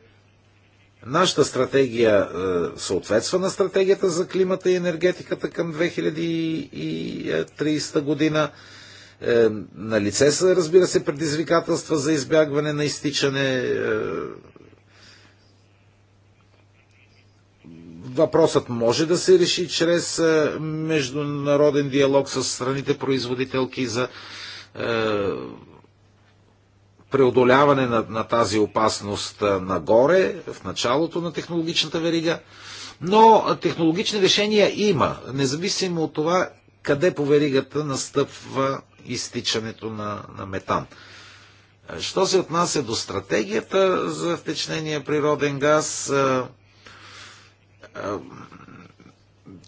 Нашата стратегия е, съответства на стратегията за климата и енергетиката към 2030 година. Е, на лице са, разбира се, предизвикателства за избягване на изтичане. Е, въпросът може да се реши чрез международен диалог с страните производителки за преодоляване на, на тази опасност нагоре, в началото на технологичната верига. Но технологични решения има, независимо от това къде по веригата настъпва изтичането на, на метан. Що се отнася до стратегията за втечнения природен газ,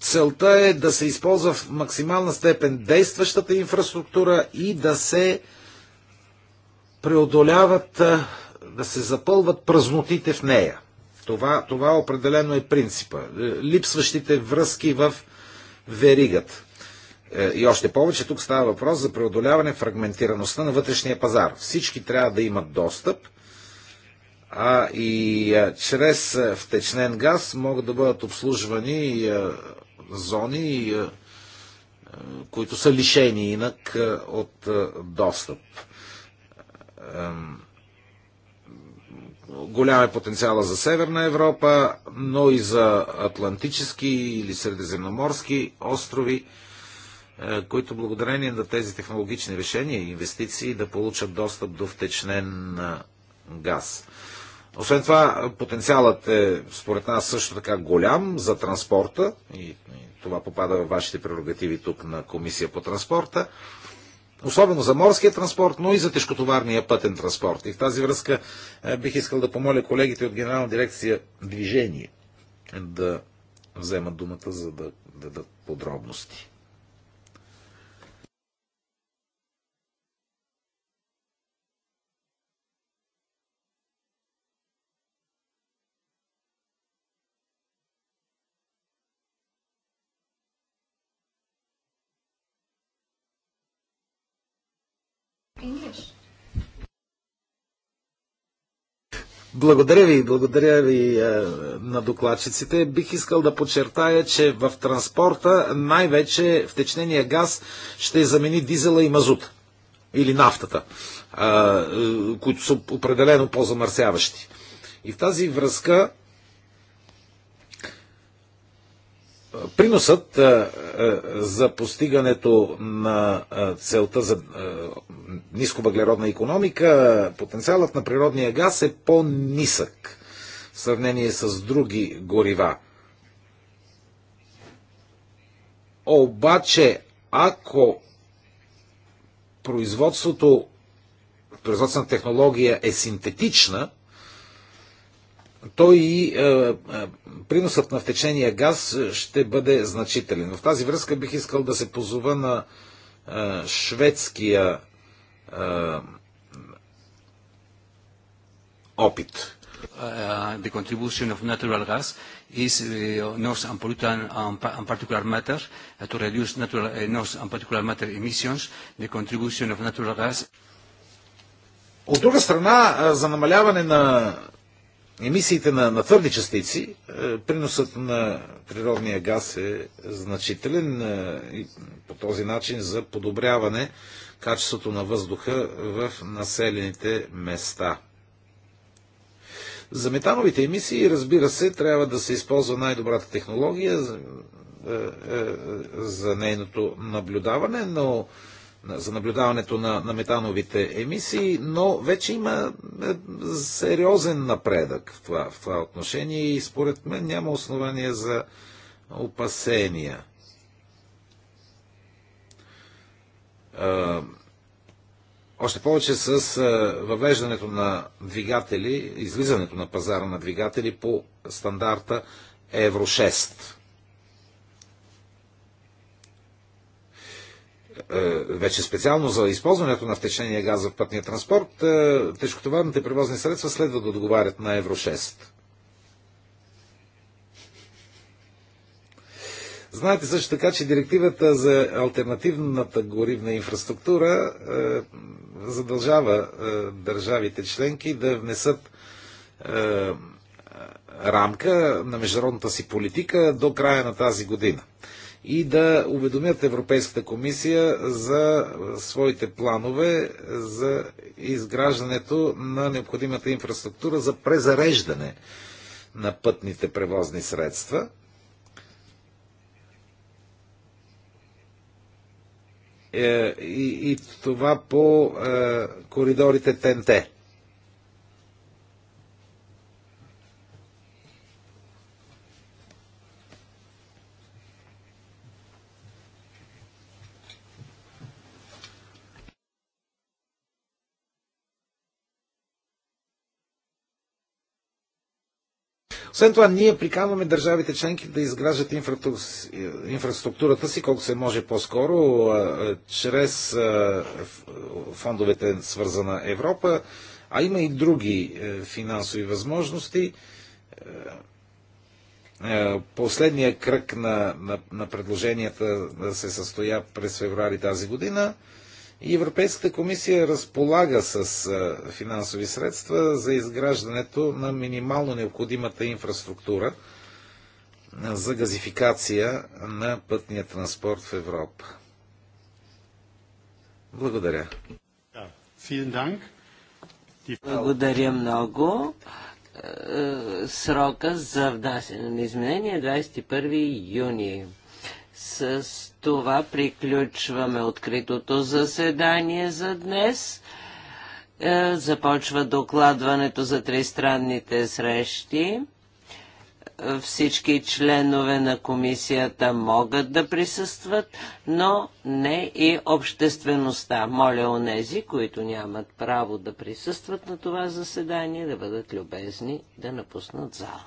целта е да се използва в максимална степен действащата инфраструктура и да се преодоляват, да се запълват празнотите в нея. Това, това определено е принципа. Е, липсващите връзки в веригата. Е, и още повече тук става въпрос за преодоляване фрагментираността на вътрешния пазар. Всички трябва да имат достъп, а и е, чрез втечнен газ могат да бъдат обслужвани зони, които са лишени инак от достъп голям е потенциала за Северна Европа, но и за Атлантически или Средиземноморски острови, е, които благодарение на тези технологични решения и инвестиции да получат достъп до втечнен газ. Освен това, потенциалът е, според нас, също така голям за транспорта и, това попада в вашите прерогативи тук на Комисия по транспорта особено за морския транспорт, но и за тежкотоварния пътен транспорт. И в тази връзка е, бих искал да помоля колегите от Генерална дирекция Движение да вземат думата за да дадат подробности. English. Благодаря ви, благодаря ви е, на докладчиците. Бих искал да подчертая, че в транспорта най-вече втечнения газ ще замени дизела и мазут или нафтата, е, е, които са определено по-замърсяващи. И в тази връзка приносът е, е, за постигането на е, целта за нисковъглеродна економика, потенциалът на природния газ е по-нисък в сравнение с други горива. Обаче, ако производството, производствената технология е синтетична, той и е, е, приносът на втечения газ ще бъде значителен. В тази връзка бих искал да се позова на е, шведския е, опит. Uh, the contribution of natural gas is uh, NOx and pollutant and, and particulate matter uh, to reduce natural uh, NOx particular matter emissions. The contribution of natural gas. От друга страна, за намаляване на емисиите на, на твърди частици, е, приносът на природния газ е значителен е, и по този начин за подобряване качеството на въздуха в населените места. За метановите емисии, разбира се, трябва да се използва най-добрата технология за, е, за нейното наблюдаване, но за наблюдаването на, на метановите емисии, но вече има е, сериозен напредък в това, в това отношение и според мен няма основания за опасения. Още повече с е, въвеждането на двигатели, излизането на пазара на двигатели по стандарта Евро 6. Е, вече специално за използването на втечнения газ в пътния транспорт, е, тежкотоварните превозни средства следва да отговарят на Евро 6. Знаете също така, че директивата за альтернативната горивна инфраструктура е, задължава е, държавите членки да внесат е, рамка на международната си политика до края на тази година и да уведомят Европейската комисия за своите планове за изграждането на необходимата инфраструктура за презареждане на пътните превозни средства. Е, и, и това по е, коридорите ТНТ. Освен това, ние приканваме държавите членки да изграждат инфраструктурата си колко се може по-скоро чрез фондовете свързана Европа, а има и други е, финансови възможности. Е, е, последния кръг на, на, на предложенията се състоя през февруари тази година. И Европейската комисия разполага с финансови средства за изграждането на минимално необходимата инфраструктура за газификация на пътния транспорт в Европа. Благодаря. Благодаря много. Е, срока за внасяне на изменения 21 е юни. С това приключваме откритото заседание за днес. Е, започва докладването за тристранните срещи. Всички членове на комисията могат да присъстват, но не и обществеността. Моля онези, които нямат право да присъстват на това заседание, да бъдат любезни да напуснат зала.